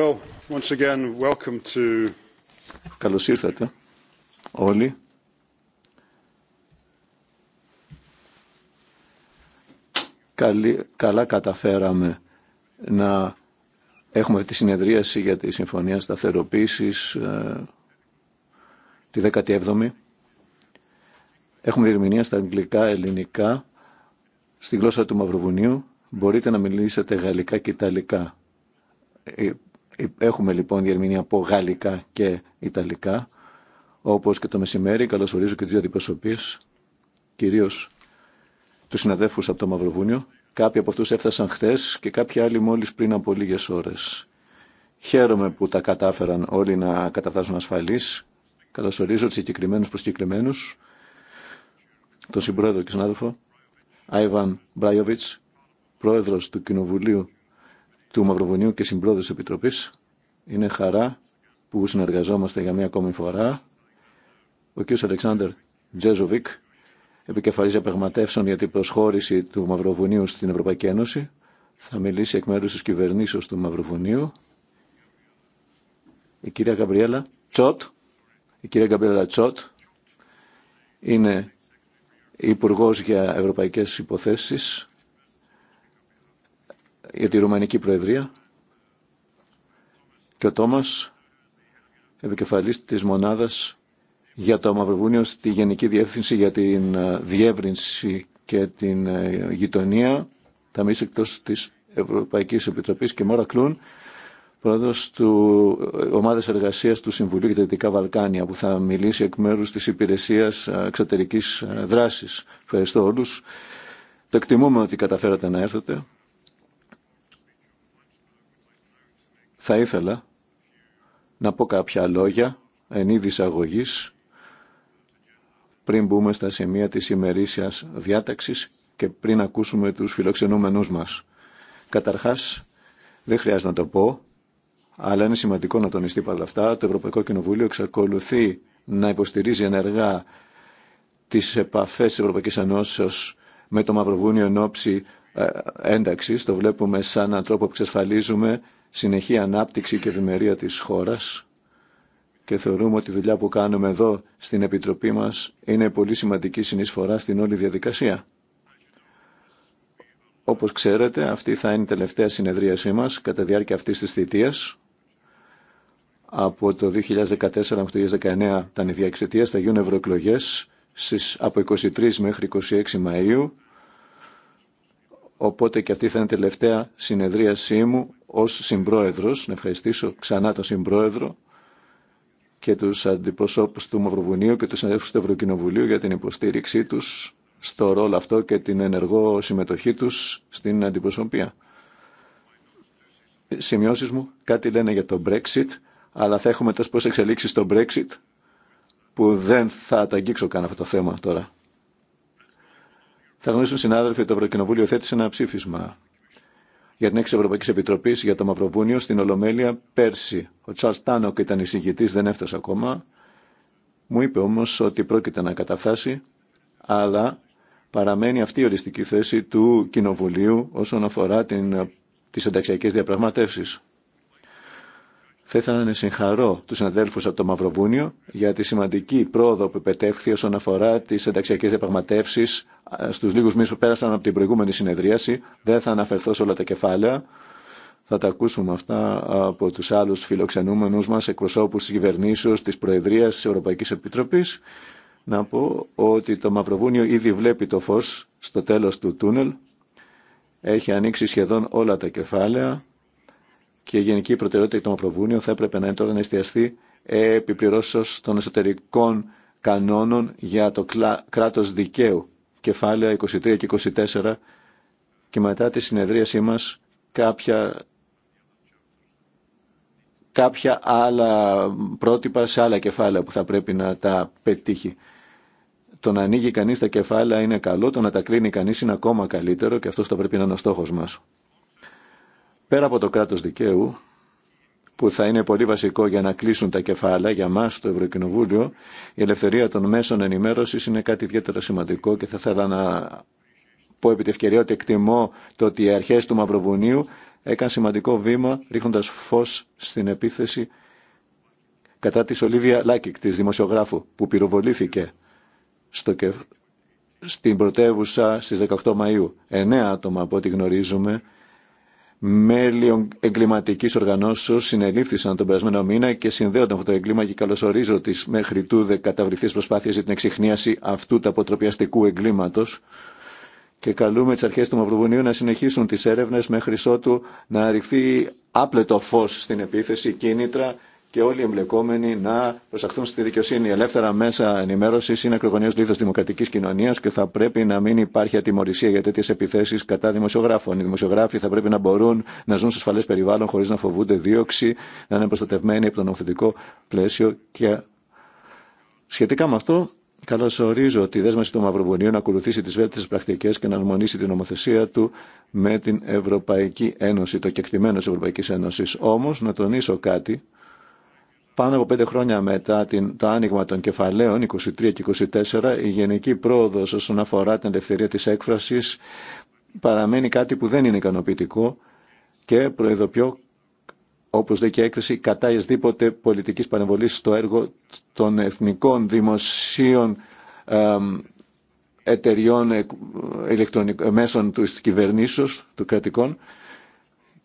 Well, Καλώς ήρθατε όλοι. Καλή, καλά καταφέραμε να έχουμε αυτή τη συνεδρίαση για τη Συμφωνία Σταθεροποίησης ε, τη 17η. Έχουμε διερμηνία στα αγγλικά, ελληνικά, στη γλώσσα του Μαυροβουνίου. Μπορείτε να μιλήσετε γαλλικά και ιταλικά ε, Έχουμε λοιπόν διερμηνία από γαλλικά και ιταλικά, όπως και το μεσημέρι. Καλώς ορίζω και τις δύο αντιπροσωπείς, κυρίως τους συναδέφους από το Μαυροβούνιο. Κάποιοι από αυτούς έφτασαν χθες και κάποιοι άλλοι μόλις πριν από λίγες ώρες. Χαίρομαι που τα κατάφεραν όλοι να καταφτάσουν ασφαλείς. Καλωσορίζω τους συγκεκριμένους τον συμπρόεδρο και συνάδελφο, Άιβαν Μπράιοβιτς, πρόεδρος του Κοινοβουλίου του Μαυροβουνίου και συμπρόεδρος της Επιτροπής. Είναι χαρά που συνεργαζόμαστε για μία ακόμη φορά. Ο κ. Αλεξάνδρ Τζέζοβικ, επικεφαλής διαπραγματεύσεων για την προσχώρηση του Μαυροβουνίου στην Ευρωπαϊκή Ένωση, θα μιλήσει εκ μέρους της κυβερνήσεως του Μαυροβουνίου. Η κυρία Καμπριέλα Τσότ, η κυρία Τσότ είναι υπουργό για Ευρωπαϊκές Υποθέσεις για τη Ρουμανική Προεδρία και ο Τόμας, επικεφαλής της μονάδας για το Μαυροβούνιο στη Γενική Διεύθυνση για την ε, Διεύρυνση και την ε, Γειτονία, τα μίση εκτός της Ευρωπαϊκής Επιτροπής και Μόρα Κλούν, πρόεδρος του ε, Ομάδας Εργασίας του Συμβουλίου για τα Δυτικά Βαλκάνια, που θα μιλήσει εκ μέρους της Υπηρεσίας Εξωτερικής Δράσης. Ευχαριστώ όλους. Το εκτιμούμε ότι καταφέρατε να έρθετε. Θα ήθελα να πω κάποια λόγια εν είδη πριν μπούμε στα σημεία της ημερήσιας διάταξης και πριν ακούσουμε τους φιλοξενούμενούς μας. Καταρχάς, δεν χρειάζεται να το πω, αλλά είναι σημαντικό να τονιστεί παρ' αυτά, το Ευρωπαϊκό Κοινοβούλιο εξακολουθεί να υποστηρίζει ενεργά τις επαφές της Ευρωπαϊκής Ενώσεως με το Μαυροβούνιο εν ώψη ε, Το βλέπουμε σαν έναν τρόπο που εξασφαλίζουμε συνεχή ανάπτυξη και ευημερία της χώρας και θεωρούμε ότι η δουλειά που κάνουμε εδώ στην Επιτροπή μας είναι πολύ σημαντική συνεισφορά στην όλη διαδικασία. Όπως ξέρετε, αυτή θα είναι η τελευταία συνεδρίασή μας κατά διάρκεια αυτής της θητείας. Από το 2014 μέχρι το 2019 ήταν η διαξετία, θα γίνουν ευρωεκλογέ από 23 μέχρι 26 Μαΐου. Οπότε και αυτή θα είναι η τελευταία συνεδρίασή μου ως συμπρόεδρος, να ευχαριστήσω ξανά τον συμπρόεδρο και τους αντιπροσώπους του Μαυροβουνίου και τους συναδέλφους του Ευρωκοινοβουλίου για την υποστήριξή τους στο ρόλο αυτό και την ενεργό συμμετοχή τους στην αντιπροσωπία. Σημειώσεις μου, κάτι λένε για το Brexit, αλλά θα έχουμε τόσο πώς εξελίξει στο Brexit που δεν θα τα αγγίξω καν αυτό το θέμα τώρα. Θα γνωρίσουν συνάδελφοι, το Ευρωκοινοβούλιο θέτησε ένα ψήφισμα για την έξι Ευρωπαϊκή Επιτροπή για το Μαυροβούνιο στην Ολομέλεια πέρσι. Ο Τσάρλ Τάνοκ ήταν εισηγητή, δεν έφτασε ακόμα. Μου είπε όμω ότι πρόκειται να καταφτάσει, αλλά παραμένει αυτή η οριστική θέση του Κοινοβουλίου όσον αφορά τι τις διαπραγματεύσει. διαπραγματεύσεις. Θα ήθελα να συγχαρώ του συναδέλφου από το Μαυροβούνιο για τη σημαντική πρόοδο που επετεύχθη όσον αφορά τι ενταξιακέ διαπραγματεύσει στου λίγου μήνε που πέρασαν από την προηγούμενη συνεδρίαση. Δεν θα αναφερθώ σε όλα τα κεφάλαια. Θα τα ακούσουμε αυτά από του άλλου φιλοξενούμενου μα, εκπροσώπου τη κυβερνήσεω, τη Προεδρία τη Ευρωπαϊκή Επιτροπή. Να πω ότι το Μαυροβούνιο ήδη βλέπει το φω στο τέλο του τούνελ. Έχει ανοίξει σχεδόν όλα τα κεφάλαια και η γενική προτεραιότητα για το Μαυροβούνιο θα έπρεπε να είναι τώρα να εστιαστεί επιπληρώσεω των εσωτερικών κανόνων για το κράτος δικαίου, κεφάλαια 23 και 24 και μετά τη συνεδρίασή μας κάποια, κάποια άλλα πρότυπα σε άλλα κεφάλαια που θα πρέπει να τα πετύχει. Το να ανοίγει κανείς τα κεφάλαια είναι καλό, το να τα κλείνει κανείς είναι ακόμα καλύτερο και αυτό θα πρέπει να είναι ο στόχος μας. Πέρα από το κράτος δικαίου, που θα είναι πολύ βασικό για να κλείσουν τα κεφάλαια για μας το Ευρωκοινοβούλιο, η ελευθερία των μέσων ενημέρωσης είναι κάτι ιδιαίτερα σημαντικό και θα ήθελα να πω επί τη ευκαιρία ότι εκτιμώ το ότι οι αρχές του Μαυροβουνίου έκανε σημαντικό βήμα ρίχνοντας φως στην επίθεση κατά της Ολίβια Λάκικ, της δημοσιογράφου, που πυροβολήθηκε στο στην πρωτεύουσα στις 18 Μαΐου. Εννέα άτομα από ό,τι γνωρίζουμε μέλη εγκληματική οργανώσεω συνελήφθησαν τον περασμένο μήνα και συνδέονταν με αυτό το εγκλήμα και καλωσορίζω τι μέχρι τούδε καταβληθεί προσπάθειε για την εξυχνίαση αυτού του αποτροπιαστικού εγκλήματο. Και καλούμε τι αρχέ του Μαυροβουνίου να συνεχίσουν τι έρευνε μέχρι ότου να ρηχθεί άπλετο φω στην επίθεση, κίνητρα και όλοι οι εμπλεκόμενοι να προσαχθούν στη δικαιοσύνη. Η ελεύθερα μέσα ενημέρωση είναι ακρογωνιαίο λίθο δημοκρατική κοινωνία και θα πρέπει να μην υπάρχει ατιμορρησία για τέτοιε επιθέσει κατά δημοσιογράφων. Οι δημοσιογράφοι θα πρέπει να μπορούν να ζουν σε ασφαλέ περιβάλλον χωρί να φοβούνται δίωξη, να είναι προστατευμένοι από το νομοθετικό πλαίσιο. Και σχετικά με αυτό, καλωσορίζω τη δέσμευση του Μαυροβουνίου να ακολουθήσει τι βέλτιστε πρακτικέ και να αρμονίσει την νομοθεσία του με την Ευρωπαϊκή Ένωση, το κεκτημένο τη Ευρωπαϊκή Ένωση. Όμω, να τονίσω κάτι πάνω από πέντε χρόνια μετά την, το άνοιγμα των κεφαλαίων 23 και 24, η γενική πρόοδος όσον αφορά την ελευθερία της έκφρασης παραμένει κάτι που δεν είναι ικανοποιητικό και προειδοποιώ, όπως λέει και η έκθεση, κατά εσδήποτε πολιτικής παρεμβολής στο έργο των εθνικών δημοσίων εταιριών μέσων του κυβερνήσεως, του κρατικών,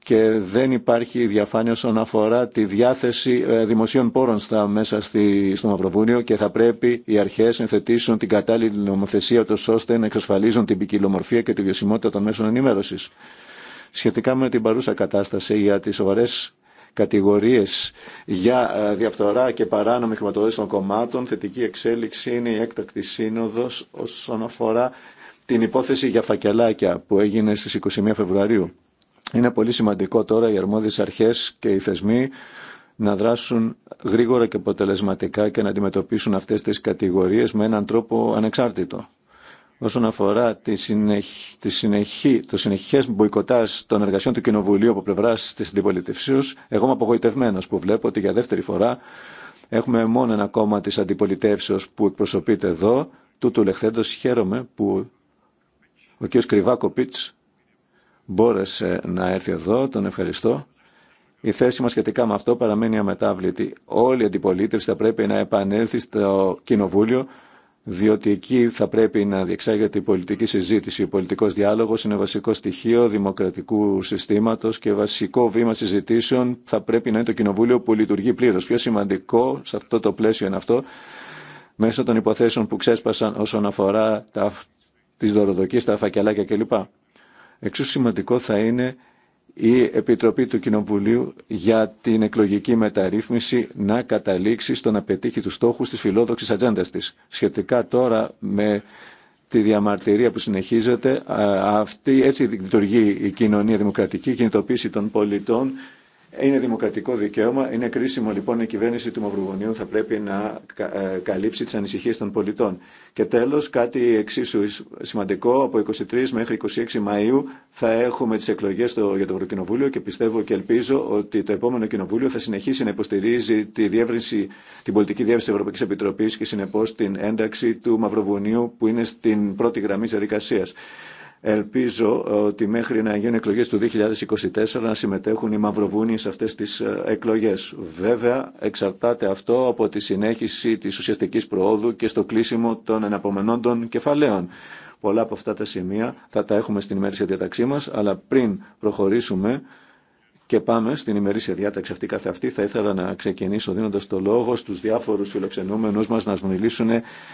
και δεν υπάρχει διαφάνεια όσον αφορά τη διάθεση ε, δημοσίων πόρων στα μέσα στη, στο Μαυροβούνιο και θα πρέπει οι αρχέ να θετήσουν την κατάλληλη νομοθεσία τους ώστε να εξασφαλίζουν την ποικιλομορφία και τη βιωσιμότητα των μέσων ενημέρωση. Σχετικά με την παρούσα κατάσταση για τι σοβαρέ κατηγορίε για ε, διαφθορά και παράνομη χρηματοδότηση των κομμάτων, θετική εξέλιξη είναι η έκτακτη σύνοδο όσον αφορά την υπόθεση για φακελάκια που έγινε στι 21 Φεβρουαρίου είναι πολύ σημαντικό τώρα οι αρμόδιες αρχές και οι θεσμοί να δράσουν γρήγορα και αποτελεσματικά και να αντιμετωπίσουν αυτές τις κατηγορίες με έναν τρόπο ανεξάρτητο. Όσον αφορά τη συνεχ... τη συνεχή, το συνεχέ μποϊκοτάζ των εργασιών του Κοινοβουλίου από πλευρά τη αντιπολιτευσίω, εγώ είμαι απογοητευμένο που βλέπω ότι για δεύτερη φορά έχουμε μόνο ένα κόμμα τη αντιπολιτεύσεω που εκπροσωπείται εδώ. Τούτου λεχθέντο χαίρομαι που ο κ. Κρυβάκοπιτ μπόρεσε να έρθει εδώ, τον ευχαριστώ. Η θέση μας σχετικά με αυτό παραμένει αμετάβλητη. Όλη η αντιπολίτευση θα πρέπει να επανέλθει στο Κοινοβούλιο, διότι εκεί θα πρέπει να διεξάγεται η πολιτική συζήτηση. Ο πολιτικός διάλογος είναι βασικό στοιχείο δημοκρατικού συστήματος και βασικό βήμα συζητήσεων θα πρέπει να είναι το Κοινοβούλιο που λειτουργεί πλήρω. Πιο σημαντικό σε αυτό το πλαίσιο είναι αυτό, μέσω των υποθέσεων που ξέσπασαν όσον αφορά τα, τις δωροδοκίες, τα φακελάκια κλπ. Εξού σημαντικό θα είναι η Επιτροπή του Κοινοβουλίου για την εκλογική μεταρρύθμιση να καταλήξει στο να πετύχει τους στόχους της φιλόδοξης ατζέντα της. Σχετικά τώρα με τη διαμαρτυρία που συνεχίζεται, αυτή, έτσι λειτουργεί η κοινωνία δημοκρατική, η κινητοποίηση των πολιτών είναι δημοκρατικό δικαίωμα. Είναι κρίσιμο λοιπόν η κυβέρνηση του Μαυροβουνίου θα πρέπει να ε, καλύψει τι ανησυχίε των πολιτών. Και τέλο, κάτι εξίσου σημαντικό, από 23 μέχρι 26 Μαου θα έχουμε τι εκλογέ για το Ευρωκοινοβούλιο και πιστεύω και ελπίζω ότι το επόμενο Κοινοβούλιο θα συνεχίσει να υποστηρίζει διεύρυνση, την πολιτική διεύρυνση τη Ευρωπαϊκή Επιτροπή και συνεπώ την ένταξη του Μαυροβουνίου που είναι στην πρώτη γραμμή τη διαδικασία. Ελπίζω ότι μέχρι να γίνουν εκλογέ του 2024 να συμμετέχουν οι Μαυροβούνιοι σε αυτές τις ε, εκλογέ. Βέβαια, εξαρτάται αυτό από τη συνέχιση της ουσιαστική προόδου και στο κλείσιμο των εναπομενών των κεφαλαίων. Πολλά από αυτά τα σημεία θα τα έχουμε στην ημέρησια διαταξή μα, αλλά πριν προχωρήσουμε και πάμε στην ημερήσια διάταξη αυτή κάθε αυτή. Θα ήθελα να ξεκινήσω δίνοντα το λόγο στου διάφορου φιλοξενούμενου μα να μιλήσουν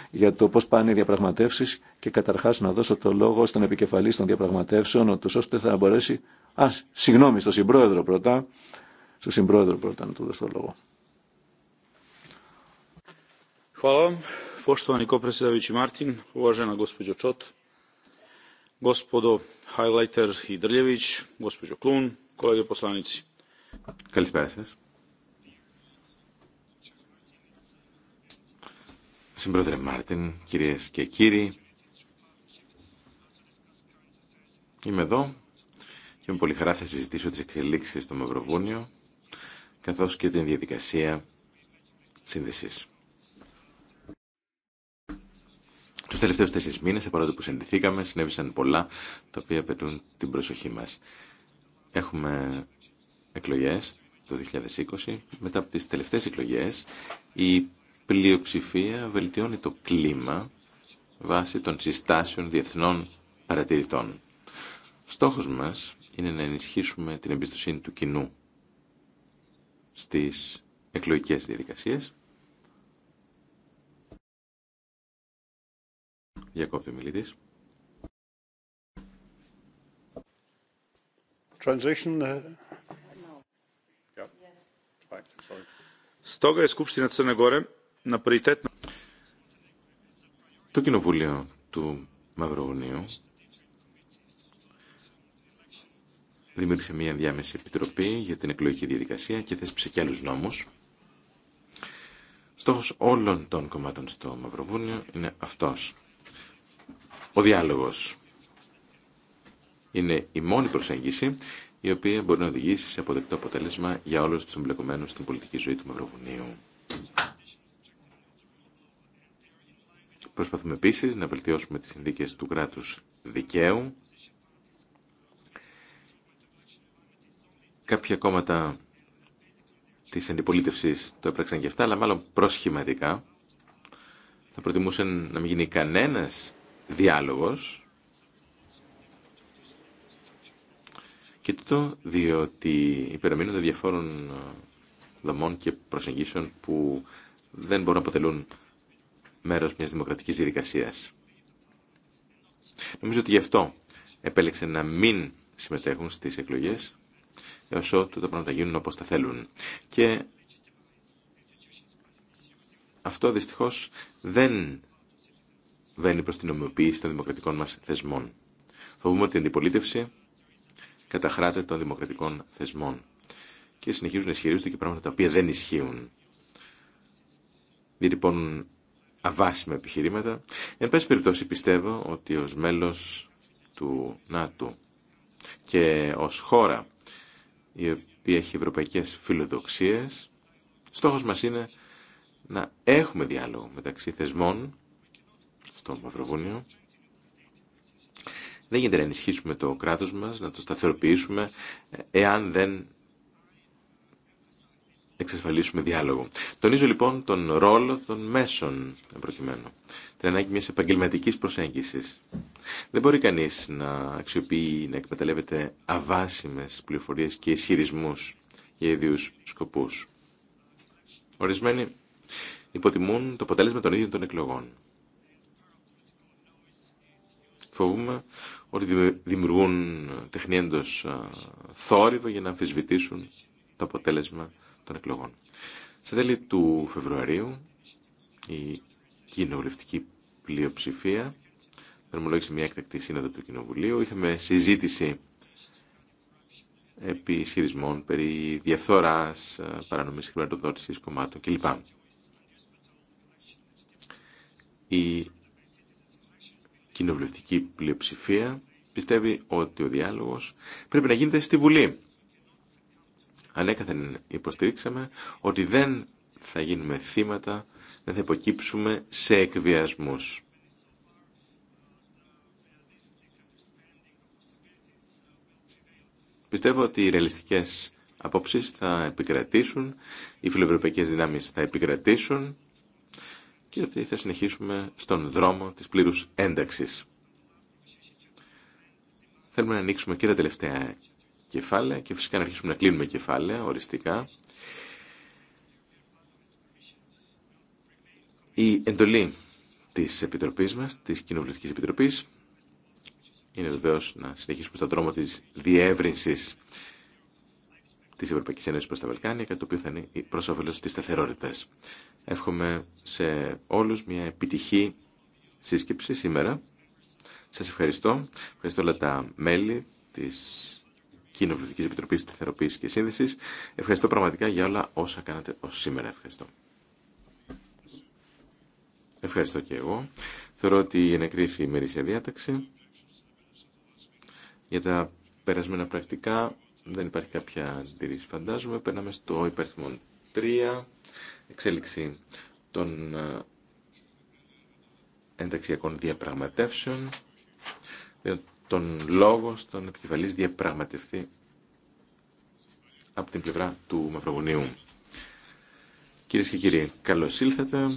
για το πώ πάνε οι διαπραγματεύσει και καταρχά να δώσω το λόγο στον επικεφαλή των διαπραγματεύσεων, ώστε θα μπορέσει. Α, συγγνώμη, στον συμπρόεδρο πρώτα. Στον συμπρόεδρο πρώτα να του δώσω το λόγο. Hvala. Καλησπέρα σα. Συμπρόεδρε Μάρτιν, κυρίε και κύριοι, είμαι εδώ και με πολύ χαρά θα συζητήσω τι εξελίξει στο Μευροβούνιο καθώ και την διαδικασία σύνδεσή. Του τελευταίου τέσσερι μήνε, παρότι που συνδεθήκαμε, συνέβησαν πολλά τα οποία απαιτούν την προσοχή μα. Έχουμε εκλογές το 2020. Μετά από τις τελευταίες εκλογές η πλειοψηφία βελτιώνει το κλίμα βάσει των συστάσεων διεθνών παρατηρητών. Στόχος μας είναι να ενισχύσουμε την εμπιστοσύνη του κοινού στις εκλογικές διαδικασίες. Για ο μιλητής. Transition. Uh, Το Κοινοβούλιο του Μαυροβουνίου δημιούργησε μια διάμεση επιτροπή για την εκλογική διαδικασία και θέσπισε και άλλους νόμους. Στόχος όλων των κομμάτων στο Μαυροβούνιο είναι αυτός. Ο διάλογος είναι η μόνη προσέγγιση η οποία μπορεί να οδηγήσει σε αποδεκτό αποτέλεσμα για όλους τους εμπλεκομένους στην πολιτική ζωή του Μαυροβουνίου. Προσπαθούμε επίσης να βελτιώσουμε τις συνδίκες του κράτους δικαίου. Κάποια κόμματα της αντιπολίτευσης το έπραξαν και αυτά, αλλά μάλλον προσχηματικά. Θα προτιμούσαν να μην γίνει κανένας διάλογος Και το διότι υπεραμείνονται διαφόρων ε, δομών και προσεγγίσεων που δεν μπορούν να αποτελούν μέρος μιας δημοκρατικής διαδικασίας. Νομίζω ότι γι' αυτό επέλεξε να μην συμμετέχουν στις εκλογές έως ότου τα πράγματα γίνουν όπως τα θέλουν. Και αυτό δυστυχώς δεν βαίνει προς την ομοιοποίηση των δημοκρατικών μας θεσμών. Φοβούμαι ότι η αντιπολίτευση καταχράτε των δημοκρατικών θεσμών. Και συνεχίζουν να ισχυρίζονται και πράγματα τα οποία δεν ισχύουν. λοιπόν, αβάσιμα επιχειρήματα. Εν πάση περιπτώσει πιστεύω ότι ως μέλος του ΝΑΤΟ και ως χώρα η οποία έχει ευρωπαϊκές φιλοδοξίες, στόχος μας είναι να έχουμε διάλογο μεταξύ θεσμών στον Μαυροβούνιο δεν γίνεται να ενισχύσουμε το κράτος μας, να το σταθεροποιήσουμε, εάν δεν εξασφαλίσουμε διάλογο. Τονίζω λοιπόν τον ρόλο των μέσων προκειμένου. Την ανάγκη μια επαγγελματικής προσέγγισης. Δεν μπορεί κανείς να αξιοποιεί, να εκμεταλλεύεται αβάσιμες πληροφορίες και ισχυρισμού για ιδίου σκοπούς. Ορισμένοι υποτιμούν το αποτέλεσμα των ίδιων των εκλογών φοβούμε, ότι δημιουργούν τεχνιέντος θόρυβο για να αμφισβητήσουν το αποτέλεσμα των εκλογών. Σε τέλη του Φεβρουαρίου η κοινοβουλευτική πλειοψηφία δρομολόγησε μια έκτακτη σύνοδο του Κοινοβουλίου. Είχαμε συζήτηση επί ισχυρισμών περί διαφθοράς, παρανομής χρηματοδότησης κομμάτων κλπ. Η κοινοβουλευτική πλειοψηφία πιστεύει ότι ο διάλογος πρέπει να γίνεται στη Βουλή. Ανέκαθεν υποστηρίξαμε ότι δεν θα γίνουμε θύματα, δεν θα υποκύψουμε σε εκβιασμούς. Πιστεύω ότι οι ρεαλιστικές απόψεις θα επικρατήσουν, οι φιλοευρωπαϊκές δυνάμεις θα επικρατήσουν και ότι θα συνεχίσουμε στον δρόμο της πλήρους ένταξης. Θέλουμε να ανοίξουμε και τα τελευταία κεφάλαια και φυσικά να αρχίσουμε να κλείνουμε κεφάλαια οριστικά. Η εντολή της Επιτροπής μας, της Κοινοβουλευτικής Επιτροπής, είναι βεβαίω να συνεχίσουμε στον δρόμο της διεύρυνσης τη Ευρωπαϊκή Ένωση προ τα Βαλκάνια, κάτι το οποίο θα είναι προ όφελο τη σταθερότητα. Εύχομαι σε όλου μια επιτυχή σύσκεψη σήμερα. Σα ευχαριστώ. Ευχαριστώ όλα τα μέλη τη Κοινοβουλευτική Επιτροπή Σταθεροποίηση και Σύνδεση. Ευχαριστώ πραγματικά για όλα όσα κάνατε ω σήμερα. Ευχαριστώ. Ευχαριστώ και εγώ. Θεωρώ ότι ενεκρίθη η ημερήσια διάταξη. Για τα περασμένα πρακτικά δεν υπάρχει κάποια αντιρρήση φαντάζομαι. Περνάμε στο υπερθυμό 3. Εξέλιξη των ε, ενταξιακών διαπραγματεύσεων. Ε, τον λόγο στον επικεφαλής διαπραγματευτή από την πλευρά του Μαυροβουνίου. Κυρίε και κύριοι, καλώ ήλθατε.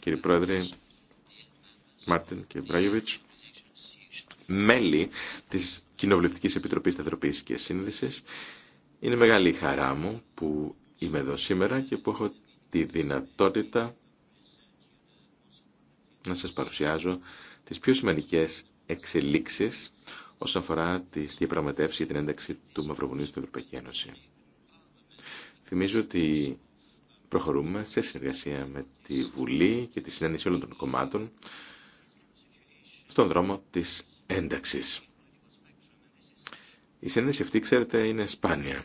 Κύριε Πρόεδρε, Μάρτιν και Μπράγιοβιτς μέλη της Κοινοβουλευτικής Επιτροπής Σταθεροποίησης και Σύνδεσης. Είναι μεγάλη η χαρά μου που είμαι εδώ σήμερα και που έχω τη δυνατότητα να σας παρουσιάζω τις πιο σημαντικές εξελίξεις όσον αφορά τη διαπραγματεύση για την ένταξη του Μαυροβουνίου στην Ευρωπαϊκή Ένωση. Θυμίζω ότι προχωρούμε σε συνεργασία με τη Βουλή και τη συνένεση όλων των κομμάτων στον δρόμο της ένταξης. Η συνέντευξη αυτή, ξέρετε, είναι σπάνια.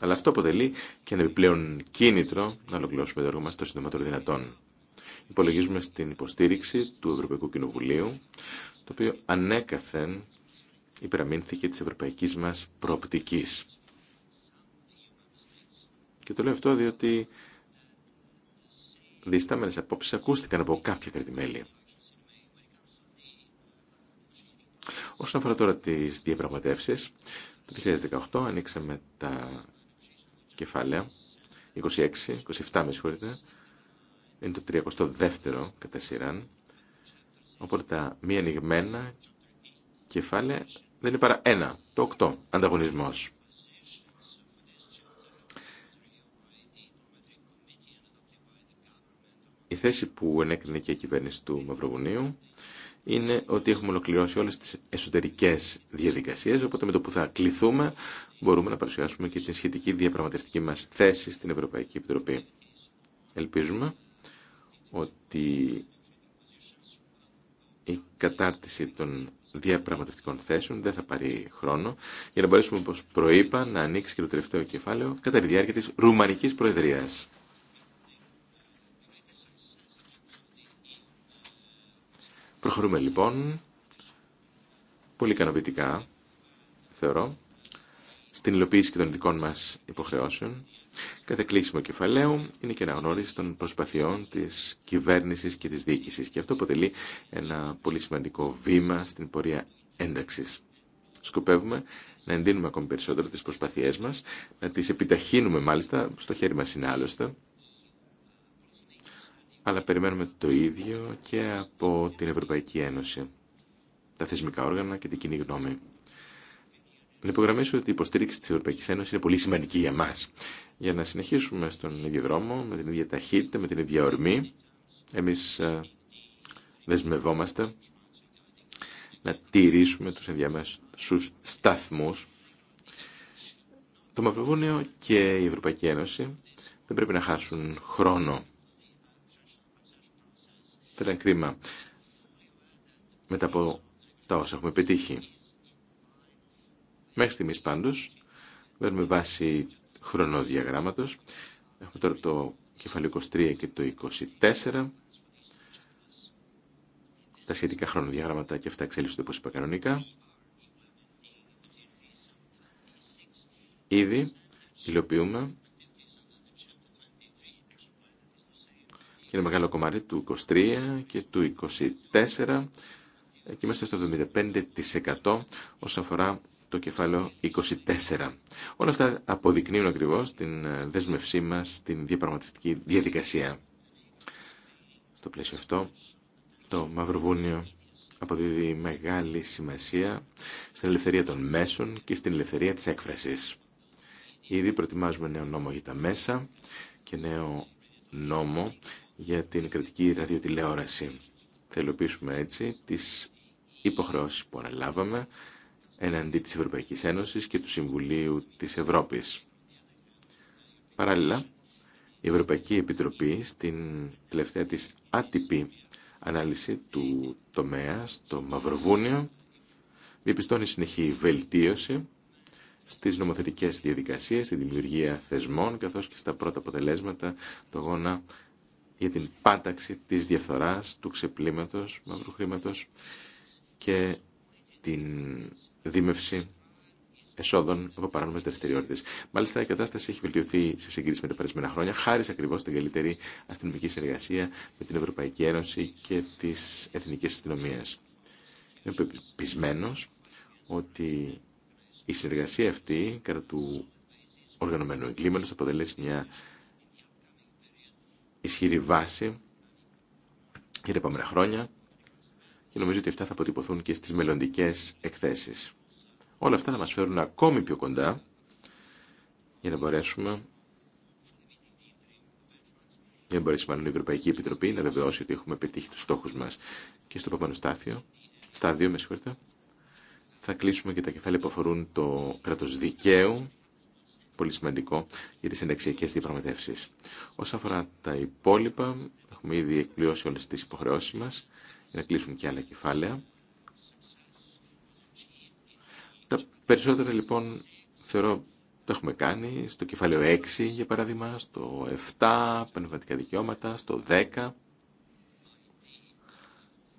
Αλλά αυτό αποτελεί και ένα επιπλέον κίνητρο να ολοκληρώσουμε το έργο μας το συντομότερο δυνατόν. Υπολογίζουμε στην υποστήριξη του Ευρωπαϊκού Κοινοβουλίου, το οποίο ανέκαθεν υπεραμείνθηκε τη ευρωπαϊκής μας προοπτικής. Και το λέω αυτό διότι διστάμενες απόψεις ακούστηκαν από κάποια κρατημέλη. Όσον αφορά τώρα τις διαπραγματεύσεις, το 2018 ανοίξαμε τα κεφάλαια, 26, 27 με συγχωρείτε, είναι το 32ο κατά σειράν, οπότε τα μη ανοιγμένα κεφάλαια δεν είναι παρά ένα, το 8, ανταγωνισμός. Η θέση που ενέκρινε και η κυβέρνηση του Μαυροβουνίου είναι ότι έχουμε ολοκληρώσει όλες τις εσωτερικές διαδικασίες, οπότε με το που θα κληθούμε μπορούμε να παρουσιάσουμε και την σχετική διαπραγματευτική μας θέση στην Ευρωπαϊκή Επιτροπή. Ελπίζουμε ότι η κατάρτιση των διαπραγματευτικών θέσεων δεν θα πάρει χρόνο για να μπορέσουμε, όπως προείπα, να ανοίξει και το τελευταίο κεφάλαιο κατά τη διάρκεια της Ρουμανικής Προεδρίας. Προχωρούμε λοιπόν πολύ ικανοποιητικά, θεωρώ, στην υλοποίηση και των ειδικών μας υποχρεώσεων. Κάθε κλείσιμο κεφαλαίου είναι και αναγνώριση των προσπαθειών της κυβέρνησης και της διοίκησης και αυτό αποτελεί ένα πολύ σημαντικό βήμα στην πορεία ένταξης. Σκοπεύουμε να εντείνουμε ακόμη περισσότερο τις προσπαθειές μας, να τις επιταχύνουμε μάλιστα, στο χέρι μας είναι άλλωστε, αλλά περιμένουμε το ίδιο και από την Ευρωπαϊκή Ένωση, τα θεσμικά όργανα και την κοινή γνώμη. Να υπογραμμίσω ότι η υποστήριξη τη Ευρωπαϊκή Ένωση είναι πολύ σημαντική για μα. Για να συνεχίσουμε στον ίδιο δρόμο, με την ίδια ταχύτητα, με την ίδια ορμή, εμεί ε, δεσμευόμαστε να τηρήσουμε τους ενδιαμέσους σταθμούς. Το Μαυροβούνιο και η Ευρωπαϊκή Ένωση δεν πρέπει να χάσουν χρόνο θα ήταν κρίμα μετά από τα όσα έχουμε πετύχει. Μέχρι στιγμής πάντως, παίρνουμε βάση χρονοδιαγράμματος. Έχουμε τώρα το κεφάλαιο 23 και το 24. Τα σχετικά χρονοδιαγράμματα και αυτά εξέλιξονται όπως είπα κανονικά. Ήδη υλοποιούμε και ένα μεγάλο κομμάτι του 23 και του 24 και είμαστε στο 75% όσον αφορά το κεφάλαιο 24. Όλα αυτά αποδεικνύουν ακριβώς την ε, δέσμευσή μας στην διαπραγματευτική διαδικασία. Στο πλαίσιο αυτό, το Μαυροβούνιο αποδίδει μεγάλη σημασία στην ελευθερία των μέσων και στην ελευθερία της έκφρασης. Ήδη προετοιμάζουμε νέο νόμο για τα μέσα και νέο νόμο για την κρατική ραδιοτηλεόραση. Θα έτσι τις υποχρεώσεις που αναλάβαμε εναντί της Ευρωπαϊκής Ένωσης και του Συμβουλίου της Ευρώπης. Παράλληλα, η Ευρωπαϊκή Επιτροπή στην τελευταία της άτυπη ανάλυση του τομέα στο Μαυροβούνιο διαπιστώνει συνεχή βελτίωση στις νομοθετικές διαδικασίες, στη δημιουργία θεσμών καθώς και στα πρώτα αποτελέσματα του αγώνα για την πάταξη της διαφθοράς, του ξεπλήματος, μαύρου χρήματος και την δίμευση εσόδων από παράνομε δραστηριότητε. Μάλιστα, η κατάσταση έχει βελτιωθεί σε σύγκριση με τα περασμένα χρόνια, χάρη ακριβώ στην καλύτερη αστυνομική συνεργασία με την Ευρωπαϊκή Ένωση και τι εθνικέ αστυνομίε. Είμαι πεπισμένο ότι η συνεργασία αυτή κατά του οργανωμένου εγκλήματο αποτελέσει μια ισχυρή βάση για τα επόμενα χρόνια και νομίζω ότι αυτά θα αποτυπωθούν και στις μελλοντικέ εκθέσεις. Όλα αυτά θα μας φέρουν ακόμη πιο κοντά για να μπορέσουμε για να μπορέσει μάλλον η Ευρωπαϊκή Επιτροπή να βεβαιώσει ότι έχουμε πετύχει τους στόχους μας. Και στο επόμενο στάδιο, στάδιο με συγχωρείτε, θα κλείσουμε και τα κεφάλαια που αφορούν το κράτος δικαίου πολύ σημαντικό για τι ενταξιακές διαπραγματεύσει. Όσον αφορά τα υπόλοιπα, έχουμε ήδη εκπληρώσει όλε τι υποχρεώσει μα για να κλείσουν και άλλα κεφάλαια. Τα περισσότερα λοιπόν θεωρώ το έχουμε κάνει στο κεφάλαιο 6 για παράδειγμα, στο 7 πνευματικά δικαιώματα, στο 10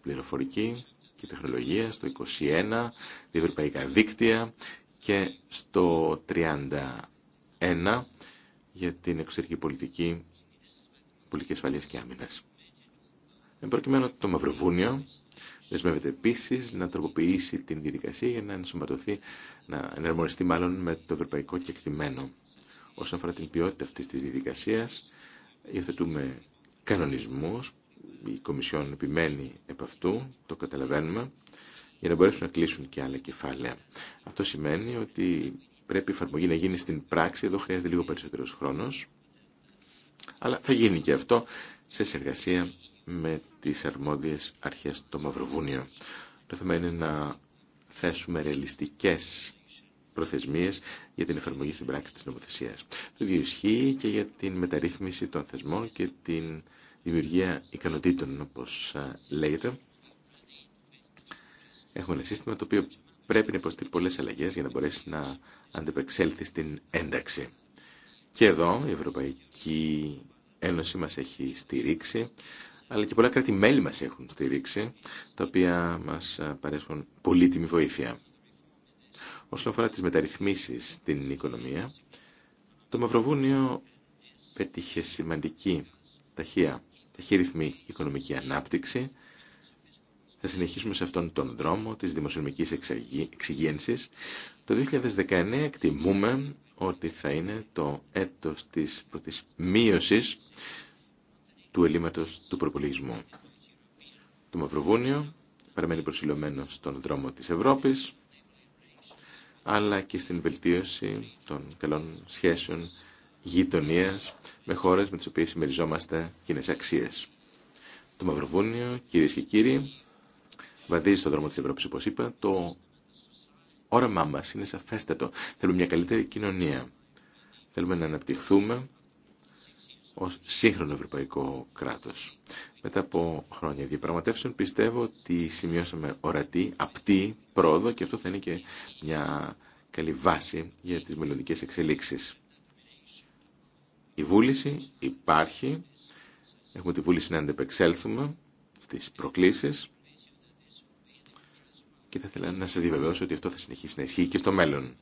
πληροφορική και τεχνολογία, στο 21 διευρυπαϊκά δίκτυα και στο 30. Ένα για την εξωτερική πολιτική, πολιτική ασφαλείας και άμυνας. Εν προκειμένου το Μαυροβούνιο δεσμεύεται επίση να τροποποιήσει την διαδικασία για να ενσωματωθεί, να εναρμονιστεί μάλλον με το ευρωπαϊκό κεκτημένο. Όσον αφορά την ποιότητα αυτή τη διαδικασία, υιοθετούμε κανονισμού. Η Κομισιόν επιμένει επ' αυτού, το καταλαβαίνουμε, για να μπορέσουν να κλείσουν και άλλα κεφάλαια. Αυτό σημαίνει ότι πρέπει η εφαρμογή να γίνει στην πράξη. Εδώ χρειάζεται λίγο περισσότερος χρόνος. Αλλά θα γίνει και αυτό σε συνεργασία με τις αρμόδιες αρχές του Μαυροβούνιο. Το θέμα είναι να θέσουμε ρεαλιστικές προθεσμίες για την εφαρμογή στην πράξη της νομοθεσίας. Το ίδιο ισχύει και για την μεταρρύθμιση των θεσμών και την δημιουργία ικανοτήτων, όπως ε, λέγεται. Έχουμε ένα σύστημα το οποίο πρέπει να υποστεί πολλές αλλαγές για να μπορέσει να αντεπεξέλθει στην ένταξη. Και εδώ η Ευρωπαϊκή Ένωση μας έχει στηρίξει, αλλά και πολλά κράτη-μέλη μας έχουν στηρίξει, τα οποία μας παρέχουν πολύτιμη βοήθεια. Όσον αφορά τις μεταρρυθμίσεις στην οικονομία, το Μαυροβούνιο πέτυχε σημαντική ταχεία, ταχύ οικονομική ανάπτυξη, θα συνεχίσουμε σε αυτόν τον δρόμο της δημοσιονομικής εξηγένσης. Το 2019 εκτιμούμε ότι θα είναι το έτος της πρώτης μείωσης του ελλείμματος του προπολογισμού. Το Μαυροβούνιο παραμένει προσιλωμένο στον δρόμο της Ευρώπης, αλλά και στην βελτίωση των καλών σχέσεων γειτονία με χώρες με τις οποίες συμμεριζόμαστε κοινέ αξίες. Το Μαυροβούνιο, κυρίε και κύριοι, βαδίζει στον δρόμο της Ευρώπη, όπω είπα, το όραμά μας είναι σαφέστατο. Θέλουμε μια καλύτερη κοινωνία. Θέλουμε να αναπτυχθούμε ως σύγχρονο ευρωπαϊκό κράτος. Μετά από χρόνια διαπραγματεύσεων πιστεύω ότι σημειώσαμε ορατή, απτή πρόοδο και αυτό θα είναι και μια καλή βάση για τις μελλοντικέ εξελίξει. Η βούληση υπάρχει, έχουμε τη βούληση να αντεπεξέλθουμε στις προκλήσεις και θα ήθελα να σα διαβεβαιώσω ότι αυτό θα συνεχίσει να ισχύει και στο μέλλον.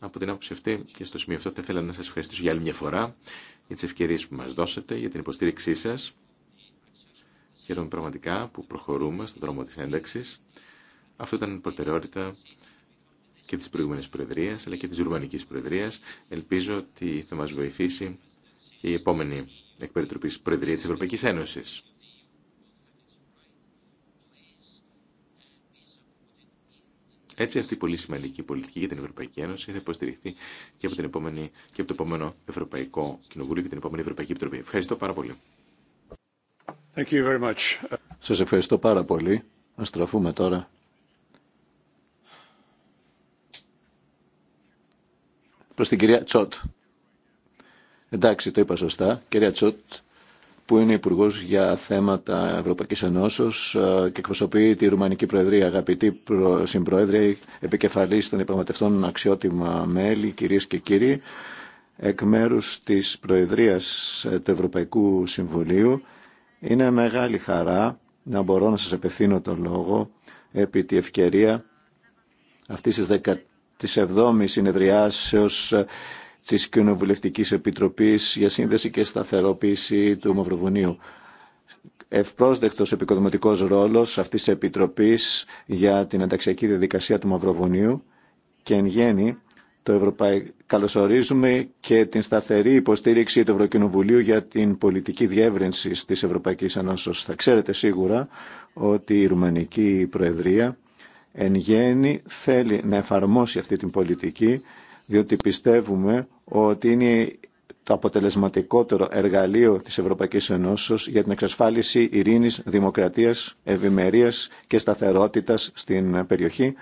Από την άποψη αυτή και στο σημείο αυτό θα ήθελα να σας ευχαριστήσω για άλλη μια φορά για τις ευκαιρίες που μας δώσατε, για την υποστήριξή σας. Χαίρομαι πραγματικά που προχωρούμε στον δρόμο της ένταξη. Αυτό ήταν προτεραιότητα και της προηγούμενης Προεδρίας, αλλά και της Ρουμανικής Προεδρίας. Ελπίζω ότι θα μας βοηθήσει και η επόμενη εκπεριτροπής Προεδρία της Ευρωπαϊκής Ένωση Έτσι αυτή η πολύ σημαντική πολιτική για την Ευρωπαϊκή Ένωση θα υποστηριχθεί και από, την επόμενη, και από το επόμενο Ευρωπαϊκό Κοινοβούλιο και την επόμενη Ευρωπαϊκή Επιτροπή. Ευχαριστώ πάρα πολύ. Thank Σας ευχαριστώ πάρα πολύ. Ας στραφούμε τώρα. Προς την κυρία Τσότ. Εντάξει, το είπα σωστά. Κυρία Τσότ, που είναι υπουργό για θέματα Ευρωπαϊκή Ενώσεω ε, και εκπροσωπεί τη Ρουμανική Προεδρία. Αγαπητή συμπρόεδρε, επικεφαλή των διαπραγματευτών, αξιότιμα μέλη, κυρίε και κύριοι, εκ μέρου τη Προεδρία ε, του Ευρωπαϊκού Συμβουλίου, είναι μεγάλη χαρά να μπορώ να σα απευθύνω τον λόγο επί τη ευκαιρία αυτή τη 17η συνεδριάσεω Τη κοινοβουλευτική επιτροπή για σύνδεση και σταθεροποίηση του Μαυροβουνίου. Ευπρόσδεκτος επικοδομητικό ρόλος αυτή τη Επιτροπής για την ενταξιακή διαδικασία του Μαυροβουνίου και εν γέννη το Ευρωπαϊ... καλωσορίζουμε και την σταθερή υποστήριξη του Ευρωκοινοβουλίου για την πολιτική διεύρυνση της Ευρωπαϊκής Ενώσεως. Θα ξέρετε σίγουρα ότι η Ρουμανική Προεδρία εν γέννη θέλει να εφαρμόσει αυτή την πολιτική διότι πιστεύουμε ότι είναι το αποτελεσματικότερο εργαλείο της Ευρωπαϊκής Ενώσεως για την εξασφάλιση ειρήνης, δημοκρατίας, ευημερίας και σταθερότητας στην περιοχή,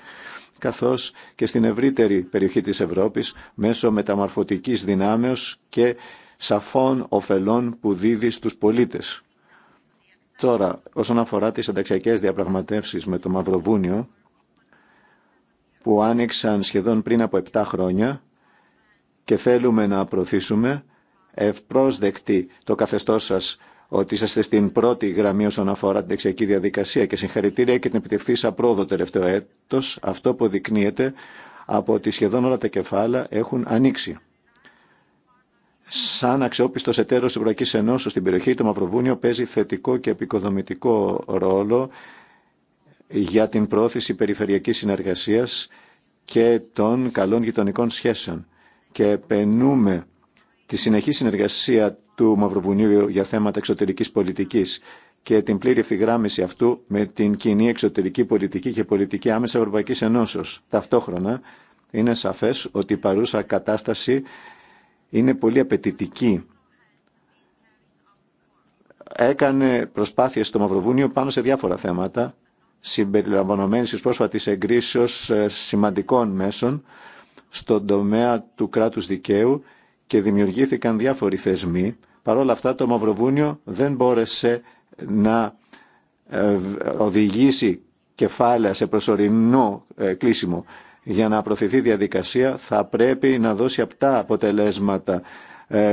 καθώς και στην ευρύτερη περιοχή της Ευρώπης μέσω μεταμορφωτικής δυνάμεως και σαφών ωφελών που δίδει στους πολίτες. Τώρα, όσον αφορά τις ενταξιακές διαπραγματεύσεις με το Μαυροβούνιο, που άνοιξαν σχεδόν πριν από 7 χρόνια και θέλουμε να προωθήσουμε ευπρόσδεκτη το καθεστώς σας ότι είσαστε στην πρώτη γραμμή όσον αφορά την δεξιακή διαδικασία και συγχαρητήρια και την επιτευχθήσα πρόοδο τελευταίο έτος. Αυτό αποδεικνύεται από ότι σχεδόν όλα τα κεφάλαια έχουν ανοίξει. Σαν αξιόπιστο εταίρο τη Ευρωπαϊκή Ενώσης στην περιοχή, το Μαυροβούνιο παίζει θετικό και επικοδομητικό ρόλο για την πρόθεση περιφερειακής συνεργασίας και των καλών γειτονικών σχέσεων. Και πενούμε τη συνεχή συνεργασία του Μαυροβουνίου για θέματα εξωτερικής πολιτικής και την πλήρη ευθυγράμμιση αυτού με την κοινή εξωτερική πολιτική και πολιτική άμεσα Ευρωπαϊκής Ενώσεως. Ταυτόχρονα είναι σαφές ότι η παρούσα κατάσταση είναι πολύ απαιτητική. Έκανε προσπάθειες στο Μαυροβούνιο πάνω σε διάφορα θέματα συμπεριλαμβανομένης της πρόσφατης εγκρίσεως ε, σημαντικών μέσων στον τομέα του κράτους δικαίου και δημιουργήθηκαν διάφοροι θεσμοί. Παρ' όλα αυτά το Μαυροβούνιο δεν μπόρεσε να ε, οδηγήσει κεφάλαια σε προσωρινό ε, κλείσιμο. Για να προθεθεί διαδικασία θα πρέπει να δώσει απτά αποτελέσματα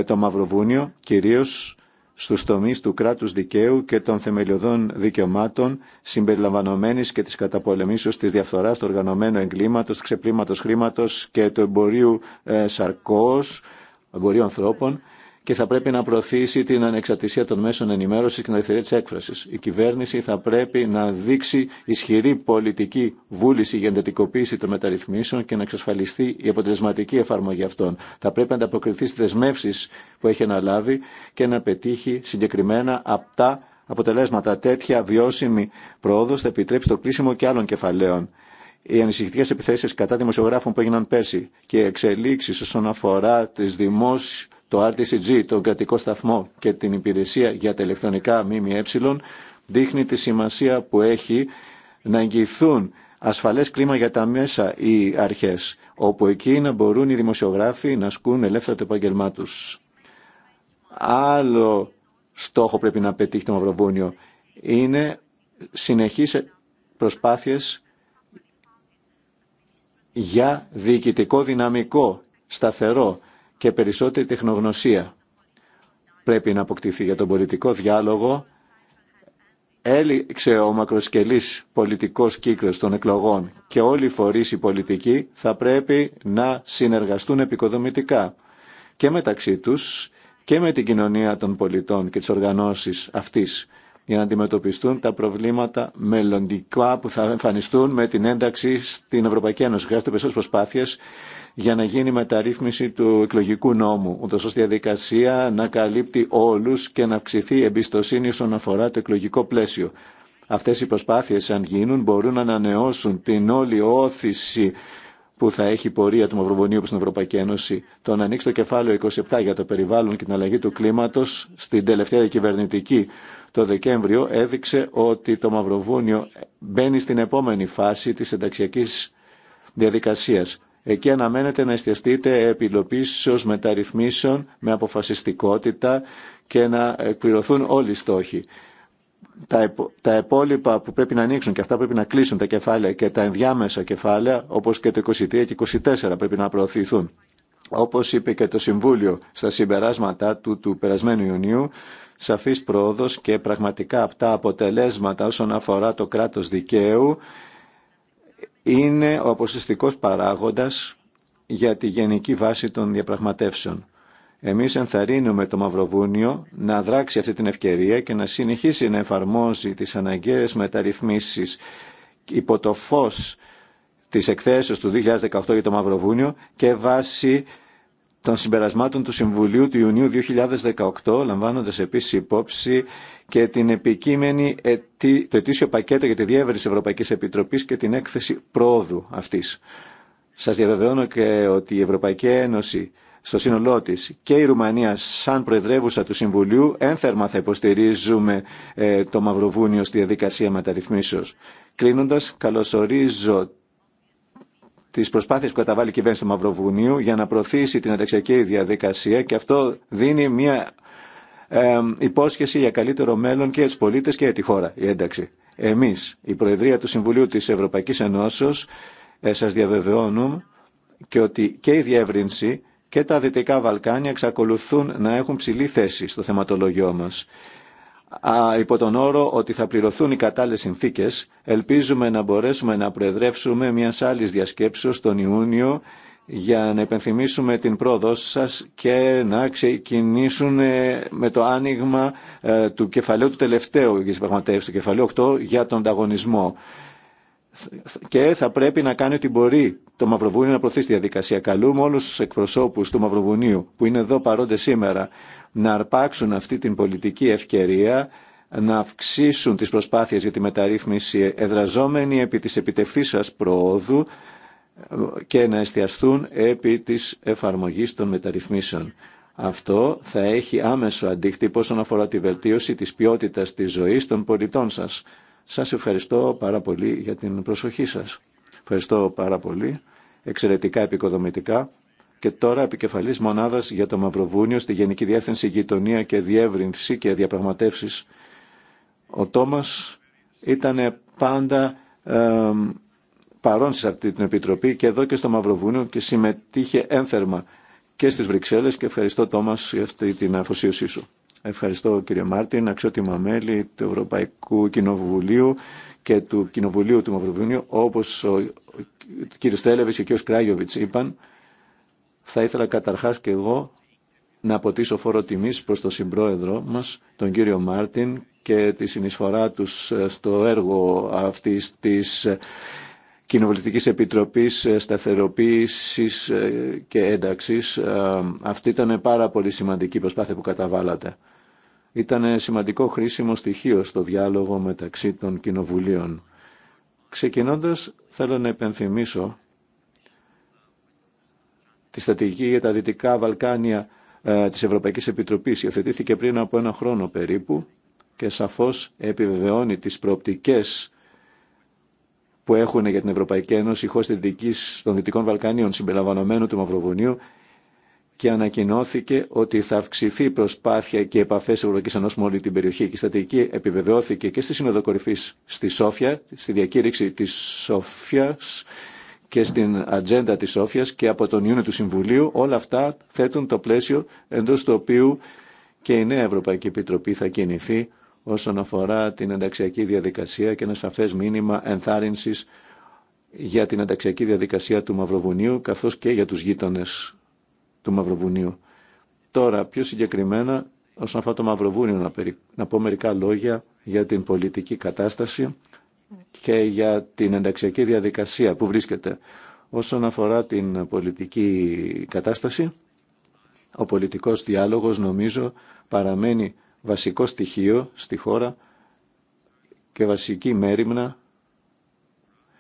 το Μαυροβούνιο, κυρίως στους τομείς του κράτους δικαίου και των θεμελιωδών δικαιωμάτων, συμπεριλαμβανομένης και της καταπολεμήσεως της διαφθοράς, του οργανωμένου εγκλήματος, του ξεπλήματος χρήματος και του εμπορίου ε, σαρκός, εμπορίου ανθρώπων και θα πρέπει να προωθήσει την ανεξαρτησία των μέσων ενημέρωσης και την ελευθερία της έκφρασης. Η κυβέρνηση θα πρέπει να δείξει ισχυρή πολιτική βούληση για εντατικοποίηση των μεταρρυθμίσεων και να εξασφαλιστεί η αποτελεσματική εφαρμογή αυτών. Θα πρέπει να ανταποκριθεί στις δεσμεύσει που έχει αναλάβει και να πετύχει συγκεκριμένα απτά αποτελέσματα. Τέτοια βιώσιμη πρόοδο θα επιτρέψει το κλείσιμο και άλλων κεφαλαίων οι ανησυχητικέ επιθέσει κατά δημοσιογράφων που έγιναν πέρσι και εξελίξει όσον αφορά τι δημόσιε το RTCG, τον κρατικό σταθμό και την υπηρεσία για τα ηλεκτρονικά ΜΜΕ, δείχνει τη σημασία που έχει να εγγυηθούν ασφαλές κλίμα για τα μέσα ή αρχές, όπου εκεί να μπορούν οι δημοσιογράφοι να ασκούν ελεύθερα το επάγγελμά του. Άλλο στόχο πρέπει να πετύχει το Μαυροβούνιο είναι συνεχείς προσπάθειες για διοικητικό δυναμικό σταθερό και περισσότερη τεχνογνωσία πρέπει να αποκτηθεί για τον πολιτικό διάλογο. Έληξε ο μακροσκελής πολιτικός κύκλος των εκλογών και όλοι οι φορείς οι πολιτικοί θα πρέπει να συνεργαστούν επικοδομητικά και μεταξύ τους και με την κοινωνία των πολιτών και τις οργανώσεις αυτής για να αντιμετωπιστούν τα προβλήματα μελλοντικά που θα εμφανιστούν με την ένταξη στην Ευρωπαϊκή Ένωση. Χρειάζεται περισσότερες προσπάθειε για να γίνει μεταρρύθμιση του εκλογικού νόμου, ούτω ώστε διαδικασία να καλύπτει όλου και να αυξηθεί η εμπιστοσύνη όσον αφορά το εκλογικό πλαίσιο. Αυτέ οι προσπάθειε, αν γίνουν, μπορούν να ανανεώσουν την όλη όθηση που θα έχει πορεία του Μαυροβουνίου προ την Ευρωπαϊκή Ένωση. Το να ανοίξει το κεφάλαιο 27 για το περιβάλλον και την αλλαγή του κλίματο στην τελευταία κυβερνητική το Δεκέμβριο έδειξε ότι το Μαυροβούνιο μπαίνει στην επόμενη φάση της ενταξιακής διαδικασίας Εκεί αναμένεται να εστιαστείτε επιλοπίσεως μεταρρυθμίσεων με αποφασιστικότητα και να εκπληρωθούν όλοι οι στόχοι. Τα, τα υπόλοιπα που πρέπει να ανοίξουν και αυτά πρέπει να κλείσουν τα κεφάλαια και τα ενδιάμεσα κεφάλαια, όπως και το 23 και 24 πρέπει να προωθηθούν. Όπως είπε και το Συμβούλιο στα συμπεράσματά του του περασμένου Ιουνίου, σαφής πρόοδος και πραγματικά αυτά αποτελέσματα όσον αφορά το κράτος δικαίου είναι ο αποσυστικός παράγοντας για τη γενική βάση των διαπραγματεύσεων. Εμείς ενθαρρύνουμε το Μαυροβούνιο να δράξει αυτή την ευκαιρία και να συνεχίσει να εφαρμόζει τις αναγκαίες μεταρρυθμίσεις υπό το φως της εκθέσεως του 2018 για το Μαυροβούνιο και βάσει των συμπερασμάτων του Συμβουλίου του Ιουνίου 2018, λαμβάνοντας επίσης υπόψη και την επικείμενη το ετήσιο πακέτο για τη διεύρυνση Ευρωπαϊκής Επιτροπής και την έκθεση πρόοδου αυτής. Σας διαβεβαιώνω και ότι η Ευρωπαϊκή Ένωση στο σύνολό τη και η Ρουμανία σαν προεδρεύουσα του Συμβουλίου ένθερμα θα υποστηρίζουμε ε, το Μαυροβούνιο στη διαδικασία μεταρρυθμίσεως. Κλείνοντας, καλωσορίζω τι προσπάθειε που καταβάλει η κυβέρνηση του Μαυροβουνίου για να προωθήσει την ενταξιακή διαδικασία και αυτό δίνει μια υπόσχεση για καλύτερο μέλλον και για του πολίτε και για τη χώρα, η ένταξη. Εμεί, η Προεδρία του Συμβουλίου τη Ευρωπαϊκή Ενώσεω, ε, σα διαβεβαιώνουμε και ότι και η διεύρυνση και τα Δυτικά Βαλκάνια εξακολουθούν να έχουν ψηλή θέση στο θεματολόγιο μας. Α, υπό τον όρο ότι θα πληρωθούν οι κατάλληλες συνθήκες, ελπίζουμε να μπορέσουμε να προεδρεύσουμε μια άλλη διασκέψεως τον Ιούνιο για να επενθυμίσουμε την πρόοδό σας και να ξεκινήσουν ε, με το άνοιγμα ε, του κεφαλαίου του τελευταίου για τις πραγματεύσεις, του κεφαλαίου 8 για τον ανταγωνισμό. Και θα πρέπει να κάνει ό,τι μπορεί το Μαυροβούνιο να προωθεί στη διαδικασία. Καλούμε όλους τους εκπροσώπους του Μαυροβουνίου που είναι εδώ παρόντες σήμερα να αρπάξουν αυτή την πολιτική ευκαιρία να αυξήσουν τις προσπάθειες για τη μεταρρύθμιση εδραζόμενοι επί της επιτευθύσας προόδου και να εστιαστούν επί της εφαρμογής των μεταρρυθμίσεων. Αυτό θα έχει άμεσο αντίκτυπο όσον αφορά τη βελτίωση της ποιότητας της ζωής των πολιτών σας. Σας ευχαριστώ πάρα πολύ για την προσοχή σας. Ευχαριστώ πάρα πολύ. Εξαιρετικά επικοδομητικά και τώρα επικεφαλή μονάδα για το Μαυροβούνιο στη Γενική Διεύθυνση Γειτονία και Διεύρυνση και Διαπραγματεύσει. Ο Τόμα ήταν πάντα ε, παρόν σε αυτή την επιτροπή και εδώ και στο Μαυροβούνιο και συμμετείχε ένθερμα και στις Βρυξέλλες και ευχαριστώ Τόμας για αυτή την αφοσίωσή σου. Ευχαριστώ κύριε Μάρτιν, αξιότιμα μέλη του Ευρωπαϊκού Κοινοβουλίου και του Κοινοβουλίου του Μαυροβουνίου, όπω ο κύριος Στέλεβη και ο κύριο Κράγιοβιτ είπαν, θα ήθελα καταρχάς και εγώ να αποτίσω φόρο τιμής προς τον συμπρόεδρο μας, τον κύριο Μάρτιν, και τη συνεισφορά τους ε, στο έργο αυτής της ε, Κοινοβουλευτικής Επιτροπής ε, Σταθεροποίησης και Ένταξης. Αυτή ήταν πάρα πολύ σημαντική προσπάθεια που καταβάλατε. Ήταν σημαντικό χρήσιμο στοιχείο στο διάλογο μεταξύ των κοινοβουλίων. Ξεκινώντας, θέλω να επενθυμίσω τη στρατηγική για τα Δυτικά Βαλκάνια ε, της Ευρωπαϊκής Επιτροπής υιοθετήθηκε πριν από ένα χρόνο περίπου και σαφώς επιβεβαιώνει τις προοπτικές που έχουν για την Ευρωπαϊκή Ένωση οι χώρε των Δυτικών Βαλκανίων συμπεριλαμβανομένου του Μαυροβουνίου και ανακοινώθηκε ότι θα αυξηθεί η προσπάθεια και οι επαφέ Ευρωπαϊκή Ένωση με όλη την περιοχή. Και η στατική επιβεβαιώθηκε και στη Σύνοδο Κορυφή στη Σόφια, στη διακήρυξη τη Σόφια, και στην ατζέντα της Σόφιας και από τον Ιούνιο του Συμβουλίου, όλα αυτά θέτουν το πλαίσιο εντός του οποίου και η νέα Ευρωπαϊκή Επιτροπή θα κινηθεί όσον αφορά την ενταξιακή διαδικασία και ένα σαφές μήνυμα ενθάρρυνσης για την ενταξιακή διαδικασία του Μαυροβουνίου καθώς και για τους γείτονες του Μαυροβουνίου. Τώρα, πιο συγκεκριμένα, όσον αφορά το Μαυροβούνιο, να πω μερικά λόγια για την πολιτική κατάσταση και για την ενταξιακή διαδικασία που βρίσκεται. Όσον αφορά την πολιτική κατάσταση, ο πολιτικός διάλογος νομίζω παραμένει βασικό στοιχείο στη χώρα και βασική μέρημνα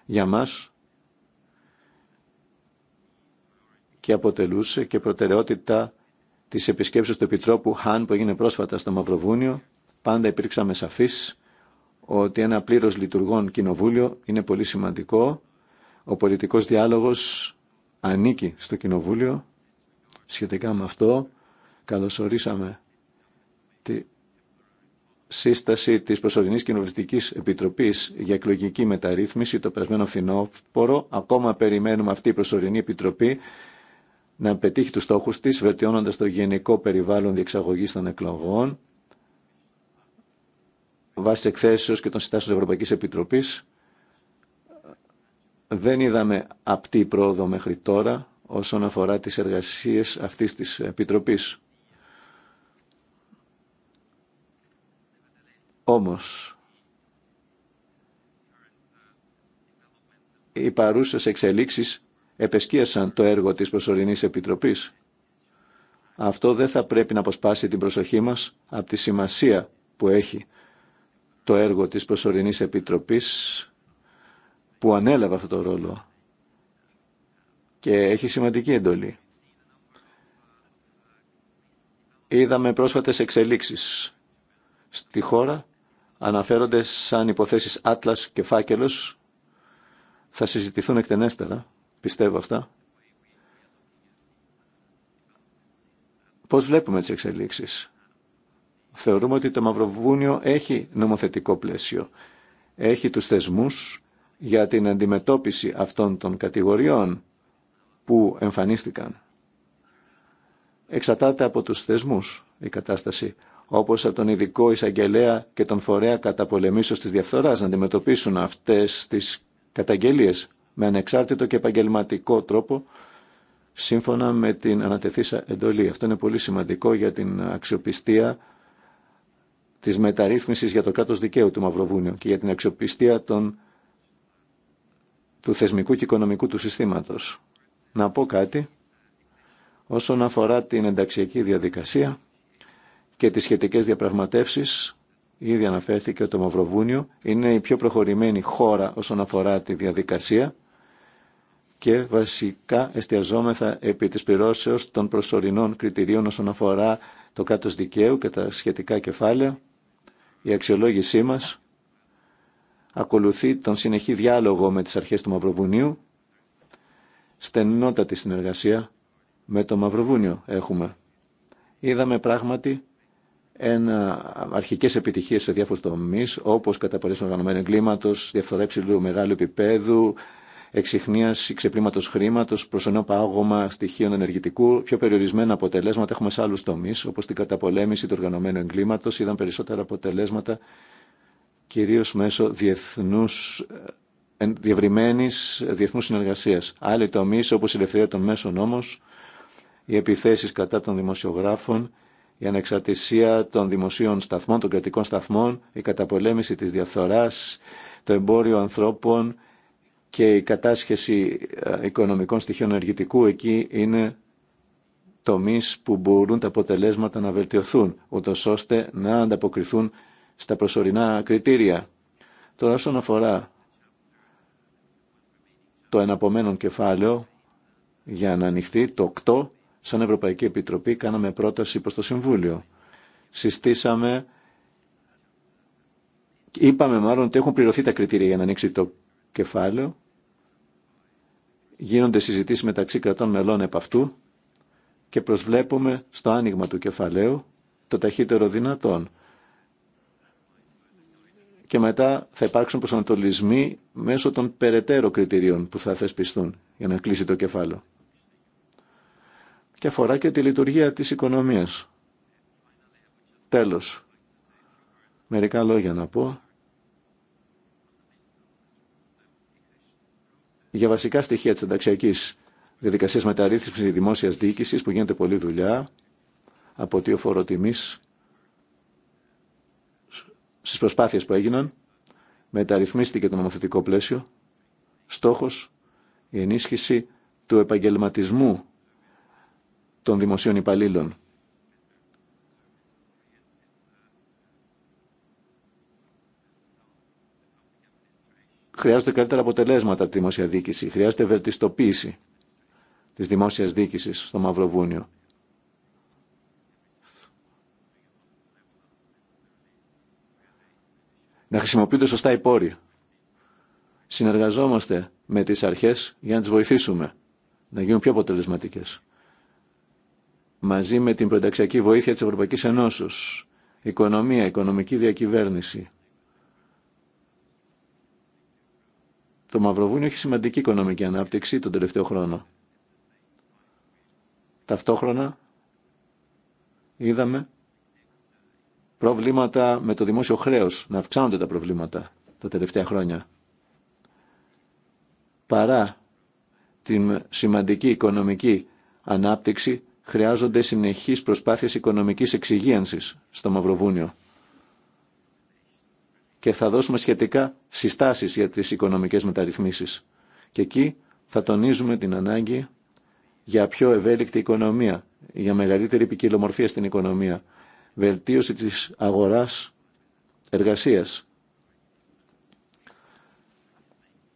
για μας και αποτελούσε και προτεραιότητα της επισκέψης του Επιτρόπου Χάν που έγινε πρόσφατα στο Μαυροβούνιο. Πάντα υπήρξαμε σαφείς ότι ένα πλήρως λειτουργών κοινοβούλιο είναι πολύ σημαντικό. Ο πολιτικός διάλογος ανήκει στο κοινοβούλιο. Σχετικά με αυτό καλωσορίσαμε τη σύσταση της Προσωρινής Κοινοβουλευτικής Επιτροπής για εκλογική μεταρρύθμιση το περασμένο φθινόπωρο. Ακόμα περιμένουμε αυτή η Προσωρινή Επιτροπή να πετύχει τους στόχους της, βελτιώνοντας το γενικό περιβάλλον διεξαγωγής των εκλογών βάσει εκθέσεω και των συστάσεων τη Ευρωπαϊκής Επιτροπής δεν είδαμε απτή πρόοδο μέχρι τώρα όσον αφορά τις εργασίες αυτής της Επιτροπής. Όμως, οι παρούσες εξελίξεις επεσκίασαν το έργο της προσωρινής Επιτροπής. Αυτό δεν θα πρέπει να αποσπάσει την προσοχή μας από τη σημασία που έχει το έργο της προσωρινής επιτροπής που ανέλαβε αυτό το ρόλο και έχει σημαντική εντολή. Είδαμε πρόσφατες εξελίξεις στη χώρα, αναφέρονται σαν υποθέσεις άτλας και φάκελος, θα συζητηθούν εκτενέστερα, πιστεύω αυτά. Πώς βλέπουμε τις εξελίξεις θεωρούμε ότι το Μαυροβούνιο έχει νομοθετικό πλαίσιο. Έχει τους θεσμούς για την αντιμετώπιση αυτών των κατηγοριών που εμφανίστηκαν. Εξατάται από τους θεσμούς η κατάσταση, όπως από τον ειδικό εισαγγελέα και τον φορέα πολεμήσεως της διαφθοράς να αντιμετωπίσουν αυτές τις καταγγελίες με ανεξάρτητο και επαγγελματικό τρόπο σύμφωνα με την ανατεθήσα εντολή. Αυτό είναι πολύ σημαντικό για την αξιοπιστία της μεταρρύθμισης για το κράτος δικαίου του Μαυροβούνιου και για την αξιοπιστία των, του θεσμικού και οικονομικού του συστήματος. Να πω κάτι όσον αφορά την ενταξιακή διαδικασία και τις σχετικές διαπραγματεύσεις. Ήδη αναφέρθηκε ότι το Μαυροβούνιο είναι η πιο προχωρημένη χώρα όσον αφορά τη διαδικασία και βασικά εστιαζόμεθα επί της πληρώσεως των προσωρινών κριτηρίων όσον αφορά το κράτος δικαίου και τα σχετικά κεφάλαια η αξιολόγησή μας ακολουθεί τον συνεχή διάλογο με τις αρχές του Μαυροβουνίου. Στενότατη συνεργασία με το Μαυροβούνιο έχουμε. Είδαμε πράγματι ένα, αρχικές επιτυχίες σε διάφορους τομείς, όπως κατά οργανωμένου εγκλήματος, διαφθορά υψηλού μεγάλου επίπεδου, εξυχνίαση ξεπλήματο χρήματο, προσωπικο πάγωμα στοιχείων ενεργητικού. Πιο περιορισμένα αποτελέσματα έχουμε σε άλλου τομεί, όπω την καταπολέμηση του οργανωμένου εγκλήματο. Είδαν περισσότερα αποτελέσματα κυρίω μέσω διεθνού ε, διευρυμένη διεθνού συνεργασία. Άλλοι τομεί, όπω η ελευθερία των μέσων όμω, οι επιθέσει κατά των δημοσιογράφων, η ανεξαρτησία των δημοσίων σταθμών, των κρατικών σταθμών, η καταπολέμηση της διαφθοράς, το εμπόριο ανθρώπων, και η κατάσχεση ε, οικονομικών στοιχείων ενεργητικού εκεί είναι τομείς που μπορούν τα αποτελέσματα να βελτιωθούν, ούτω ώστε να ανταποκριθούν στα προσωρινά κριτήρια. Τώρα όσον αφορά το εναπομένων κεφάλαιο για να ανοιχθεί το 8, σαν Ευρωπαϊκή Επιτροπή κάναμε πρόταση προς το Συμβούλιο. Συστήσαμε, είπαμε μάλλον ότι έχουν πληρωθεί τα κριτήρια για να ανοίξει το κεφάλαιο. Γίνονται συζητήσεις μεταξύ κρατών μελών επ' αυτού και προσβλέπουμε στο άνοιγμα του κεφαλαίου το ταχύτερο δυνατόν. Και μετά θα υπάρξουν προσανατολισμοί μέσω των περαιτέρω κριτηρίων που θα θεσπιστούν για να κλείσει το κεφάλαιο. Και αφορά και τη λειτουργία της οικονομίας. Τέλος. Μερικά λόγια να πω για βασικά στοιχεία της ενταξιακή διαδικασία μεταρρύθμισης της δημόσιας διοίκηση που γίνεται πολλή δουλειά από τι τιμή στι προσπάθειε που έγιναν μεταρρυθμίστηκε το νομοθετικό πλαίσιο στόχος η ενίσχυση του επαγγελματισμού των δημοσίων υπαλλήλων Χρειάζονται καλύτερα αποτελέσματα από τη δημόσια δίκηση. Χρειάζεται βελτιστοποίηση τη δημόσιας δίκηση στο Μαυροβούνιο. Να χρησιμοποιούνται σωστά οι πόροι. Συνεργαζόμαστε με τις αρχές για να τις βοηθήσουμε να γίνουν πιο αποτελεσματικές. Μαζί με την πρωταξιακή βοήθεια της Ευρωπαϊκής Ενώσεως, οικονομία, οικονομική διακυβέρνηση, Το Μαυροβούνιο έχει σημαντική οικονομική ανάπτυξη τον τελευταίο χρόνο. Ταυτόχρονα είδαμε προβλήματα με το δημόσιο χρέος, να αυξάνονται τα προβλήματα τα τελευταία χρόνια. Παρά την σημαντική οικονομική ανάπτυξη, χρειάζονται συνεχείς προσπάθειες οικονομικής εξυγίανσης στο Μαυροβούνιο και θα δώσουμε σχετικά συστάσεις για τις οικονομικές μεταρρυθμίσεις. Και εκεί θα τονίζουμε την ανάγκη για πιο ευέλικτη οικονομία, για μεγαλύτερη ποικιλομορφία στην οικονομία, βελτίωση της αγοράς εργασίας,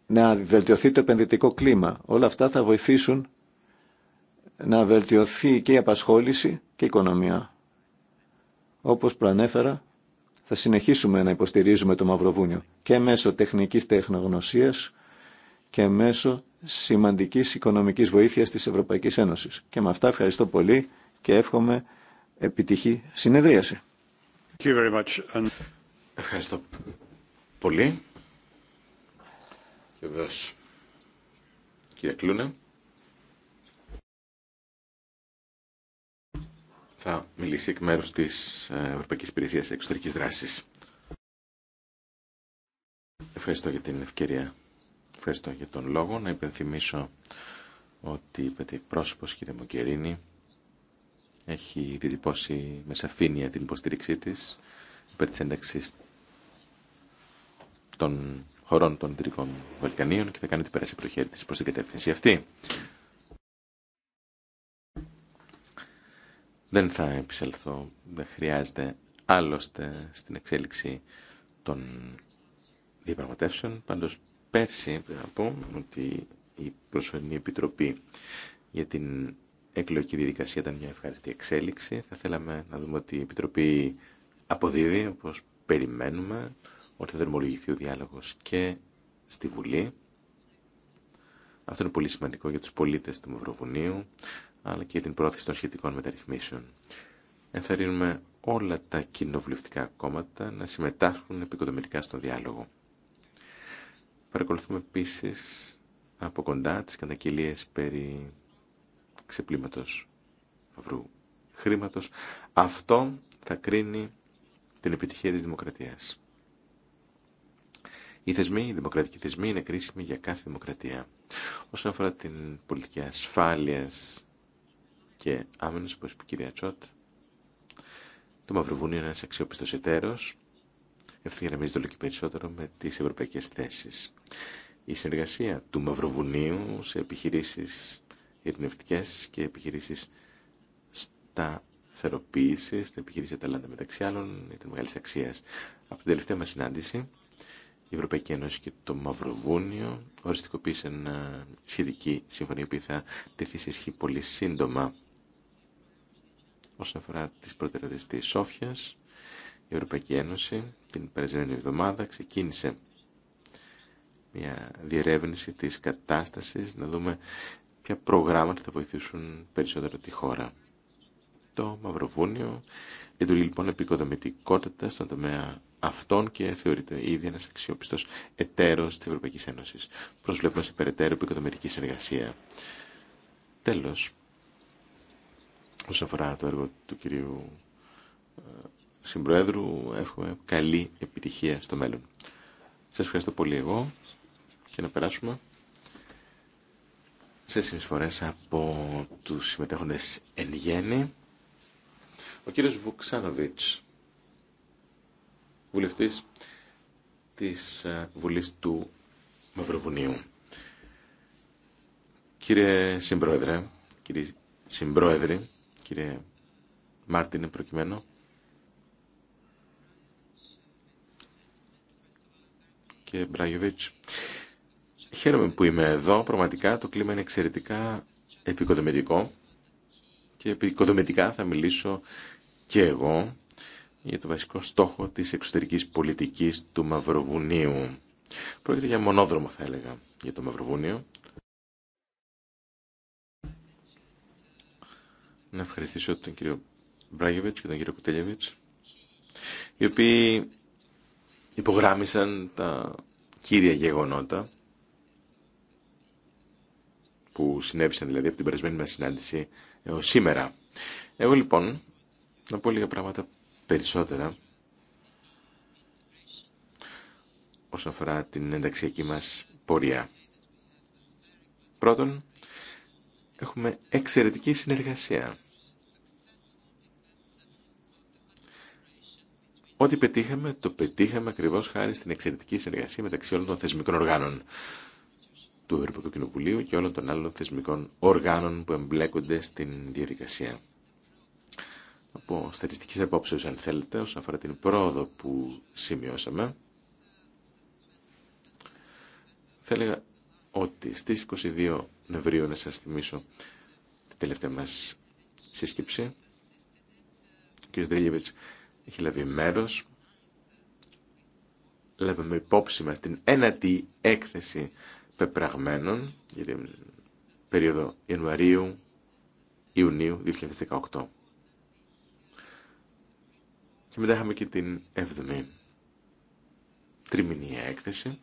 να βελτιωθεί το επενδυτικό κλίμα. Όλα αυτά θα βοηθήσουν να βελτιωθεί και η απασχόληση και η οικονομία. Όπως προανέφερα, θα συνεχίσουμε να υποστηρίζουμε το Μαυροβούνιο και μέσω τεχνικής τεχνογνωσίας και μέσω σημαντικής οικονομικής βοήθειας της Ευρωπαϊκής Ένωσης. Και με αυτά ευχαριστώ πολύ και εύχομαι επιτυχή συνεδρίαση. Ευχαριστώ πολύ. κύριε θα μιλήσει εκ μέρους της ε, Ευρωπαϊκής Υπηρεσίας Εξωτερικής Δράσης. Ευχαριστώ για την ευκαιρία. Ευχαριστώ για τον λόγο. Να υπενθυμίσω ότι η πρόσωπο, κύριε Μοκερίνη, έχει διατυπώσει με σαφήνεια την υποστήριξή της υπέρ της ένταξης των χωρών των Δυτικών Βαλκανίων και θα κάνει την πέραση προχέρη της προς την κατεύθυνση αυτή. Δεν θα επισελθώ, δεν χρειάζεται άλλωστε στην εξέλιξη των διαπραγματεύσεων. Πάντως πέρσι πρέπει να πω ότι η προσωρινή επιτροπή για την εκλογική διαδικασία ήταν μια ευχαριστή εξέλιξη. Θα θέλαμε να δούμε ότι η επιτροπή αποδίδει όπως περιμένουμε, ότι θα δερμολογηθεί ο διάλογος και στη Βουλή. Αυτό είναι πολύ σημαντικό για τους πολίτες του Μευροβουνίου, αλλά και την πρόθεση των σχετικών μεταρρυθμίσεων. Ενθαρρύνουμε όλα τα κοινοβουλευτικά κόμματα να συμμετάσχουν επικοδομητικά στον διάλογο. Παρακολουθούμε επίση από κοντά τι καταγγελίε περί ξεπλήματος βρού, χρήματο. Αυτό θα κρίνει την επιτυχία της δημοκρατίας. Οι θεσμοί, οι δημοκρατικοί θεσμοί είναι κρίσιμοι για κάθε δημοκρατία. Όσον αφορά την πολιτική ασφάλεια και άμενος, όπω είπε η κυρία Τσότ, το Μαυροβούνιο είναι ένας αξιόπιστος εταίρος, ευθυγραμμίζεται όλο και περισσότερο με τις ευρωπαϊκές θέσει. Η συνεργασία του Μαυροβουνίου σε επιχειρήσεις ειρηνευτικές και επιχειρήσεις στα θεροποίηση, στην επιχείρηση Αταλάντα μεταξύ άλλων, ήταν μεγάλη αξία. Από την τελευταία μα συνάντηση, η Ευρωπαϊκή Ένωση και το Μαυροβούνιο οριστικοποίησαν σχετική συμφωνία που θα τεθεί σε ισχύ πολύ σύντομα όσον αφορά τις προτεραιότητες της Σόφιας. Η Ευρωπαϊκή Ένωση την περασμένη εβδομάδα ξεκίνησε μια διερεύνηση της κατάστασης, να δούμε ποια προγράμματα θα βοηθήσουν περισσότερο τη χώρα. Το Μαυροβούνιο λειτουργεί λοιπόν επικοδομητικότητα στον τομέα αυτών και θεωρείται ήδη ένας αξιόπιστος εταίρος της Ευρωπαϊκής Ένωσης. Προσβλέπουμε σε περαιτέρω επικοδομητική συνεργασία. Τέλος, όσον αφορά το έργο του κυρίου ε, Συμπροέδρου, εύχομαι καλή επιτυχία στο μέλλον. Σας ευχαριστώ πολύ εγώ και να περάσουμε σε συνεισφορές από τους συμμετέχοντες εν γέννη. Ο κύριος Βουξάνοβιτς, βουλευτής της ε, Βουλής του Μαυροβουνίου. Κύριε Συμπρόεδρε, κύριε Συμπρόεδρε, κύριε Μάρτιν προκειμένου. Και Μπραγιοβίτς. Χαίρομαι που είμαι εδώ. Πραγματικά το κλίμα είναι εξαιρετικά επικοδομητικό και επικοδομητικά θα μιλήσω και εγώ για το βασικό στόχο της εξωτερικής πολιτικής του Μαυροβουνίου. Πρόκειται για μονόδρομο θα έλεγα για το Μαυροβούνιο να ευχαριστήσω τον κύριο Μπράγεβιτς και τον κύριο Κουτέλεβιτς, οι οποίοι υπογράμμισαν τα κύρια γεγονότα που συνέβησαν δηλαδή από την περασμένη μας συνάντηση σήμερα. Εγώ λοιπόν να πω λίγα πράγματα περισσότερα όσον αφορά την ενταξιακή μας πορεία. Πρώτον, Έχουμε εξαιρετική συνεργασία. Ό,τι πετύχαμε, το πετύχαμε ακριβώ χάρη στην εξαιρετική συνεργασία μεταξύ όλων των θεσμικών οργάνων του Ευρωπαϊκού Κοινοβουλίου και όλων των άλλων θεσμικών οργάνων που εμπλέκονται στην διαδικασία. Από στατιστικής απόψεως, αν θέλετε, όσον αφορά την πρόοδο που σημειώσαμε, θα έλεγα ότι στις 22 Νοεμβρίου να σας θυμίσω την τελευταία μας σύσκεψη. Ο κ. έχει λάβει μέρος. Λάβαμε υπόψη μας την ένατη έκθεση πεπραγμένων για την περίοδο Ιανουαρίου Ιουνίου 2018. Και μετά είχαμε και την 7η τριμηνία έκθεση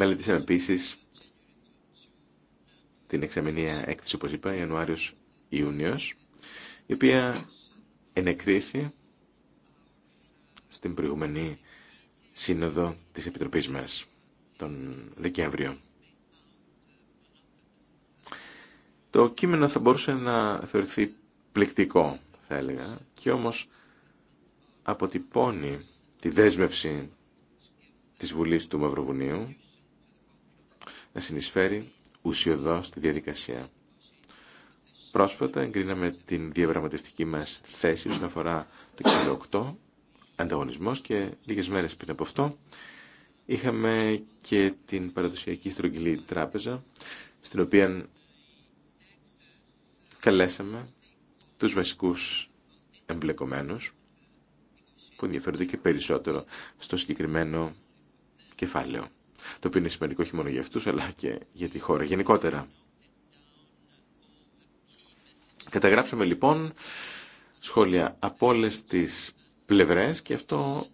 Μελετήσαμε επίση την εξαμηνία έκθεση, όπως είπα, Ιανουάριος-Ιούνιος, η οποία ενεκρίθη στην προηγούμενη σύνοδο της Επιτροπής μας, τον Δεκέμβριο. Το κείμενο θα μπορούσε να θεωρηθεί πληκτικό, θα έλεγα, και όμως αποτυπώνει τη δέσμευση της Βουλής του Μαυροβουνίου να συνεισφέρει ουσιοδό στη διαδικασία. Πρόσφατα εγκρίναμε την διαπραγματευτική μας θέση όσον αφορά το κεφάλαιο 8, ανταγωνισμός και λίγες μέρες πριν από αυτό είχαμε και την παραδοσιακή στρογγυλή τράπεζα στην οποία καλέσαμε τους βασικούς εμπλεκομένους που ενδιαφέρονται και περισσότερο στο συγκεκριμένο κεφάλαιο το οποίο είναι σημαντικό όχι μόνο για αυτούς, αλλά και για τη χώρα γενικότερα. Καταγράψαμε λοιπόν σχόλια από όλε τις πλευρές και αυτό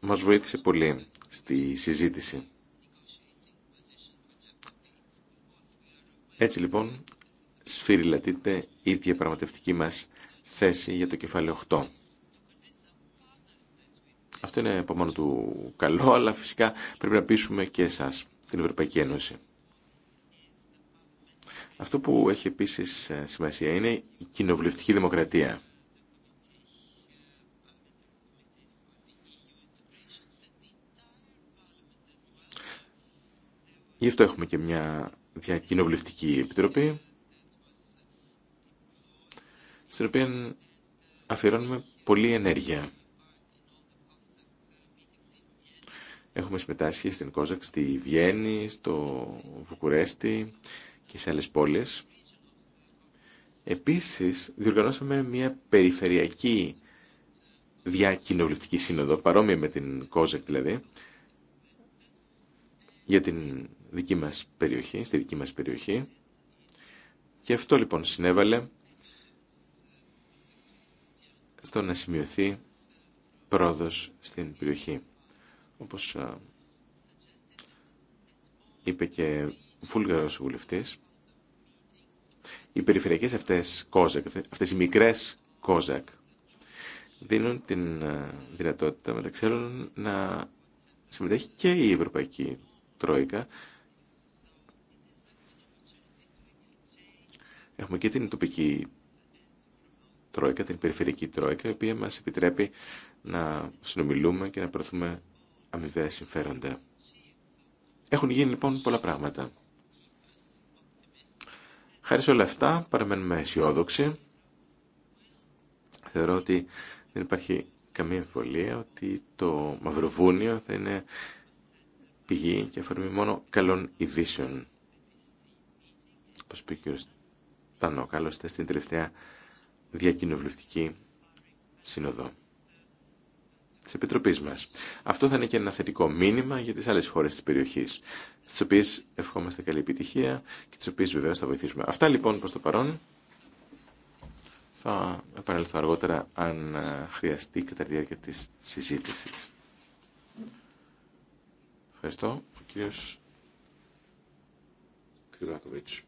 μας βοήθησε πολύ στη συζήτηση. Έτσι λοιπόν σφυριλατείται η διαπραγματευτική μας θέση για το κεφάλαιο 8. Αυτό είναι από μόνο του καλό, αλλά φυσικά πρέπει να πείσουμε και εσάς, την Ευρωπαϊκή Ένωση. Αυτό που έχει επίσης ε, σημασία είναι η κοινοβουλευτική δημοκρατία. Γι' αυτό έχουμε και μια διακοινοβουλευτική επιτροπή, στην οποία αφιερώνουμε πολλή ενέργεια. Έχουμε συμμετάσχει στην Κόζακ στη Βιέννη, στο Βουκουρέστι και σε άλλες πόλεις. Επίσης, διοργανώσαμε μια περιφερειακή διακοινοβουλευτική σύνοδο, παρόμοια με την Κόζακ δηλαδή, για την δική μας περιοχή, στη δική μας περιοχή. Και αυτό λοιπόν συνέβαλε στο να σημειωθεί πρόοδος στην περιοχή. Όπως ε, είπε και ο βούλγαρος βουλευτής, οι περιφερειακές αυτές κόζακ, αυτές οι μικρές κόζακ, δίνουν την ε, δυνατότητα μεταξύ άλλων να συμμετέχει και η Ευρωπαϊκή Τρόικα. Έχουμε και την τοπική Τρόικα, την περιφερειακή Τρόικα, η οποία μας επιτρέπει να συνομιλούμε και να προωθούμε αμοιβαία συμφέροντα. Έχουν γίνει λοιπόν πολλά πράγματα. Χάρη σε όλα αυτά παραμένουμε αισιόδοξοι. Θεωρώ ότι δεν υπάρχει καμία εμφολία ότι το Μαυροβούνιο θα είναι πηγή και αφορμή μόνο καλών ειδήσεων. Όπως πήγε ο κ. Τανό, στην τελευταία διακοινοβουλευτική σύνοδο. Τη επιτροπή μα. Αυτό θα είναι και ένα θετικό μήνυμα για τις άλλες χώρε τη περιοχή στις οποίες ευχόμαστε καλή επιτυχία και τις οποίες βεβαίω θα βοηθήσουμε. Αυτά λοιπόν προς το παρόν. Θα επανέλθω αργότερα αν ε, χρειαστεί κατά τη διάρκεια τη συζήτηση. Ευχαριστώ. Ο κύριος Κρυβάκοβιτς.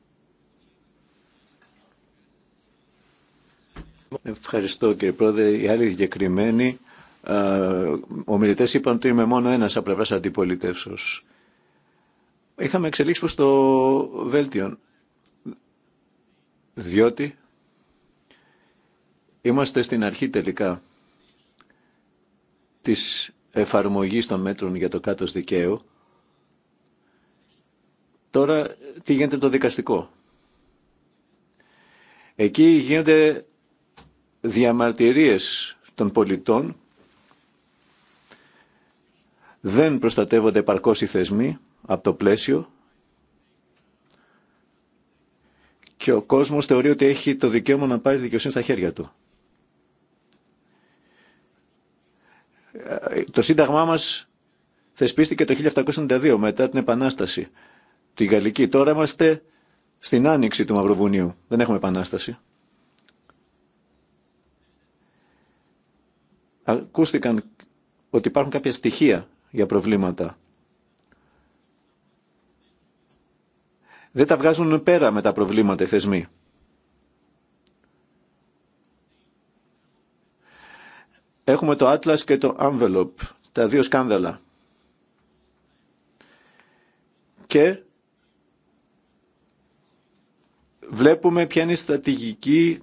Ευχαριστώ κύριε Πρόεδρε. Η άλλη διακριμένη ε, ομιλητέ είπαν ότι είμαι μόνο ένας από πλευρά Είχαμε εξελίξει προ το Βέλτιον, διότι είμαστε στην αρχή τελικά της εφαρμογής των μέτρων για το κάτω δικαίου. Τώρα τι γίνεται το δικαστικό. Εκεί γίνονται διαμαρτυρίες των πολιτών δεν προστατεύονται επαρκώς οι θεσμοί από το πλαίσιο και ο κόσμος θεωρεί ότι έχει το δικαίωμα να πάρει δικαιοσύνη στα χέρια του. Ε, το Σύνταγμά μας θεσπίστηκε το 1792 μετά την Επανάσταση, τη Γαλλική. Τώρα είμαστε στην άνοιξη του Μαυροβουνίου. Δεν έχουμε Επανάσταση. Ακούστηκαν ότι υπάρχουν κάποια στοιχεία για προβλήματα. Δεν τα βγάζουν πέρα με τα προβλήματα οι θεσμοί. Έχουμε το Atlas και το Envelope, τα δύο σκάνδαλα. Και βλέπουμε ποια είναι η στρατηγική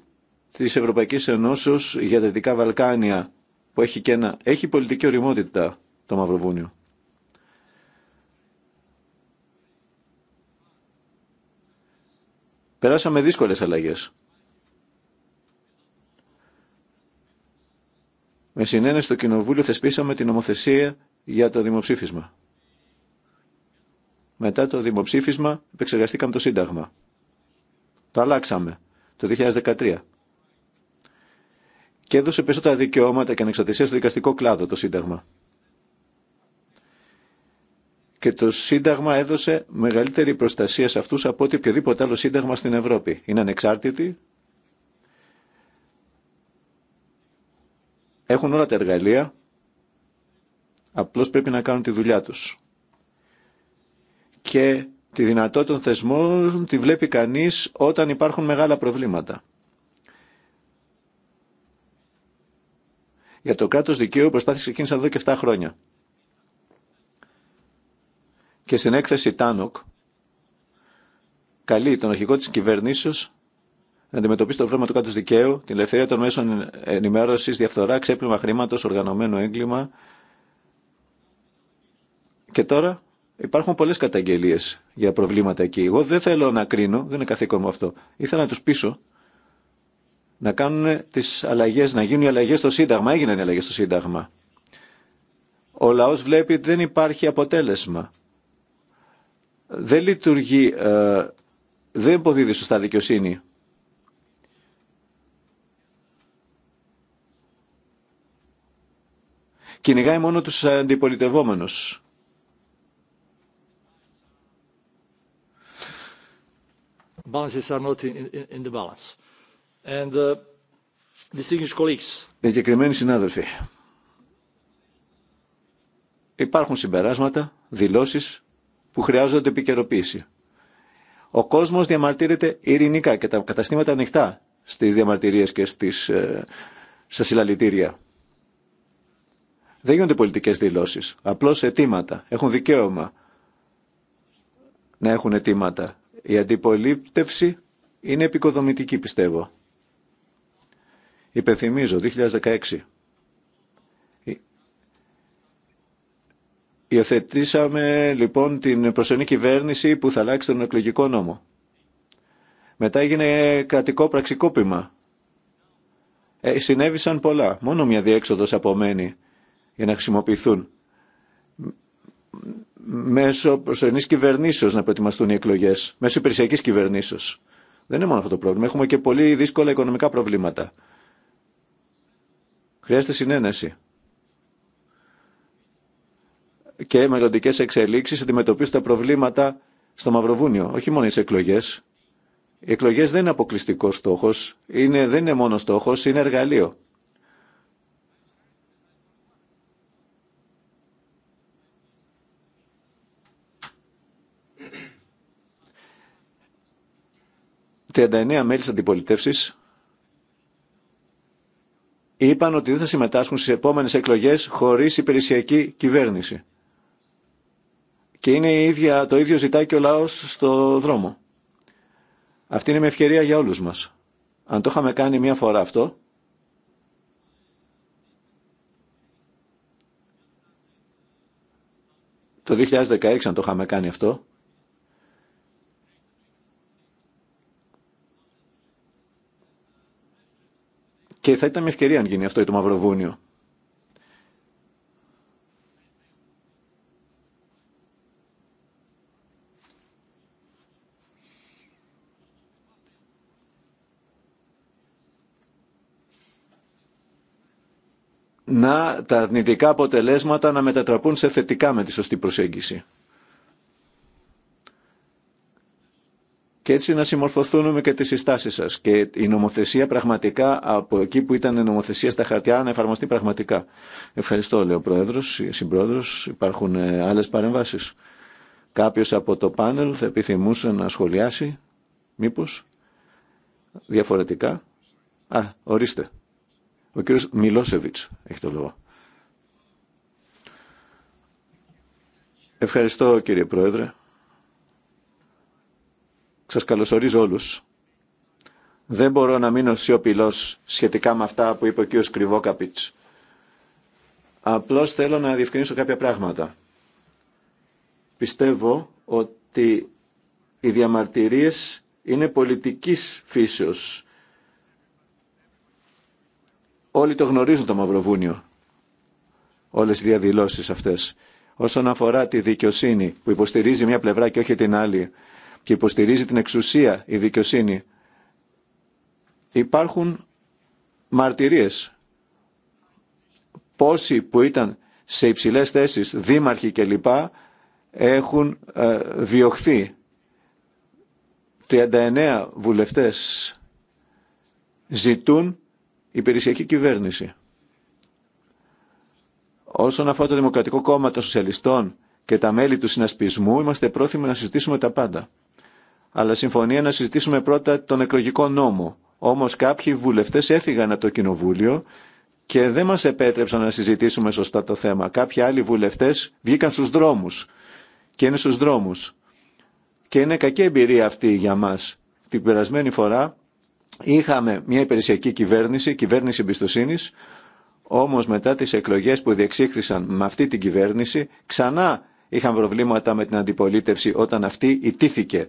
της Ευρωπαϊκής Ενώσεως για τα Δυτικά Βαλκάνια, που έχει και Έχει πολιτική οριμότητα το Μαυροβούνιο. Περάσαμε δύσκολες αλλαγές. Με συνένεση στο Κοινοβούλιο θεσπίσαμε την νομοθεσία για το δημοψήφισμα. Μετά το δημοψήφισμα επεξεργαστήκαμε το Σύνταγμα. Το αλλάξαμε το 2013. Και έδωσε περισσότερα δικαιώματα και ανεξαρτησία στο δικαστικό κλάδο το Σύνταγμα και το Σύνταγμα έδωσε μεγαλύτερη προστασία σε αυτούς από ό,τι οποιοδήποτε άλλο Σύνταγμα στην Ευρώπη. Είναι ανεξάρτητοι, έχουν όλα τα εργαλεία, απλώς πρέπει να κάνουν τη δουλειά τους. Και τη δυνατότητα των θεσμών τη βλέπει κανείς όταν υπάρχουν μεγάλα προβλήματα. Για το κράτος δικαίου προσπάθησε ξεκίνησα εδώ και 7 χρόνια και στην έκθεση Τάνοκ καλεί τον αρχικό της κυβερνήσεως να αντιμετωπίσει το πρόβλημα του κάτω δικαίου, την ελευθερία των μέσων ενημέρωση, διαφθορά, ξέπλυμα χρήματο, οργανωμένο έγκλημα. Και τώρα υπάρχουν πολλέ καταγγελίε για προβλήματα εκεί. Εγώ δεν θέλω να κρίνω, δεν είναι καθήκον μου αυτό. Ήθελα να του πείσω να κάνουν τι αλλαγέ, να γίνουν οι αλλαγέ στο Σύνταγμα. Έγιναν οι αλλαγέ στο Σύνταγμα. Ο λαό βλέπει ότι δεν υπάρχει αποτέλεσμα δεν λειτουργεί, ε, δεν υποδίδει σωστά δικαιοσύνη. Κυνηγάει μόνο τους αντιπολιτευόμενους. Balances are not in, the balance. And uh, distinguished colleagues. συνάδελφοι. Υπάρχουν συμπεράσματα, δηλώσεις που χρειάζονται επικαιροποίηση. Ο κόσμο διαμαρτύρεται ειρηνικά και τα καταστήματα ανοιχτά στι διαμαρτυρίε και στις, ε, στα συλλαλητήρια. Δεν γίνονται πολιτικέ δηλώσει. Απλώ αιτήματα. Έχουν δικαίωμα να έχουν αιτήματα. Η αντιπολίτευση είναι επικοδομητική, πιστεύω. Υπενθυμίζω, 2016 Υιοθετήσαμε λοιπόν την προσωρινή κυβέρνηση που θα αλλάξει τον εκλογικό νόμο. Μετά έγινε κρατικό πραξικόπημα. Ε, συνέβησαν πολλά. Μόνο μια διέξοδος απομένει για να χρησιμοποιηθούν. Μέσω προσωρινή κυβερνήσεω να προετοιμαστούν οι εκλογέ. Μέσω υπηρεσιακή κυβερνήσεω. Δεν είναι μόνο αυτό το πρόβλημα. Έχουμε και πολύ δύσκολα οικονομικά προβλήματα. Χρειάζεται συνένεση και μελλοντικέ εξελίξει αντιμετωπίσουν τα προβλήματα στο Μαυροβούνιο. Όχι μόνο τι εκλογέ. Οι εκλογέ δεν είναι αποκλειστικό στόχο. Είναι, δεν είναι μόνο στόχο, είναι εργαλείο. ...39 μέλη τη αντιπολιτεύση είπαν ότι δεν θα συμμετάσχουν στις επόμενες εκλογές χωρίς υπηρεσιακή κυβέρνηση και είναι η ίδια, το ίδιο ζητάει και ο λαός στο δρόμο. Αυτή είναι μια ευκαιρία για όλους μας. Αν το είχαμε κάνει μια φορά αυτό, το 2016 αν το είχαμε κάνει αυτό, και θα ήταν μια ευκαιρία αν γίνει αυτό για το Μαυροβούνιο. να τα αρνητικά αποτελέσματα να μετατραπούν σε θετικά με τη σωστή προσέγγιση. Και έτσι να συμμορφωθούν με και τις συστάσεις σας. Και η νομοθεσία πραγματικά από εκεί που ήταν η νομοθεσία στα χαρτιά να εφαρμοστεί πραγματικά. Ευχαριστώ, λέει ο Πρόεδρος, η Συμπρόεδρος. Υπάρχουν ε, άλλες παρεμβάσεις. Κάποιος από το πάνελ θα επιθυμούσε να σχολιάσει, μήπως, διαφορετικά. Α, ορίστε. Ο κύριος Μιλόσεβιτς έχει το λόγο. Ευχαριστώ κύριε Πρόεδρε. Σας καλωσορίζω όλους. Δεν μπορώ να μείνω σιωπηλό σχετικά με αυτά που είπε ο κύριος Κρυβόκαπιτς. Απλώς θέλω να διευκρινίσω κάποια πράγματα. Πιστεύω ότι οι διαμαρτυρίες είναι πολιτικής φύσεως Όλοι το γνωρίζουν το Μαυροβούνιο, όλες οι διαδηλώσεις αυτές. Όσον αφορά τη δικαιοσύνη που υποστηρίζει μια πλευρά και όχι την άλλη και υποστηρίζει την εξουσία η δικαιοσύνη, υπάρχουν μαρτυρίες. Πόσοι που ήταν σε υψηλές θέσεις, δήμαρχοι κλπ, έχουν ε, διωχθεί. 39 βουλευτές ζητούν η υπηρεσιακή κυβέρνηση. Όσον αφορά το Δημοκρατικό Κόμμα των Σοσιαλιστών και τα μέλη του συνασπισμού, είμαστε πρόθυμοι να συζητήσουμε τα πάντα. Αλλά συμφωνία να συζητήσουμε πρώτα τον εκλογικό νόμο. Όμως κάποιοι βουλευτές έφυγαν από το Κοινοβούλιο και δεν μας επέτρεψαν να συζητήσουμε σωστά το θέμα. Κάποιοι άλλοι βουλευτέ βγήκαν στου δρόμου και είναι στου δρόμου. Και είναι κακή εμπειρία αυτή για μα, Την περασμένη φορά Είχαμε μια υπηρεσιακή κυβέρνηση, κυβέρνηση εμπιστοσύνη, όμω μετά τι εκλογέ που διεξήχθησαν με αυτή την κυβέρνηση, ξανά είχαν προβλήματα με την αντιπολίτευση όταν αυτή ιτήθηκε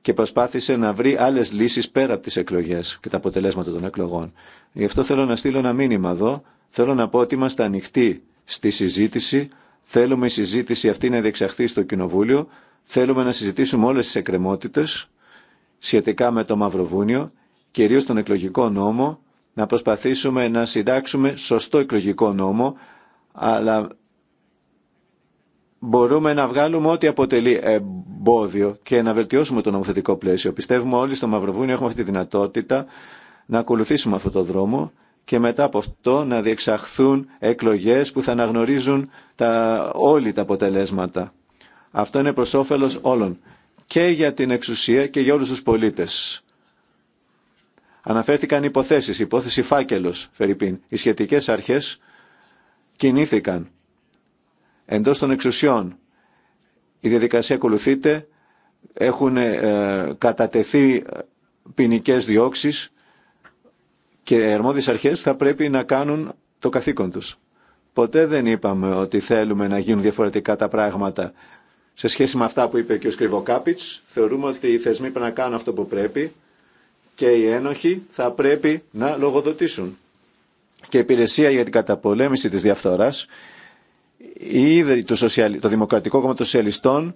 και προσπάθησε να βρει άλλε λύσει πέρα από τι εκλογέ και τα αποτελέσματα των εκλογών. Γι' αυτό θέλω να στείλω ένα μήνυμα εδώ. Θέλω να πω ότι είμαστε ανοιχτοί στη συζήτηση. Θέλουμε η συζήτηση αυτή να διεξαχθεί στο Κοινοβούλιο. Θέλουμε να συζητήσουμε όλε τι εκκρεμότητε σχετικά με το Μαυροβούνιο κυρίως τον εκλογικό νόμο, να προσπαθήσουμε να συντάξουμε σωστό εκλογικό νόμο, αλλά μπορούμε να βγάλουμε ό,τι αποτελεί εμπόδιο και να βελτιώσουμε το νομοθετικό πλαίσιο. Πιστεύουμε όλοι στο Μαυροβούνιο έχουμε αυτή τη δυνατότητα να ακολουθήσουμε αυτό το δρόμο και μετά από αυτό να διεξαχθούν εκλογές που θα αναγνωρίζουν τα, όλοι τα αποτελέσματα. Αυτό είναι προς όφελος όλων και για την εξουσία και για όλους τους πολίτες. Αναφέρθηκαν υποθέσεις, υπόθεση φάκελος, Φερρυπίν. Οι σχετικές αρχές κινήθηκαν εντός των εξουσιών. Η διαδικασία ακολουθείται, έχουν ε, κατατεθεί ε, ποινικέ διώξεις και οι αρμόδιες αρχές θα πρέπει να κάνουν το καθήκον τους. Ποτέ δεν είπαμε ότι θέλουμε να γίνουν διαφορετικά τα πράγματα. Σε σχέση με αυτά που είπε και ο Σκριβοκάπιτς, θεωρούμε ότι οι θεσμοί πρέπει να κάνουν αυτό που πρέπει και οι ένοχοι θα πρέπει να λογοδοτήσουν. Και η υπηρεσία για την καταπολέμηση της διαφθοράς ήδη το, σοσιαλ... το Δημοκρατικό Κόμμα των Σοσιαλιστών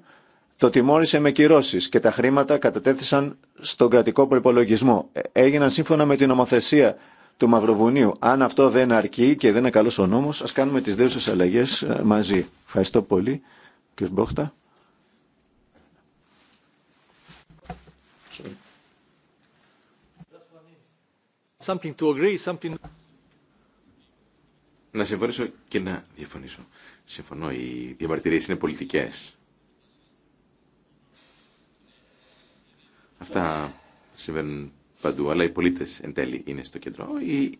το τιμώρησε με κυρώσει και τα χρήματα κατατέθησαν στον κρατικό προπολογισμό. Ε, έγιναν σύμφωνα με την νομοθεσία του Μαυροβουνίου. Αν αυτό δεν αρκεί και δεν είναι καλό ο νόμο, α κάνουμε τι δύο αλλαγέ ε, μαζί. Ευχαριστώ πολύ. Κύριε Μπόχτα. Να συμφωνήσω και να διαφωνήσω. Συμφωνώ, οι διαμαρτυρίε είναι πολιτικέ. Αυτά συμβαίνουν παντού, αλλά οι πολίτε εν τέλει είναι στο κέντρο. Οι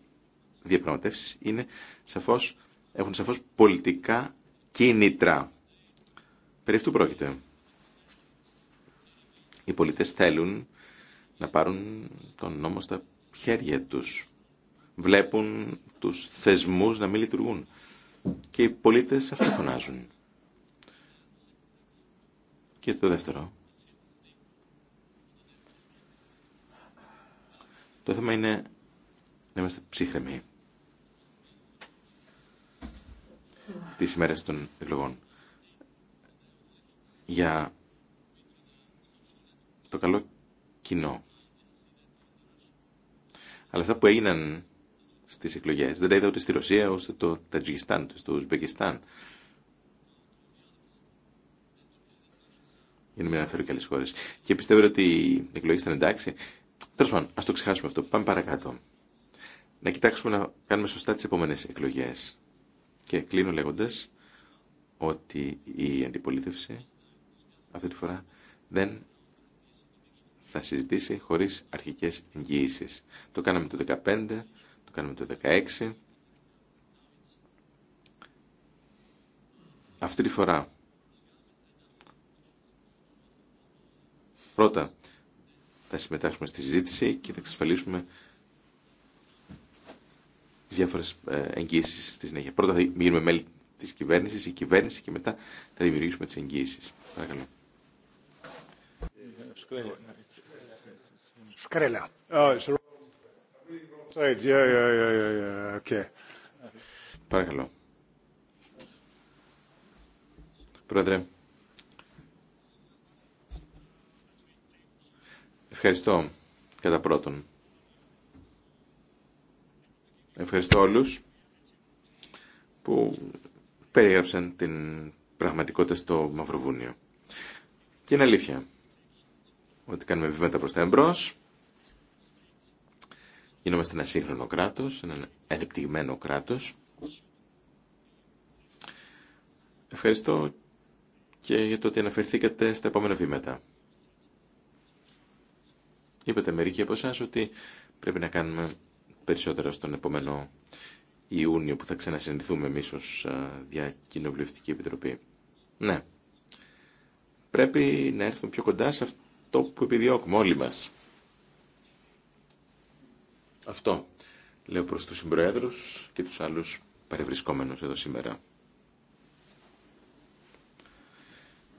διαπραγματεύσει είναι σαφώς, έχουν σαφώ πολιτικά κίνητρα. Περί αυτού πρόκειται. Οι πολίτε θέλουν να πάρουν τον νόμο στα χέρια τους. Βλέπουν τους θεσμούς να μην λειτουργούν. Και οι πολίτες αυτό φωνάζουν. Και το δεύτερο. Το θέμα είναι να είμαστε ψύχρεμοι τις ημέρες των εκλογών. Για το καλό κοινό. Αλλά αυτά που έγιναν στις εκλογές δεν τα είδα ούτε στη Ρωσία, ούτε στο Τατζικιστάν, ούτε στο Ουσμπεκιστάν. Για να μην αναφέρω και άλλε χώρε. Και πιστεύω ότι οι εκλογέ ήταν εντάξει. Τέλο πάντων, α το ξεχάσουμε αυτό. Πάμε παρακάτω. Να κοιτάξουμε να κάνουμε σωστά τι επόμενε εκλογέ. Και κλείνω λέγοντα ότι η αντιπολίτευση αυτή τη φορά δεν θα συζητήσει χωρίς αρχικές εγγυήσεις. Το κάναμε το 2015, το κάναμε το 2016. Αυτή τη φορά. Πρώτα θα συμμετάσχουμε στη συζήτηση και θα εξασφαλίσουμε διάφορε ε, εγγύσει στη συνέχεια. Πρώτα θα γίνουμε μέλη τη κυβέρνηση, η κυβέρνηση και μετά θα δημιουργήσουμε τι εγγύησει. Παρακαλώ. Σκρέλα. Oh, Παρακαλώ. Πρόεδρε. Ευχαριστώ κατά πρώτον. Ευχαριστώ όλους που περιέγραψαν την πραγματικότητα στο Μαυροβούνιο. Και είναι αλήθεια ότι κάνουμε βήματα προς τα εμπρός, Γινόμαστε ένα σύγχρονο κράτος, ένα ενεπτυγμένο κράτος. Ευχαριστώ και για το ότι αναφερθήκατε στα επόμενα βήματα. Είπατε μερικοί από εσά ότι πρέπει να κάνουμε περισσότερα στον επόμενο Ιούνιο που θα ξανασυνηθούμε εμεί ω Διακοινοβουλευτική Επιτροπή. Ναι. Πρέπει να έρθουμε πιο κοντά σε αυτό που επιδιώκουμε όλοι μας. Αυτό λέω προς τους συμπροέδρους και τους άλλους παρευρισκόμενους εδώ σήμερα.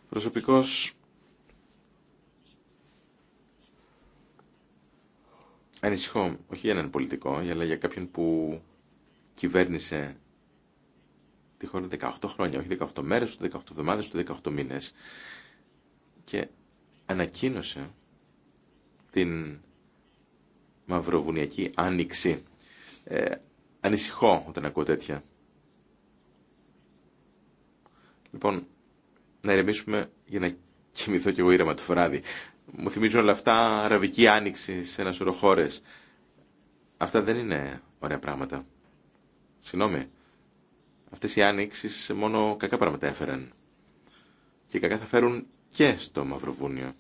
Προσωπικώς ανησυχώ, όχι για έναν πολιτικό, αλλά για κάποιον που κυβέρνησε τη χώρα 18 χρόνια, όχι 18 μέρες, 18 εβδομάδες, 18 μήνες και ανακοίνωσε την μαυροβουνιακή άνοιξη. Ε, ανησυχώ όταν ακούω τέτοια. Λοιπόν, να ηρεμήσουμε για να κοιμηθώ κι εγώ ήρεμα το βράδυ. Μου θυμίζουν όλα αυτά αραβική άνοιξη σε ένα σωρό χώρε. Αυτά δεν είναι ωραία πράγματα. Συγγνώμη. Αυτές οι άνοιξει μόνο κακά πράγματα έφεραν. Και κακά θα φέρουν και στο Μαυροβούνιο.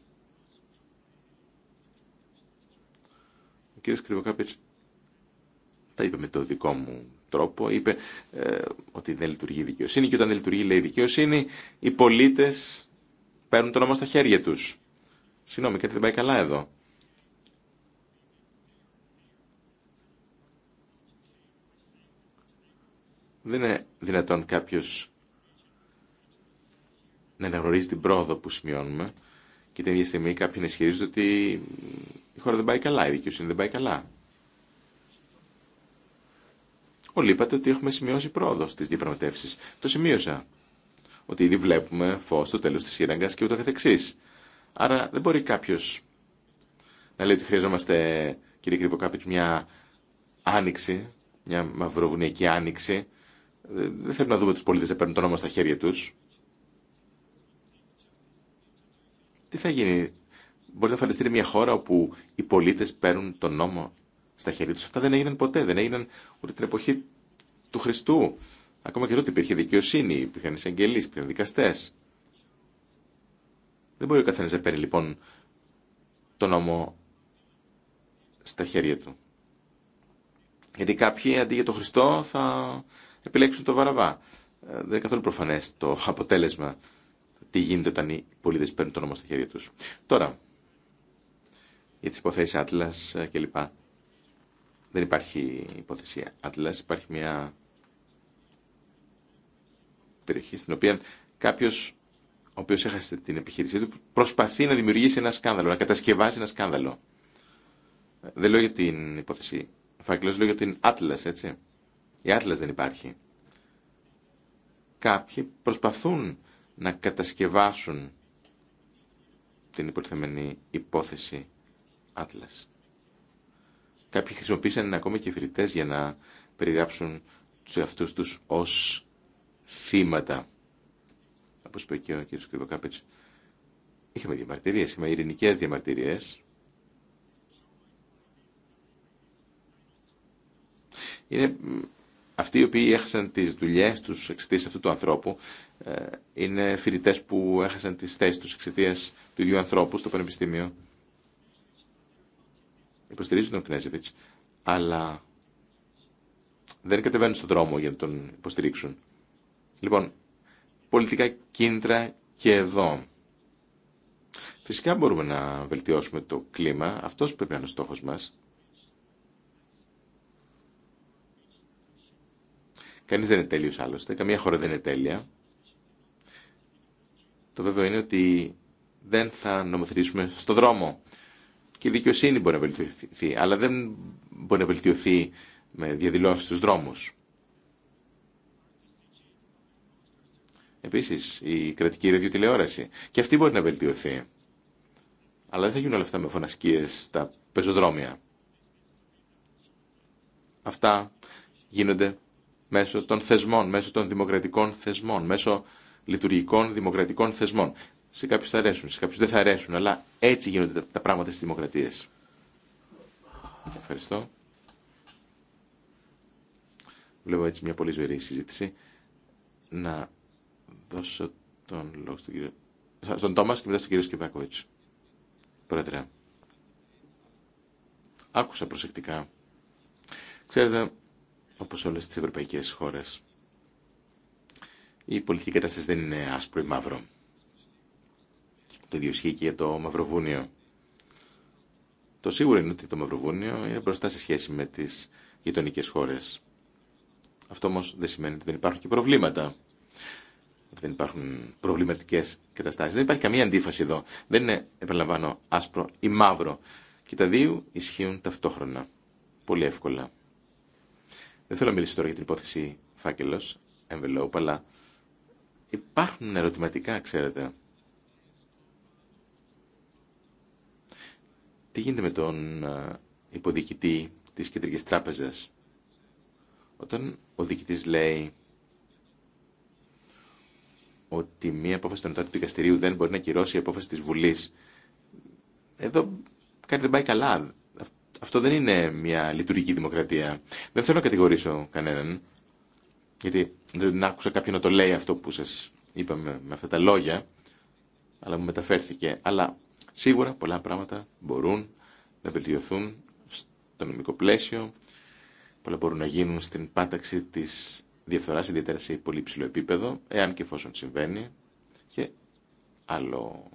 Ο κύριος Κρυβοκάπης τα είπε με το δικό μου τρόπο, είπε ε, ότι δεν λειτουργεί η δικαιοσύνη και όταν δεν λειτουργεί λέει η δικαιοσύνη, οι πολίτες παίρνουν το νόμο στα χέρια τους. Συγγνώμη, κάτι δεν πάει καλά εδώ. Δεν είναι δυνατόν κάποιος να αναγνωρίζει την πρόοδο που σημειώνουμε και την ίδια στιγμή κάποιοι να ισχυρίζονται ότι η χώρα δεν πάει καλά, η δικαιοσύνη δεν πάει καλά. Όλοι είπατε ότι έχουμε σημειώσει πρόοδο στι διαπραγματεύσει. Το σημείωσα. Ότι ήδη βλέπουμε φω στο τέλο τη χειράγγα και ούτω καθεξή. Άρα δεν μπορεί κάποιο να λέει ότι χρειαζόμαστε, κύριε κάποιο μια άνοιξη, μια μαυροβουνιακή άνοιξη. Δεν θέλουμε να δούμε του πολίτε να παίρνουν το νόμο στα χέρια του. Τι θα γίνει Μπορείτε να φανταστείτε μια χώρα όπου οι πολίτε παίρνουν τον νόμο στα χέρια του. Αυτά δεν έγιναν ποτέ. Δεν έγιναν ούτε την εποχή του Χριστού. Ακόμα και τότε υπήρχε δικαιοσύνη, υπήρχαν εισαγγελεί, υπήρχαν δικαστέ. Δεν μπορεί ο καθένα να παίρνει λοιπόν τον νόμο στα χέρια του. Γιατί κάποιοι αντί για τον Χριστό θα επιλέξουν τον Βαραβά. Ε, δεν είναι καθόλου προφανέ το αποτέλεσμα τι γίνεται όταν οι πολίτε παίρνουν το νόμο στα χέρια του. Τώρα, για τις υποθέσεις Άτλας ε, κλπ. Δεν υπάρχει υποθεσία Atlas υπάρχει μια περιοχή στην οποία κάποιος ο οποίος έχασε την επιχείρησή του προσπαθεί να δημιουργήσει ένα σκάνδαλο, να κατασκευάσει ένα σκάνδαλο. Δεν λέω για την υπόθεση Φάκλος, λέω για την Atlas, έτσι. Η Atlas δεν υπάρχει. Κάποιοι προσπαθούν να κατασκευάσουν την υποτιθεμένη υπόθεση Atlas. Κάποιοι χρησιμοποίησαν ακόμη και φοιτητέ για να περιγράψουν τους εαυτούς τους ως θύματα. Όπω είπε και ο κ. Κρυβοκάπετς, είχαμε διαμαρτυρίες, είχαμε ειρηνικές διαμαρτυρίες. Είναι αυτοί οι οποίοι έχασαν τις δουλειές τους εξαιτίας αυτού του ανθρώπου, ε, είναι φοιτητέ που έχασαν τις θέσεις τους εξαιτία του ίδιου ανθρώπου στο Πανεπιστήμιο υποστηρίζουν τον Κνέζεβιτς, αλλά δεν κατεβαίνουν στον δρόμο για να τον υποστηρίξουν. Λοιπόν, πολιτικά κίνητρα και εδώ. Φυσικά μπορούμε να βελτιώσουμε το κλίμα, αυτός πρέπει να είναι ο στόχος μας. Κανείς δεν είναι τέλειος άλλωστε, καμία χώρα δεν είναι τέλεια. Το βέβαιο είναι ότι δεν θα νομοθετήσουμε στον δρόμο και η δικαιοσύνη μπορεί να βελτιωθεί, αλλά δεν μπορεί να βελτιωθεί με διαδηλώσει στους δρόμους. Επίσης, η κρατική ραδιοτηλεόραση. Και αυτή μπορεί να βελτιωθεί. Αλλά δεν θα γίνουν όλα αυτά με φωνασκίες στα πεζοδρόμια. Αυτά γίνονται μέσω των θεσμών, μέσω των δημοκρατικών θεσμών, μέσω λειτουργικών δημοκρατικών θεσμών. Σε κάποιου θα αρέσουν, σε κάποιου δεν θα αρέσουν, αλλά έτσι γίνονται τα πράγματα στις δημοκρατίες. Ευχαριστώ. Βλέπω έτσι μια πολύ ζωηρή συζήτηση. Να δώσω τον λόγο στον κύριο... Στον Τόμα και μετά στον κύριο Σκυβάκοβιτς. Πρόεδρε. Άκουσα προσεκτικά. Ξέρετε, όπω όλε τι ευρωπαϊκές χώρες, η πολιτική κατάσταση δεν είναι άσπρο ή μαύρο. Το ίδιο ισχύει και για το Μαυροβούνιο. Το σίγουρο είναι ότι το Μαυροβούνιο είναι μπροστά σε σχέση με τι γειτονικέ χώρε. Αυτό όμω δεν σημαίνει ότι δεν υπάρχουν και προβλήματα. Ότι δεν υπάρχουν προβληματικέ καταστάσει. Δεν υπάρχει καμία αντίφαση εδώ. Δεν είναι, επαναλαμβάνω, άσπρο ή μαύρο. Και τα δύο ισχύουν ταυτόχρονα. Πολύ εύκολα. Δεν θέλω να μιλήσω τώρα για την υπόθεση φάκελο, envelope, αλλά υπάρχουν ερωτηματικά, ξέρετε. Τι γίνεται με τον ε, υποδιοικητή της Κεντρικής Τράπεζας όταν ο διοικητής λέει ότι μία απόφαση των του δικαστηρίου δεν μπορεί να κυρώσει η απόφαση της Βουλής εδώ κάτι δεν πάει καλά. Αυτό δεν είναι μια λειτουργική δημοκρατία. Δεν θέλω να κατηγορήσω κανέναν, γιατί δεν άκουσα κάποιον να το λέει αυτό που σας είπαμε με αυτά τα λόγια, αλλά μου μεταφέρθηκε. Αλλά Σίγουρα πολλά πράγματα μπορούν να βελτιωθούν στο νομικό πλαίσιο, πολλά μπορούν να γίνουν στην πάταξη της διαφθοράς, ιδιαίτερα σε πολύ ψηλό επίπεδο, εάν και εφόσον συμβαίνει. Και άλλο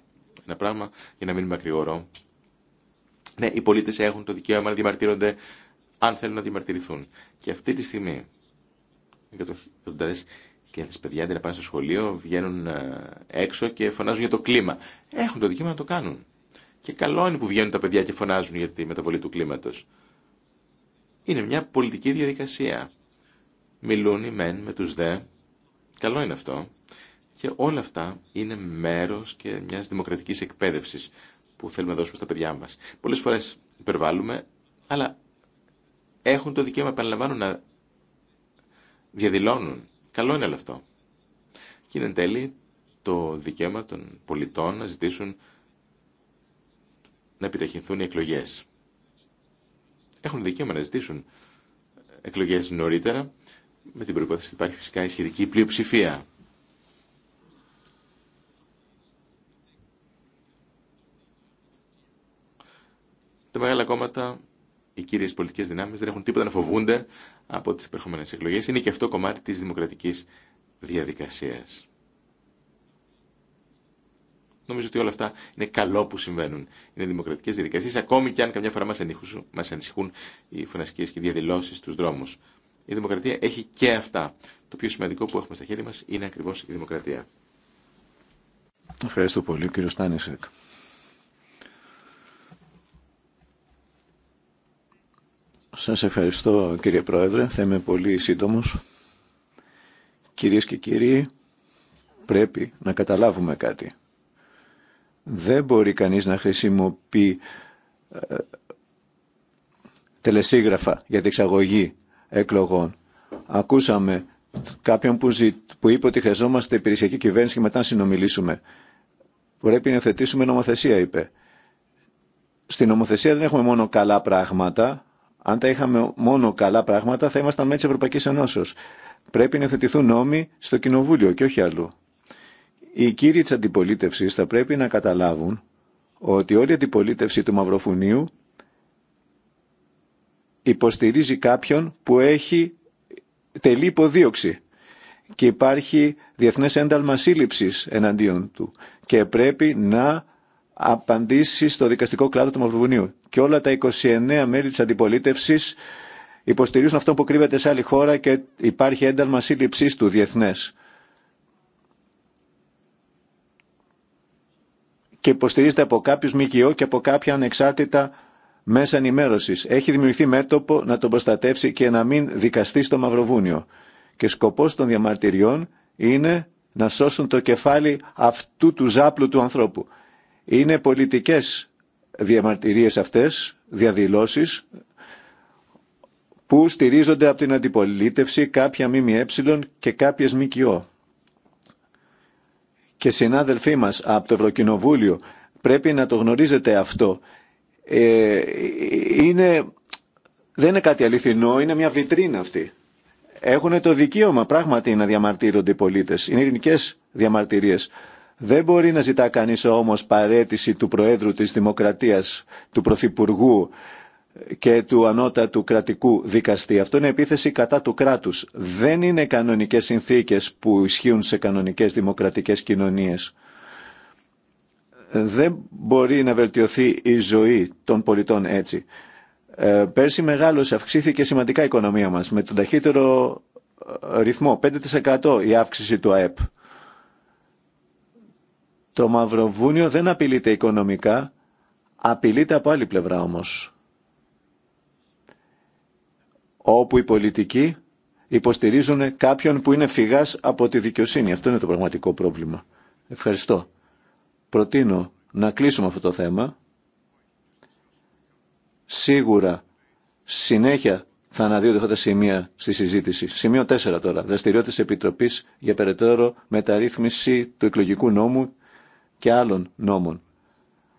ένα πράγμα, για να μην είμαι μακρηγορώ. Ναι, οι πολίτες έχουν το δικαίωμα να διαμαρτύρονται αν θέλουν να διαμαρτυρηθούν. Και αυτή τη στιγμή, και τι παιδιά δεν πάνε στο σχολείο, βγαίνουν ε, έξω και φωνάζουν για το κλίμα. Έχουν το δικαίωμα να το κάνουν. Και καλό είναι που βγαίνουν τα παιδιά και φωνάζουν για τη μεταβολή του κλίματος. Είναι μια πολιτική διαδικασία. Μιλούν οι μεν με του δε. Καλό είναι αυτό. Και όλα αυτά είναι μέρος και μιας δημοκρατικής εκπαίδευση που θέλουμε να δώσουμε στα παιδιά μας. Πολλές φορές υπερβάλλουμε, αλλά έχουν το δικαίωμα, επαναλαμβάνω, να διαδηλώνουν. Καλό είναι όλο αυτό. Και είναι εν τέλει το δικαίωμα των πολιτών να ζητήσουν να επιταχυνθούν οι εκλογές. Έχουν δικαίωμα να ζητήσουν εκλογέ νωρίτερα, με την προπόθεση ότι υπάρχει φυσικά η σχετική πλειοψηφία. Τα μεγάλα κόμματα, οι κύριε πολιτικέ δυνάμει δεν έχουν τίποτα να φοβούνται από τι επερχόμενε εκλογέ. Είναι και αυτό κομμάτι τη δημοκρατική διαδικασία. Νομίζω ότι όλα αυτά είναι καλό που συμβαίνουν. Είναι δημοκρατικέ διαδικασίε, ακόμη και αν καμιά φορά μα μας ανησυχούν οι φωνασκίε και οι διαδηλώσει στου δρόμου. Η δημοκρατία έχει και αυτά. Το πιο σημαντικό που έχουμε στα χέρια μα είναι ακριβώ η δημοκρατία. Ευχαριστώ πολύ, κύριο Στάνισεκ. Σα ευχαριστώ κύριε Πρόεδρε, θα είμαι πολύ σύντομο. Κυρίες και κύριοι, πρέπει να καταλάβουμε κάτι δεν μπορεί κανείς να χρησιμοποιεί ε, τελεσίγραφα για την εξαγωγή εκλογών. Ακούσαμε κάποιον που, ζη, που είπε ότι χρειαζόμαστε υπηρεσιακή κυβέρνηση και μετά να συνομιλήσουμε. Πρέπει να θετήσουμε νομοθεσία, είπε. Στην νομοθεσία δεν έχουμε μόνο καλά πράγματα. Αν τα είχαμε μόνο καλά πράγματα, θα ήμασταν μέλη τη Ευρωπαϊκή Ενώσεω. Πρέπει να θετηθούν νόμοι στο Κοινοβούλιο και όχι αλλού. Οι κύριοι της αντιπολίτευσης θα πρέπει να καταλάβουν ότι όλη η αντιπολίτευση του Μαυροφουνίου υποστηρίζει κάποιον που έχει τελή υποδίωξη και υπάρχει διεθνές ένταλμα σύλληψης εναντίον του και πρέπει να απαντήσει στο δικαστικό κλάδο του Μαυροβουνίου. Και όλα τα 29 μέλη της αντιπολίτευσης υποστηρίζουν αυτό που κρύβεται σε άλλη χώρα και υπάρχει ένταλμα σύλληψης του διεθνές. και υποστηρίζεται από κάποιου ΜΚΟ και από κάποια ανεξάρτητα μέσα ενημέρωση. Έχει δημιουργηθεί μέτωπο να τον προστατεύσει και να μην δικαστεί στο Μαυροβούνιο. Και σκοπό των διαμαρτυριών είναι να σώσουν το κεφάλι αυτού του ζάπλου του ανθρώπου. Είναι πολιτικέ διαμαρτυρίε αυτέ, διαδηλώσει, που στηρίζονται από την αντιπολίτευση, κάποια ΜΜΕ και κάποιες ΜΚΟ και συνάδελφοί μας από το Ευρωκοινοβούλιο πρέπει να το γνωρίζετε αυτό. Ε, είναι, δεν είναι κάτι αληθινό, είναι μια βιτρίνα αυτή. Έχουν το δικαίωμα πράγματι να διαμαρτύρονται οι πολίτες. Είναι ειρηνικέ διαμαρτυρίες. Δεν μπορεί να ζητά κανείς όμως παρέτηση του Προέδρου της Δημοκρατίας, του Πρωθυπουργού, και του ανώτατου κρατικού δικαστή. Αυτό είναι επίθεση κατά του κράτους. Δεν είναι κανονικές συνθήκες που ισχύουν σε κανονικές δημοκρατικές κοινωνίες. Δεν μπορεί να βελτιωθεί η ζωή των πολιτών έτσι. Ε, πέρσι μεγάλωσε, αυξήθηκε σημαντικά η οικονομία μας με τον ταχύτερο ε, ρυθμό, 5% η αύξηση του ΑΕΠ. Το Μαυροβούνιο δεν απειλείται οικονομικά, απειλείται από άλλη πλευρά όμως όπου οι πολιτικοί υποστηρίζουν κάποιον που είναι φυγάς από τη δικαιοσύνη. Αυτό είναι το πραγματικό πρόβλημα. Ευχαριστώ. Προτείνω να κλείσουμε αυτό το θέμα. Σίγουρα συνέχεια θα αναδύονται αυτά τα σημεία στη συζήτηση. Σημείο 4 τώρα. Δραστηριότητε Επιτροπή για περαιτέρω μεταρρύθμιση του εκλογικού νόμου και άλλων νόμων.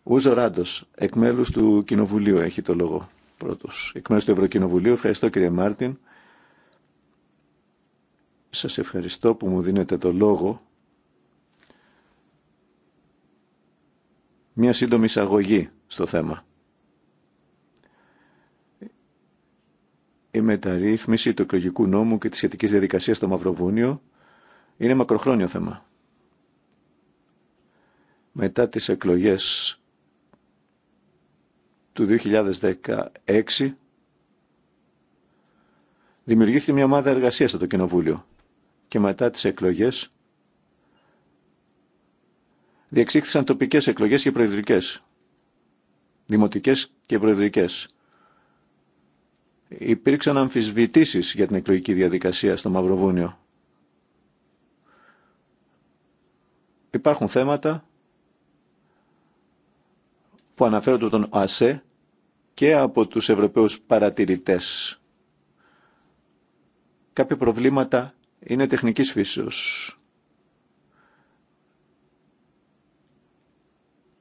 Ούζο Ράντο, εκ μέλου του Κοινοβουλίου, έχει το λόγο πρώτος εκ μέρου του Ευρωκοινοβουλίου. Ευχαριστώ κύριε Μάρτιν. Σα ευχαριστώ που μου δίνετε το λόγο. Μια σύντομη εισαγωγή στο θέμα. Η μεταρρύθμιση του εκλογικού νόμου και τη σχετική διαδικασία στο Μαυροβούνιο είναι μακροχρόνιο θέμα. Μετά τις εκλογές του 2016 δημιουργήθηκε μια ομάδα εργασίας στο Κοινοβούλιο και μετά τις εκλογές διεξήχθησαν τοπικές εκλογές και προεδρικές, δημοτικές και προεδρικές. Υπήρξαν αμφισβητήσεις για την εκλογική διαδικασία στο Μαυροβούνιο. Υπάρχουν θέματα που αναφέρονται από τον ΟΑΣΕ και από τους Ευρωπαίους παρατηρητές. Κάποια προβλήματα είναι τεχνικής φύσεως.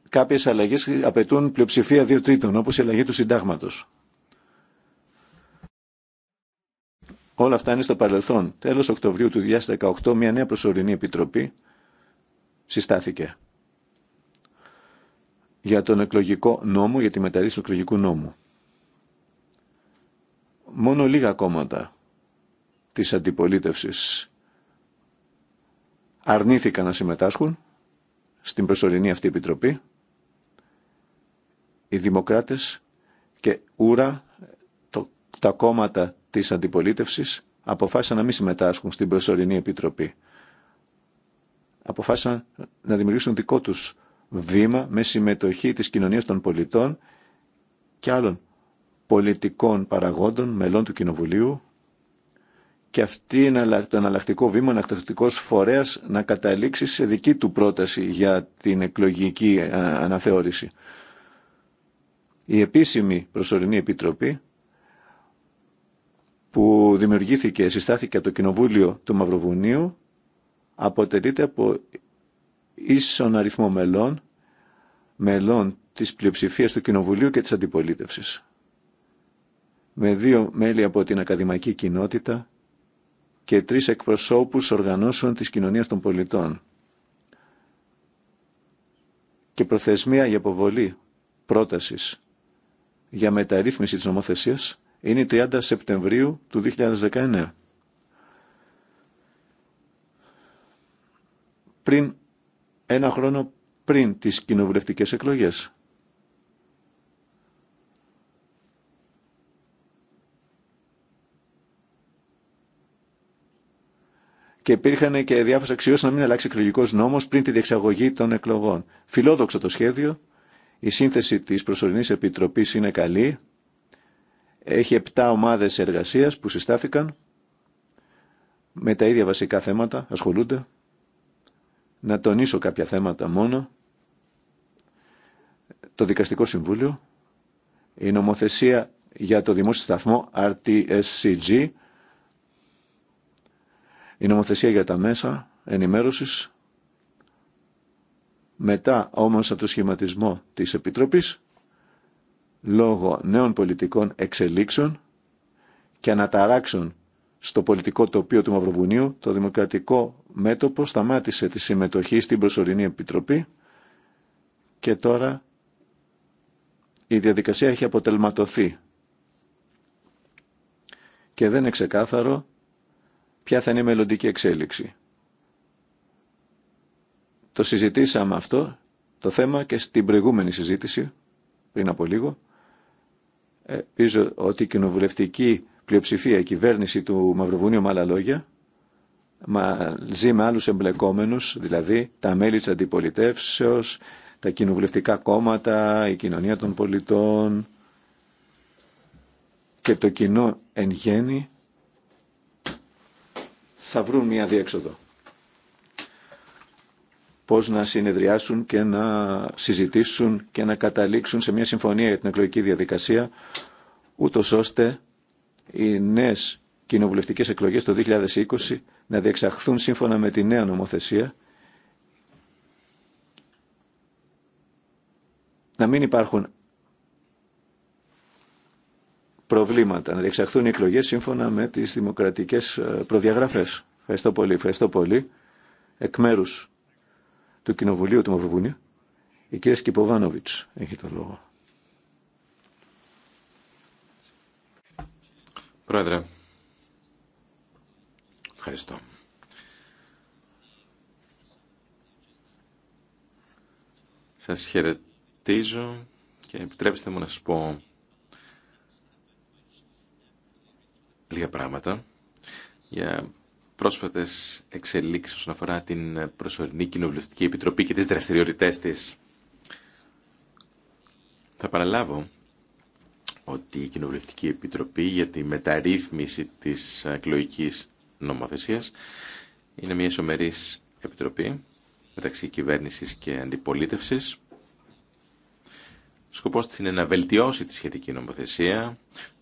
Κάποιες αλλαγές απαιτούν πλειοψηφία δύο τρίτων, όπως η αλλαγή του συντάγματος. Όλα αυτά είναι στο παρελθόν. Τέλος Οκτωβρίου του 2018 μια νέα προσωρινή επιτροπή συστάθηκε για τον εκλογικό νόμο, για τη μεταρρύθμιση του εκλογικού νόμου. Μόνο λίγα κόμματα της αντιπολίτευσης αρνήθηκαν να συμμετάσχουν στην προσωρινή αυτή επιτροπή. Οι δημοκράτες και ούρα το, τα κόμματα της αντιπολίτευσης αποφάσισαν να μην συμμετάσχουν στην προσωρινή επιτροπή. Αποφάσισαν να δημιουργήσουν δικό τους βήμα με συμμετοχή της κοινωνίας των πολιτών και άλλων πολιτικών παραγόντων, μελών του Κοινοβουλίου και αυτή το εναλλακτικό βήμα, ο φορέας να καταλήξει σε δική του πρόταση για την εκλογική ε, αναθεώρηση. Η επίσημη προσωρινή επιτροπή που δημιουργήθηκε, συστάθηκε από το Κοινοβούλιο του Μαυροβουνίου αποτελείται από ίσον αριθμό μελών, μελών της πλειοψηφίας του Κοινοβουλίου και της Αντιπολίτευσης. Με δύο μέλη από την ακαδημαϊκή κοινότητα και τρεις εκπροσώπους οργανώσεων της κοινωνίας των πολιτών. Και προθεσμία για αποβολή πρότασης για μεταρρύθμιση της νομοθεσίας είναι 30 Σεπτεμβρίου του 2019. Πριν ένα χρόνο πριν τις κοινοβουλευτικές εκλογές. Και υπήρχαν και διάφορε αξιώσει να μην αλλάξει εκλογικό νόμο πριν τη διεξαγωγή των εκλογών. Φιλόδοξο το σχέδιο. Η σύνθεση τη προσωρινή επιτροπή είναι καλή. Έχει 7 ομάδε εργασία που συστάθηκαν με τα ίδια βασικά θέματα, ασχολούνται. Να τονίσω κάποια θέματα μόνο. Το Δικαστικό Συμβούλιο, η νομοθεσία για το δημόσιο σταθμό RTSCG, η νομοθεσία για τα μέσα ενημέρωσης, μετά όμως από το σχηματισμό της Επιτροπής, λόγω νέων πολιτικών εξελίξεων και αναταράξεων στο πολιτικό τοπίο του Μαυροβουνίου, το Δημοκρατικό Μέτωπο σταμάτησε τη συμμετοχή στην προσωρινή επιτροπή και τώρα η διαδικασία έχει αποτελματωθεί. Και δεν είναι ξεκάθαρο ποια θα είναι η μελλοντική εξέλιξη. Το συζητήσαμε αυτό το θέμα και στην προηγούμενη συζήτηση πριν από λίγο. Ε, πίζω ότι η κοινοβουλευτική πλειοψηφία, η κυβέρνηση του Μαυροβουνίου με άλλα λόγια, μαζί με άλλους εμπλεκόμενους, δηλαδή τα μέλη της αντιπολιτεύσεως, τα κοινοβουλευτικά κόμματα, η κοινωνία των πολιτών και το κοινό εν γέννη, θα βρουν μια διέξοδο. Πώς να συνεδριάσουν και να συζητήσουν και να καταλήξουν σε μια συμφωνία για την εκλογική διαδικασία, ούτως ώστε οι νέε κοινοβουλευτικέ εκλογές το 2020 να διεξαχθούν σύμφωνα με τη νέα νομοθεσία να μην υπάρχουν προβλήματα, να διεξαχθούν οι εκλογές σύμφωνα με τις δημοκρατικές ε, προδιαγραφές. Ευχαριστώ πολύ, ευχαριστώ πολύ. Εκ μέρου του Κοινοβουλίου του Μαυροβούνιου, η κυρία Σκυποβάνοβιτ έχει το λόγο. Πρόεδρε, ευχαριστώ. Σας χαιρετίζω και επιτρέψτε μου να σας πω λίγα πράγματα για πρόσφατες εξελίξεις όσον αφορά την προσωρινή κοινοβουλευτική επιτροπή και τις δραστηριότητές της. Θα παραλάβω ότι η Κοινοβουλευτική Επιτροπή για τη μεταρρύθμιση της εκλογική νομοθεσίας είναι μια ισομερής επιτροπή μεταξύ κυβέρνησης και αντιπολίτευσης. σκοπός της είναι να βελτιώσει τη σχετική νομοθεσία,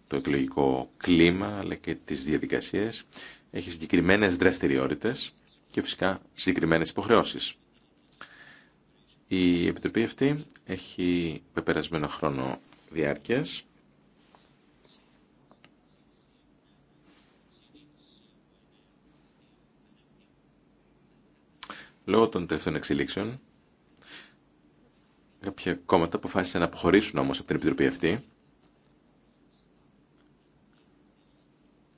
το εκλογικό κλίμα αλλά και τις διαδικασίες. Έχει συγκεκριμένες δραστηριότητες και φυσικά συγκεκριμένες υποχρεώσεις. Η Επιτροπή αυτή έχει πεπερασμένο χρόνο διάρκειας Λόγω των τελευταίων εξελίξεων, κάποια κόμματα αποφάσισαν να αποχωρήσουν όμως από την Επιτροπή αυτή.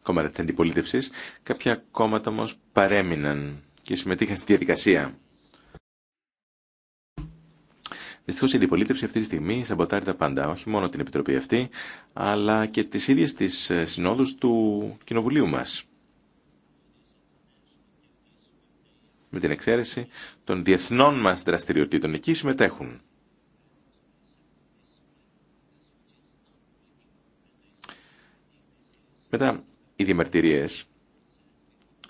Κόμματα της αντιπολίτευσης. Κάποια κόμματα όμως παρέμειναν και συμμετείχαν στη διαδικασία. Δυστυχώ η αντιπολίτευση αυτή τη στιγμή σαμποτάρει τα πάντα, όχι μόνο την Επιτροπή αυτή, αλλά και τις ίδιες τι ε, συνόδους του Κοινοβουλίου μας. με την εξαίρεση των διεθνών μας δραστηριοτήτων. Εκεί συμμετέχουν. Μετά, οι διαμαρτυρίες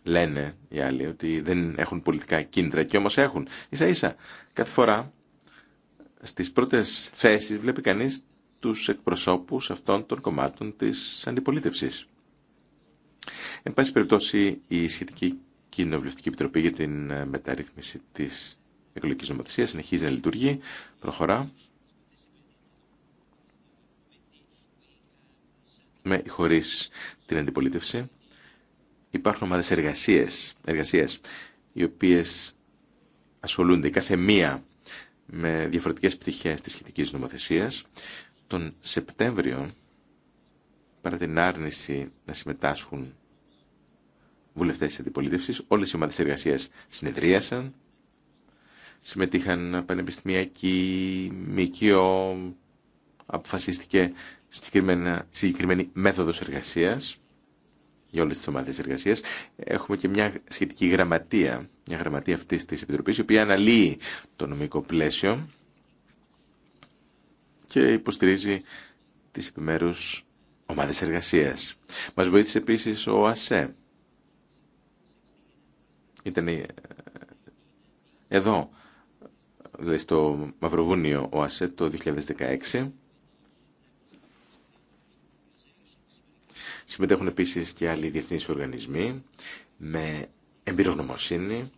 λένε οι άλλοι ότι δεν έχουν πολιτικά κίνητρα και όμως έχουν. Ίσα ίσα, κάθε φορά στις πρώτες θέσεις βλέπει κανείς τους εκπροσώπους αυτών των κομμάτων της αντιπολίτευσης. Εν πάση περιπτώσει, η σχετική Κοινοβουλευτική Επιτροπή για την ε, μεταρρύθμιση της εκλογικής νομοθεσίας συνεχίζει να λειτουργεί, προχωρά. Με ή χωρίς την αντιπολίτευση. Υπάρχουν ομάδες εργασίες, εργασίες οι οποίες ασχολούνται κάθε μία με διαφορετικές πτυχές της σχετικής νομοθεσίας. Τον Σεπτέμβριο, παρά την άρνηση να συμμετάσχουν Βουλευτέ τη αντιπολίτευση. όλες οι ομάδες εργασία συνεδρίασαν, συμμετείχαν πανεπιστημιακοί, μικίο αποφασίστηκε συγκεκριμένη μέθοδος εργασίας για όλες τις ομάδες εργασίας. Έχουμε και μια σχετική γραμματεία, μια γραμματεία αυτής της Επιτροπής, η οποία αναλύει το νομικό πλαίσιο και υποστηρίζει τις επιμέρους ομάδες εργασίας. Μας βοήθησε επίσης ο ΑΣΕ ήταν ε, εδώ, δηλαδή στο Μαυροβούνιο ο ασε το 2016. Συμμετέχουν επίσης και άλλοι διεθνείς οργανισμοί με εμπειρογνωμοσύνη,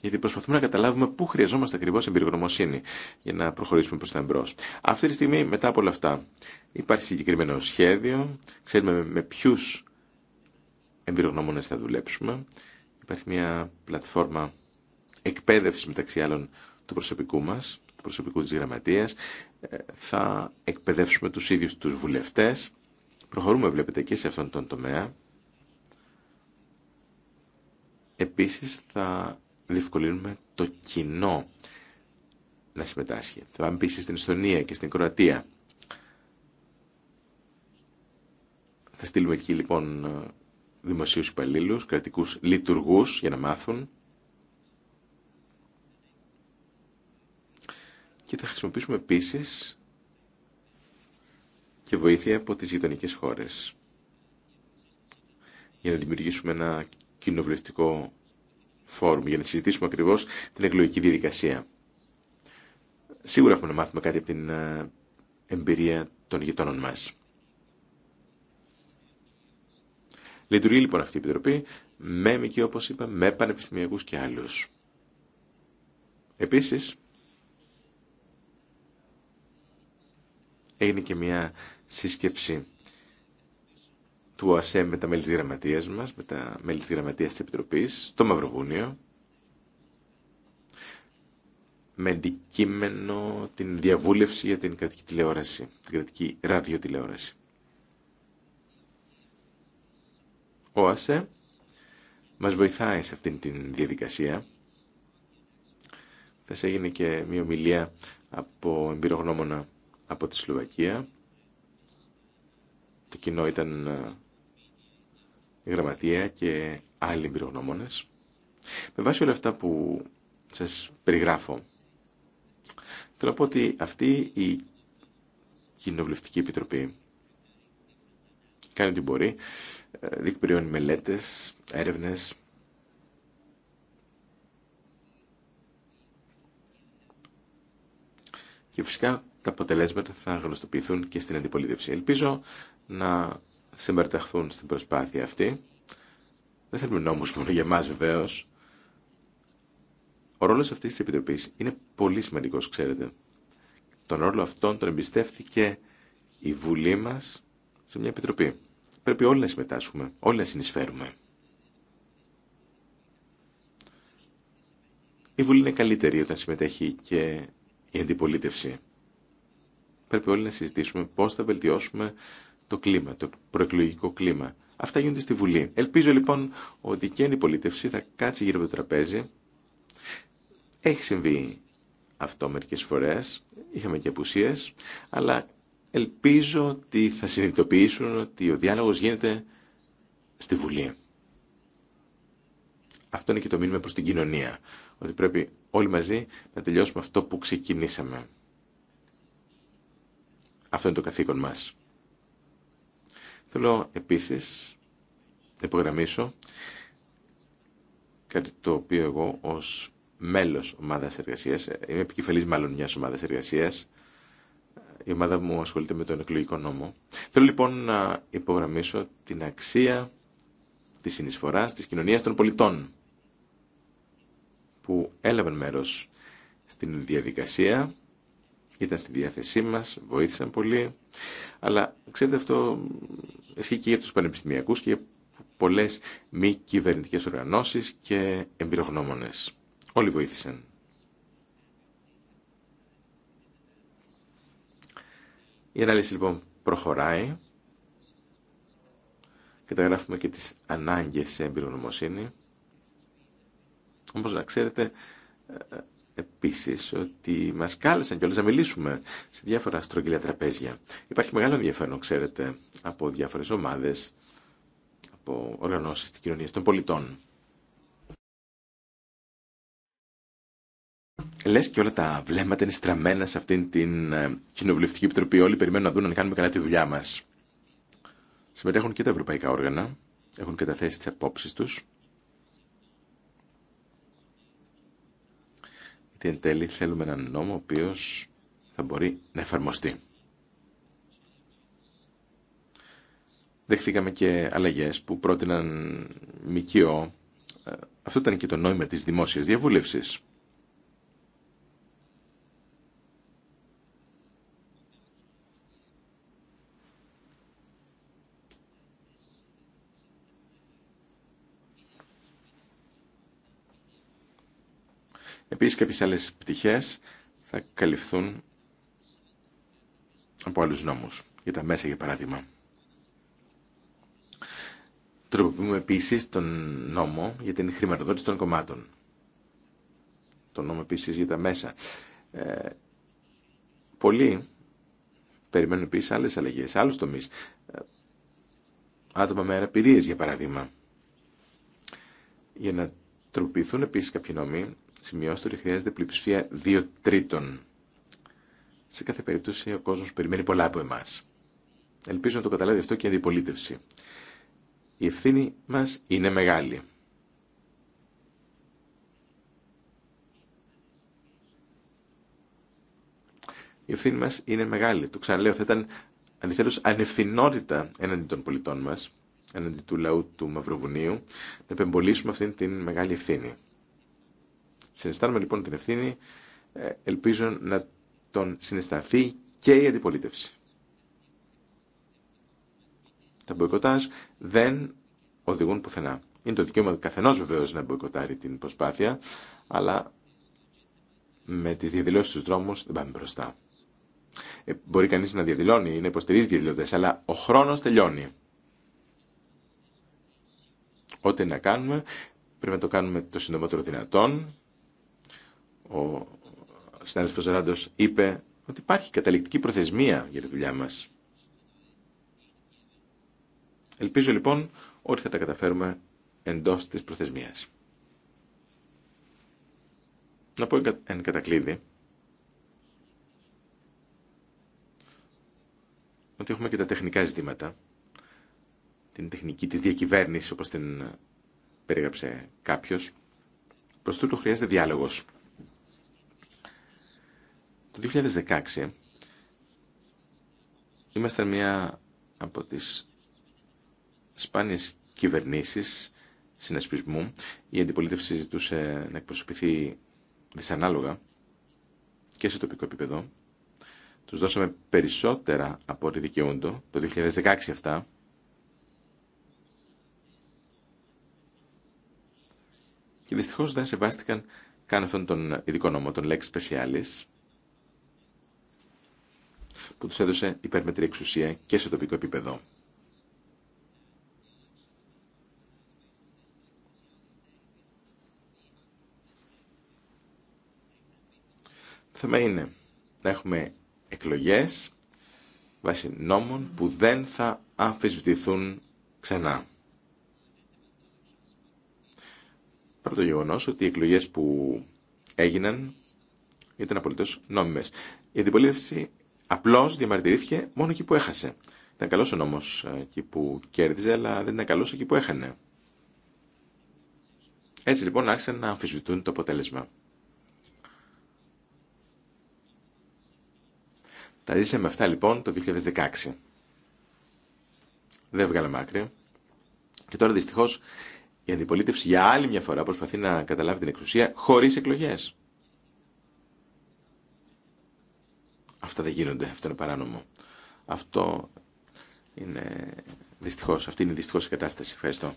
γιατί προσπαθούμε να καταλάβουμε πού χρειαζόμαστε ακριβώ εμπειρογνωμοσύνη για να προχωρήσουμε προ τα εμπρό. Αυτή τη στιγμή, μετά από όλα αυτά, υπάρχει συγκεκριμένο σχέδιο, ξέρουμε με ποιου εμπειρογνώμονε θα δουλέψουμε Υπάρχει μια πλατφόρμα εκπαίδευση μεταξύ άλλων του προσωπικού μα, του προσωπικού της γραμματείας. Ε, θα εκπαιδεύσουμε τους ίδιου τους βουλευτέ. Προχωρούμε βλέπετε και σε αυτόν τον τομέα. Επίσης θα διευκολύνουμε το κοινό να συμμετάσχει. Θα πάμε επίσης στην Ιστονία και στην Κροατία. Θα στείλουμε εκεί λοιπόν δημοσίους υπαλλήλους, κρατικούς λειτουργούς για να μάθουν. Και θα χρησιμοποιήσουμε επίσης και βοήθεια από τις γειτονικές χώρες για να δημιουργήσουμε ένα κοινοβουλευτικό φόρουμ, για να συζητήσουμε ακριβώς την εκλογική διαδικασία. Σίγουρα έχουμε να μάθουμε κάτι από την ε, εμπειρία των γειτόνων μας. Λειτουργεί λοιπόν αυτή η Επιτροπή με μικρή, όπω είπα, με πανεπιστημιακούς και άλλους. Επίσης, έγινε και μια σύσκεψη του ΟΑΣΕ με τα μέλη τη γραμματεία μας, με τα μέλη τη γραμματεία τη Επιτροπής, στο Μαυροβούνιο, με αντικείμενο την διαβούλευση για την κρατική τηλεόραση, την κρατική ραδιοτηλεόραση. ΑΣΕ μας βοηθάει σε αυτήν την διαδικασία. Θα σε έγινε και μια ομιλία από εμπειρογνώμονα από τη Σλοβακία. Το κοινό ήταν ε, η γραμματεία και άλλοι εμπειρογνώμονες. Με βάση όλα αυτά που σας περιγράφω, θέλω να πω ότι αυτή η Κοινοβουλευτική Επιτροπή κάνει ό,τι μπορεί διεκπαιριώνει μελέτες, έρευνες. Και φυσικά τα αποτελέσματα θα γνωστοποιηθούν και στην αντιπολίτευση. Ελπίζω να συμπερταχθούν στην προσπάθεια αυτή. Δεν θέλουμε νόμους μόνο για εμάς βεβαίως. Ο ρόλος αυτής της Επιτροπής είναι πολύ σημαντικός, ξέρετε. Τον ρόλο αυτόν τον εμπιστεύθηκε η Βουλή μας σε μια Επιτροπή. Πρέπει όλοι να συμμετάσχουμε, όλοι να συνεισφέρουμε. Η Βουλή είναι καλύτερη όταν συμμετέχει και η αντιπολίτευση. Πρέπει όλοι να συζητήσουμε πώς θα βελτιώσουμε το κλίμα, το προεκλογικό κλίμα. Αυτά γίνονται στη Βουλή. Ελπίζω λοιπόν ότι και η αντιπολίτευση θα κάτσει γύρω από το τραπέζι. Έχει συμβεί αυτό μερικές φορές, είχαμε και απουσίες, αλλά Ελπίζω ότι θα συνειδητοποιήσουν ότι ο διάλογος γίνεται στη Βουλή. Αυτό είναι και το μήνυμα προς την κοινωνία. Ότι πρέπει όλοι μαζί να τελειώσουμε αυτό που ξεκινήσαμε. Αυτό είναι το καθήκον μας. Θέλω επίσης να υπογραμμίσω κάτι το οποίο εγώ ως μέλος ομάδας εργασίας, είμαι επικεφαλής μάλλον μιας ομάδας εργασίας, η ομάδα μου ασχολείται με τον εκλογικό νόμο. Θέλω λοιπόν να υπογραμμίσω την αξία της συνεισφοράς της κοινωνίας των πολιτών που έλαβαν μέρος στην διαδικασία, ήταν στη διάθεσή μας, βοήθησαν πολύ, αλλά ξέρετε αυτό ισχύει και για τους πανεπιστημιακούς και για πολλές μη κυβερνητικές οργανώσεις και εμπειρογνώμονες. Όλοι βοήθησαν Η ανάλυση λοιπόν προχωράει. Καταγράφουμε και τις ανάγκες σε εμπειρονομοσύνη. Όμως να ξέρετε ε, επίσης ότι μας κάλεσαν κιόλας να μιλήσουμε σε διάφορα στρογγυλά τραπέζια. Υπάρχει μεγάλο ενδιαφέρον, ξέρετε, από διάφορες ομάδες, από οργανώσεις της κοινωνίας των πολιτών. Λε και όλα τα βλέμματα είναι στραμμένα σε αυτήν την ε, κοινοβουλευτική επιτροπή. Όλοι περιμένουν να δουν αν κάνουμε καλά τη δουλειά μα. Συμμετέχουν και τα ευρωπαϊκά όργανα. Έχουν καταθέσει τι απόψει του. Γιατί εν τέλει θέλουμε έναν νόμο ο οποίο θα μπορεί να εφαρμοστεί. Δεχθήκαμε και αλλαγέ που πρότειναν ΜΚΟ. Ε, αυτό ήταν και το νόημα της δημόσιας διαβούλευσης. Επίσης κάποιες άλλες πτυχές θα καλυφθούν από άλλους νόμους, για τα μέσα για παράδειγμα. Τροποποιούμε επίσης τον νόμο για την χρηματοδότηση των κομμάτων. Τον νόμο επίσης για τα μέσα. Ε, πολλοί περιμένουν επίσης άλλες αλλαγές, άλλους τομείς. Ε, άτομα με αναπηρίες για παράδειγμα. Για να τροποποιηθούν επίσης κάποιοι νόμοι, σημειώστε ότι χρειάζεται πλειοψηφία δύο τρίτων. Σε κάθε περίπτωση ο κόσμος περιμένει πολλά από εμάς. Ελπίζω να το καταλάβει αυτό και η αντιπολίτευση. Η ευθύνη μας είναι μεγάλη. Η ευθύνη μας είναι μεγάλη. Το ξαναλέω, θα ήταν αντιθέτως ανευθυνότητα έναντι των πολιτών μας, έναντι του λαού του Μαυροβουνίου, να επεμπολίσουμε αυτήν την μεγάλη ευθύνη. Συναισθάνομαι λοιπόν την ευθύνη, ε, ελπίζω να τον συνισταθεί και η αντιπολίτευση. Τα μποϊκοτάζ δεν οδηγούν πουθενά. Είναι το δικαίωμα καθενό βεβαίω να μποϊκοτάρει την προσπάθεια, αλλά με τι διαδηλώσει στου δρόμου δεν πάμε μπροστά. Ε, μπορεί κανεί να διαδηλώνει είναι να υποστηρίζει διαδηλωτέ, αλλά ο χρόνο τελειώνει. Ό,τι να κάνουμε, πρέπει να το κάνουμε το συντομότερο δυνατόν ο συνάδελφος Ράντος είπε ότι υπάρχει καταληκτική προθεσμία για τη δουλειά μας. Ελπίζω λοιπόν ότι θα τα καταφέρουμε εντός της προθεσμίας. Να πω εν κατακλείδη ότι έχουμε και τα τεχνικά ζητήματα, την τεχνική της διακυβέρνησης όπως την περιγράψε κάποιος. Προς τούτο χρειάζεται διάλογος. Το 2016 είμαστε μια από τις σπάνιες κυβερνήσεις συνασπισμού. Η αντιπολίτευση ζητούσε να εκπροσωπηθεί δυσανάλογα και σε τοπικό επίπεδο. Τους δώσαμε περισσότερα από ό,τι δικαιούντο, το 2016 αυτά. Και δυστυχώς δεν σεβάστηκαν καν αυτόν τον ειδικό νόμο, τον Lex Specialis, που τους έδωσε υπέρμετρη εξουσία και σε τοπικό επίπεδο. Το θέμα είναι να έχουμε εκλογές βάσει νόμων που δεν θα αμφισβητηθούν ξανά. Πρώτο γεγονός ότι οι εκλογές που έγιναν ήταν απολύτως νόμιμες. Η αντιπολίτευση Απλώ διαμαρτυρήθηκε μόνο εκεί που έχασε. Ήταν καλό ο νόμο ε, εκεί που κέρδιζε, αλλά δεν ήταν καλό εκεί που έχανε. Έτσι λοιπόν άρχισαν να αμφισβητούν το αποτέλεσμα. Τα ζήσαμε αυτά λοιπόν το 2016. Δεν βγάλαμε άκρη. Και τώρα δυστυχώς η αντιπολίτευση για άλλη μια φορά προσπαθεί να καταλάβει την εξουσία χωρίς εκλογές. Αυτά δεν γίνονται. Αυτό είναι παράνομο. Αυτό είναι δυστυχώς. Αυτή είναι δυστυχώς η κατάσταση. Ευχαριστώ.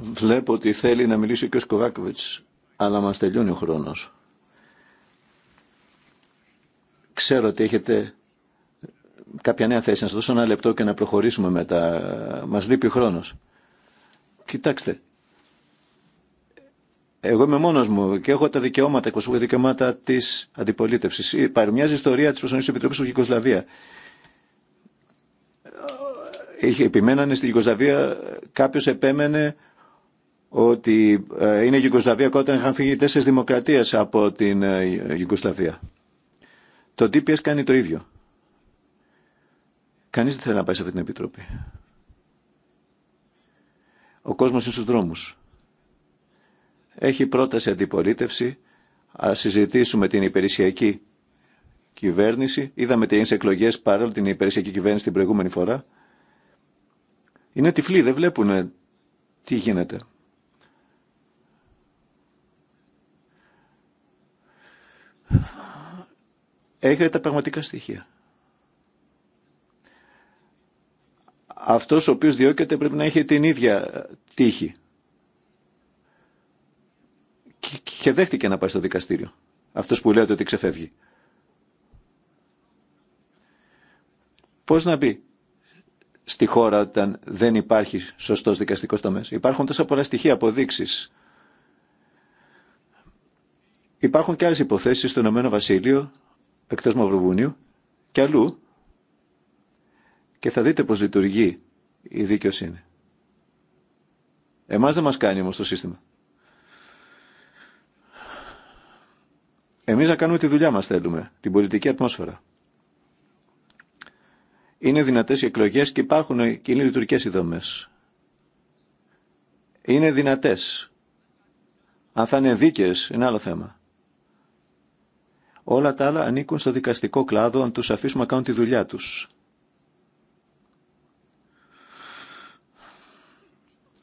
Βλέπω ότι θέλει να μιλήσει και ο Σκοβάκοβιτς, αλλά μας τελειώνει ο χρόνος. Ξέρω ότι έχετε κάποια νέα θέση. Να σας δώσω ένα λεπτό και να προχωρήσουμε μετά. Μας λείπει ο χρόνος. Κοιτάξτε, εγώ είμαι μόνο μου και έχω τα δικαιώματα, εκπροσωπώ τα δικαιώματα τη αντιπολίτευση. Υπάρχει η ιστορία τη Προσωπική Επιτροπή του Γιουγκοσλαβία. Επιμένανε στη Γιουγκοσλαβία, κάποιο επέμενε ότι ε, είναι η Ιγκοσλαβία όταν είχαν φύγει τέσσερι δημοκρατίε από την Γιουγκοσλαβία. Ε, το DPS κάνει το ίδιο. Κανεί δεν θέλει να πάει σε αυτή την επιτροπή. Ο κόσμο είναι στου δρόμου έχει πρόταση αντιπολίτευση, α συζητήσουμε την υπηρεσιακή κυβέρνηση. Είδαμε τι έγινε σε εκλογέ παρόλο την υπηρεσιακή κυβέρνηση την προηγούμενη φορά. Είναι τυφλοί, δεν βλέπουν ε, τι γίνεται. Έχετε τα πραγματικά στοιχεία. Αυτός ο οποίος διώκεται πρέπει να έχει την ίδια τύχη και δέχτηκε να πάει στο δικαστήριο. Αυτός που λέει ότι ξεφεύγει. Πώς να μπει στη χώρα όταν δεν υπάρχει σωστός δικαστικός τομέας. Υπάρχουν τόσα πολλά στοιχεία αποδείξεις. Υπάρχουν και άλλες υποθέσεις στο Ηνωμένο Βασίλειο, εκτός Μαυροβουνίου και αλλού. Και θα δείτε πώς λειτουργεί η δίκαιοσύνη. Εμάς δεν μας κάνει όμως το σύστημα. Εμείς να κάνουμε τη δουλειά μα θέλουμε, την πολιτική ατμόσφαιρα. Είναι δυνατές οι εκλογέ και υπάρχουν και είναι λειτουργικές οι Είναι δυνατές. Αν θα είναι δίκαιε, είναι άλλο θέμα. Όλα τα άλλα ανήκουν στο δικαστικό κλάδο αν τους αφήσουμε να κάνουν τη δουλειά τους.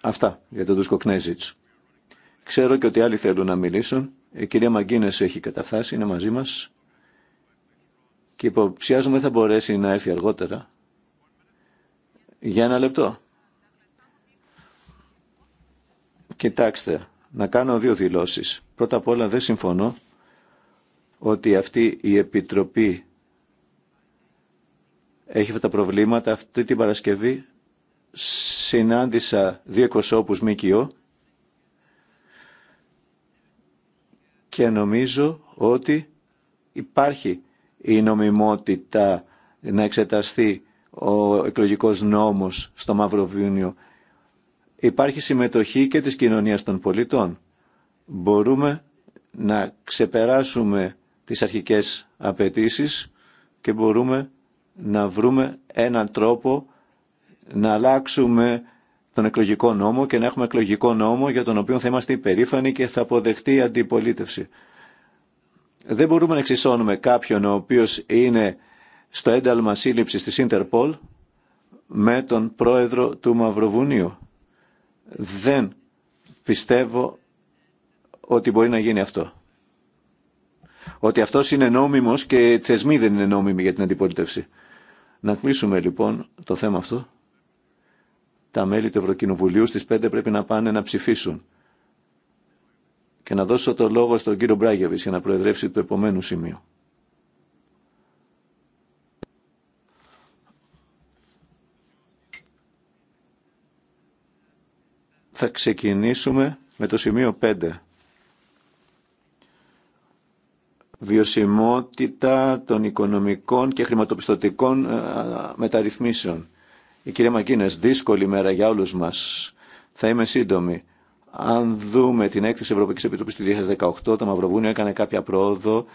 Αυτά για τον Τουσκοκνέζιτς. Ξέρω και ότι άλλοι θέλουν να μιλήσουν. Η ε, κυρία Μαγκίνες έχει καταφτάσει, είναι μαζί μας και υποψιάζουμε θα μπορέσει να έρθει αργότερα. Για ένα λεπτό. Κοιτάξτε, να κάνω δύο δηλώσεις. Πρώτα απ' όλα δεν συμφωνώ ότι αυτή η Επιτροπή έχει αυτά τα προβλήματα. Αυτή την Παρασκευή συνάντησα δύο εκπροσώπους ΜΚΟ και νομίζω ότι υπάρχει η νομιμότητα να εξεταστεί ο εκλογικός νόμος στο Μαυροβούνιο. Υπάρχει συμμετοχή και της κοινωνίας των πολιτών. Μπορούμε να ξεπεράσουμε τις αρχικές απαιτήσει και μπορούμε να βρούμε έναν τρόπο να αλλάξουμε τον εκλογικό νόμο και να έχουμε εκλογικό νόμο για τον οποίο θα είμαστε υπερήφανοι και θα αποδεχτεί η αντιπολίτευση. Δεν μπορούμε να εξισώνουμε κάποιον ο οποίος είναι στο ένταλμα σύλληψης της Ιντερπολ με τον πρόεδρο του Μαυροβουνίου. Δεν πιστεύω ότι μπορεί να γίνει αυτό. Ότι αυτός είναι νόμιμος και οι θεσμοί δεν είναι νόμιμοι για την αντιπολίτευση. Να κλείσουμε λοιπόν το θέμα αυτό τα μέλη του Ευρωκοινοβουλίου στις 5 πρέπει να πάνε να ψηφίσουν. Και να δώσω το λόγο στον κύριο Μπράγεβης για να προεδρεύσει το επόμενο σημείο. Θα ξεκινήσουμε με το σημείο 5. Βιωσιμότητα των οικονομικών και χρηματοπιστωτικών ε, μεταρρυθμίσεων. Η κυρία Μακίνες, δύσκολη μέρα για όλους μας. Θα είμαι σύντομη. Αν δούμε την έκθεση Ευρωπαϊκή Επιτροπή του 2018, το Μαυροβούνιο έκανε κάποια πρόοδο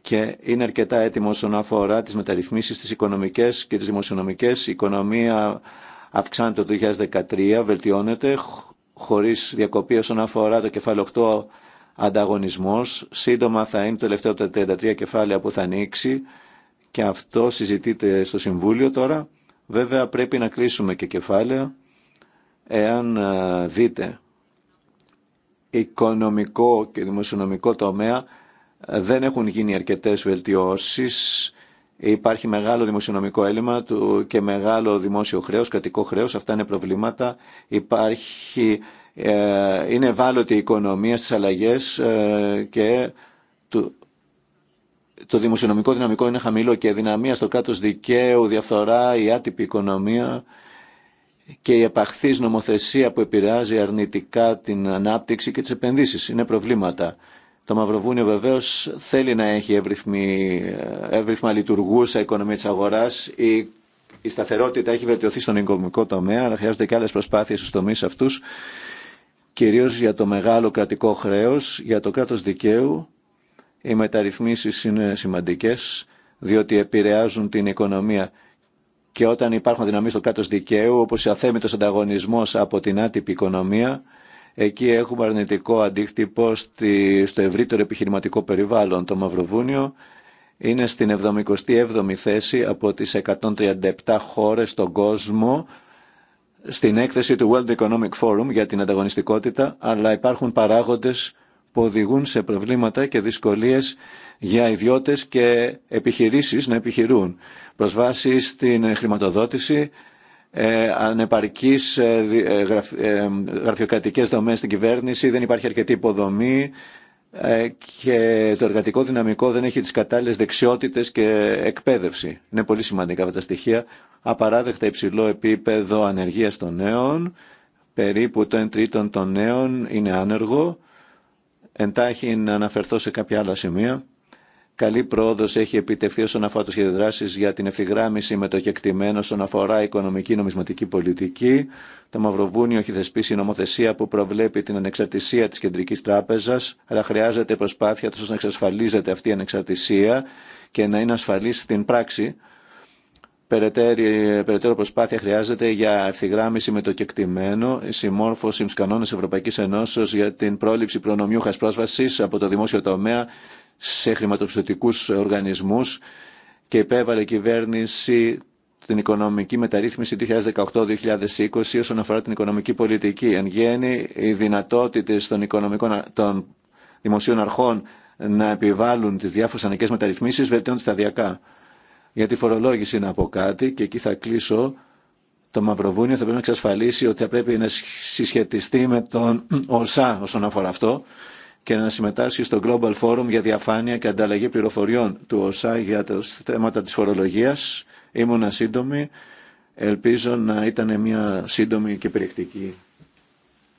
και είναι αρκετά έτοιμο όσον αφορά τι μεταρρυθμίσει, τι οικονομικέ και τι δημοσιονομικέ. Η οικονομία αυξάνεται το 2013, βελτιώνεται χωρί διακοπή όσον αφορά το κεφάλαιο 8 ανταγωνισμό. Σύντομα θα είναι το τελευταίο από τα 33 κεφάλαια που θα ανοίξει και αυτό συζητείται στο Συμβούλιο τώρα. Βέβαια πρέπει να κλείσουμε και κεφάλαια εάν δείτε οικονομικό και δημοσιονομικό τομέα δεν έχουν γίνει αρκετές βελτιώσεις. Υπάρχει μεγάλο δημοσιονομικό έλλειμμα και μεγάλο δημόσιο χρέος, κρατικό χρέος. Αυτά είναι προβλήματα. Υπάρχει, ε, είναι ευάλωτη η οικονομία στις αλλαγές ε, και το δημοσιονομικό δυναμικό είναι χαμηλό και η αδυναμία στο κράτος δικαίου, διαφθορά, η άτυπη οικονομία και η επαχθής νομοθεσία που επηρεάζει αρνητικά την ανάπτυξη και τις επενδύσεις. Είναι προβλήματα. Το Μαυροβούνιο βεβαίω θέλει να έχει εύρυθμα λειτουργού σε οικονομία τη αγορά. Η, η, σταθερότητα έχει βελτιωθεί στον οικονομικό τομέα, αλλά χρειάζονται και άλλε προσπάθειε στου τομεί αυτού, κυρίω για το μεγάλο κρατικό χρέο, για το κράτο δικαίου οι μεταρρυθμίσεις είναι σημαντικές διότι επηρεάζουν την οικονομία και όταν υπάρχουν δυναμίες στο κράτος δικαίου όπως η αθέμητος ανταγωνισμός από την άτυπη οικονομία εκεί έχουμε αρνητικό αντίκτυπο στη, στο ευρύτερο επιχειρηματικό περιβάλλον. Το Μαυροβούνιο είναι στην 77η θέση από τις 137 χώρες στον κόσμο στην έκθεση του World Economic Forum για την ανταγωνιστικότητα, αλλά υπάρχουν παράγοντες που οδηγούν σε προβλήματα και δυσκολίες για ιδιώτες και επιχειρήσεις να επιχειρούν. Προσβάσει στην χρηματοδότηση, ε, ανεπαρκείς ε, ε, ε, γραφειοκρατικές δομές στην κυβέρνηση, δεν υπάρχει αρκετή υποδομή ε, και το εργατικό δυναμικό δεν έχει τις κατάλληλες δεξιότητες και εκπαίδευση. Είναι πολύ σημαντικά αυτά τα στοιχεία. Απαράδεκτα υψηλό επίπεδο ανεργίας των νέων, περίπου το 1 τρίτον των νέων είναι άνεργο Εντάχει να αναφερθώ σε κάποια άλλα σημεία. Καλή πρόοδο έχει επιτευχθεί όσον αφορά το σχέδιο για την ευθυγράμμιση με το κεκτημένο όσον αφορά οικονομική νομισματική πολιτική. Το Μαυροβούνιο έχει θεσπίσει νομοθεσία που προβλέπει την ανεξαρτησία τη Κεντρική Τράπεζα, αλλά χρειάζεται προσπάθεια τόσο να εξασφαλίζεται αυτή η ανεξαρτησία και να είναι ασφαλή στην πράξη ε, περαιτέρω προσπάθεια χρειάζεται για ευθυγράμμιση με το κεκτημένο, συμμόρφωση με κανόνε Ευρωπαϊκή Ενώσεω για την πρόληψη προνομιούχα πρόσβαση από το δημόσιο τομέα σε χρηματοπιστωτικού οργανισμού και υπέβαλε η κυβέρνηση την οικονομική μεταρρύθμιση 2018-2020 όσον αφορά την οικονομική πολιτική. Εν γέννη, οι δυνατότητε των, των δημοσίων αρχών να επιβάλλουν τι διάφορε αναγκαίε μεταρρυθμίσει βελτιώνται σταδιακά γιατί τη φορολόγηση είναι από κάτι και εκεί θα κλείσω. Το Μαυροβούνιο θα πρέπει να εξασφαλίσει ότι θα πρέπει να συσχετιστεί με τον ΟΣΑ όσον αφορά αυτό και να συμμετάσχει στο Global Forum για διαφάνεια και ανταλλαγή πληροφοριών του ΟΣΑ για τα θέματα της φορολογίας. ήμουν σύντομη. Ελπίζω να ήταν μια σύντομη και περιεκτική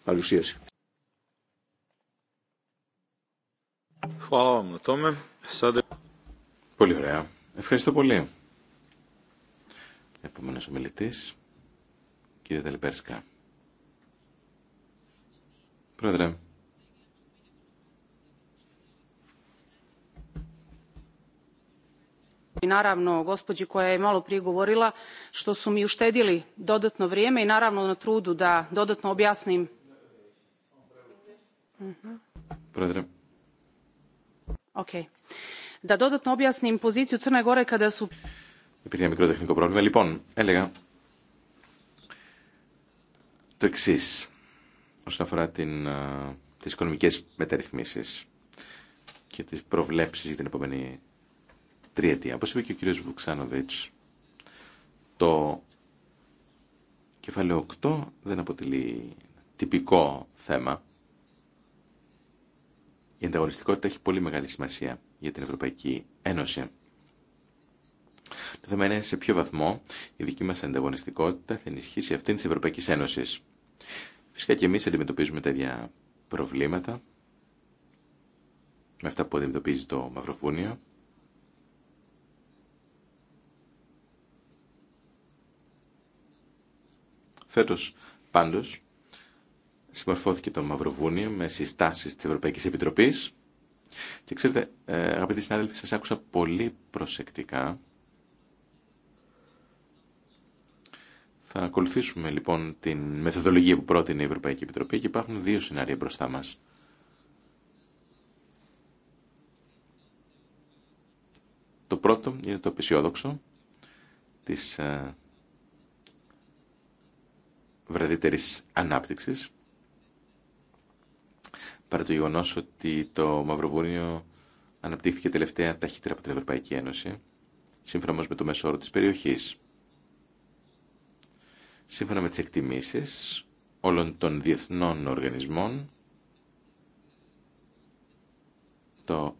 παρουσίαση. Πολύ ωραία. Ευχαριστώ πολύ. Επόμενος ομιλητής, κύριε Δελπέρσκα. Πρόεδρε. i naravno gospođi koja je prije govorila što su mi uštedili dodatno vrijeme i naravno na trudu da dodatno objasnim Ok. Da dodatno objasnim Υπήρχε ένα μικρό τεχνικό πρόβλημα. Λοιπόν, έλεγα το εξή όσον αφορά την, τις οικονομικές μεταρρυθμίσεις και τις προβλέψεις για την επόμενη τριετία. Όπως είπε και ο κύριος Βουξάνοβιτς, το κεφάλαιο 8 δεν αποτελεί τυπικό θέμα. Η ανταγωνιστικότητα έχει πολύ μεγάλη σημασία για την Ευρωπαϊκή Ένωση. Το θέμα είναι σε ποιο βαθμό η δική μας ανταγωνιστικότητα θα ενισχύσει αυτήν της Ευρωπαϊκή Ένωση. Φυσικά και εμείς αντιμετωπίζουμε τα ίδια προβλήματα με αυτά που αντιμετωπίζει το Μαυροβούνιο. Φέτος, πάντως, συμμορφώθηκε το Μαυροβούνιο με συστάσεις της Ευρωπαϊκής Επιτροπής και ξέρετε, ε, αγαπητοί συνάδελφοι, σας άκουσα πολύ προσεκτικά. Θα ακολουθήσουμε λοιπόν την μεθοδολογία που πρότεινε η Ευρωπαϊκή Επιτροπή και υπάρχουν δύο σενάρια μπροστά μας. Το πρώτο είναι το απεσιόδοξο της ε, βραδύτερης ανάπτυξης παρά το γεγονό ότι το Μαυροβούνιο αναπτύχθηκε τελευταία ταχύτερα από την Ευρωπαϊκή Ένωση, σύμφωνα με το μέσο όρο της περιοχής. Σύμφωνα με τις εκτιμήσεις όλων των διεθνών οργανισμών, το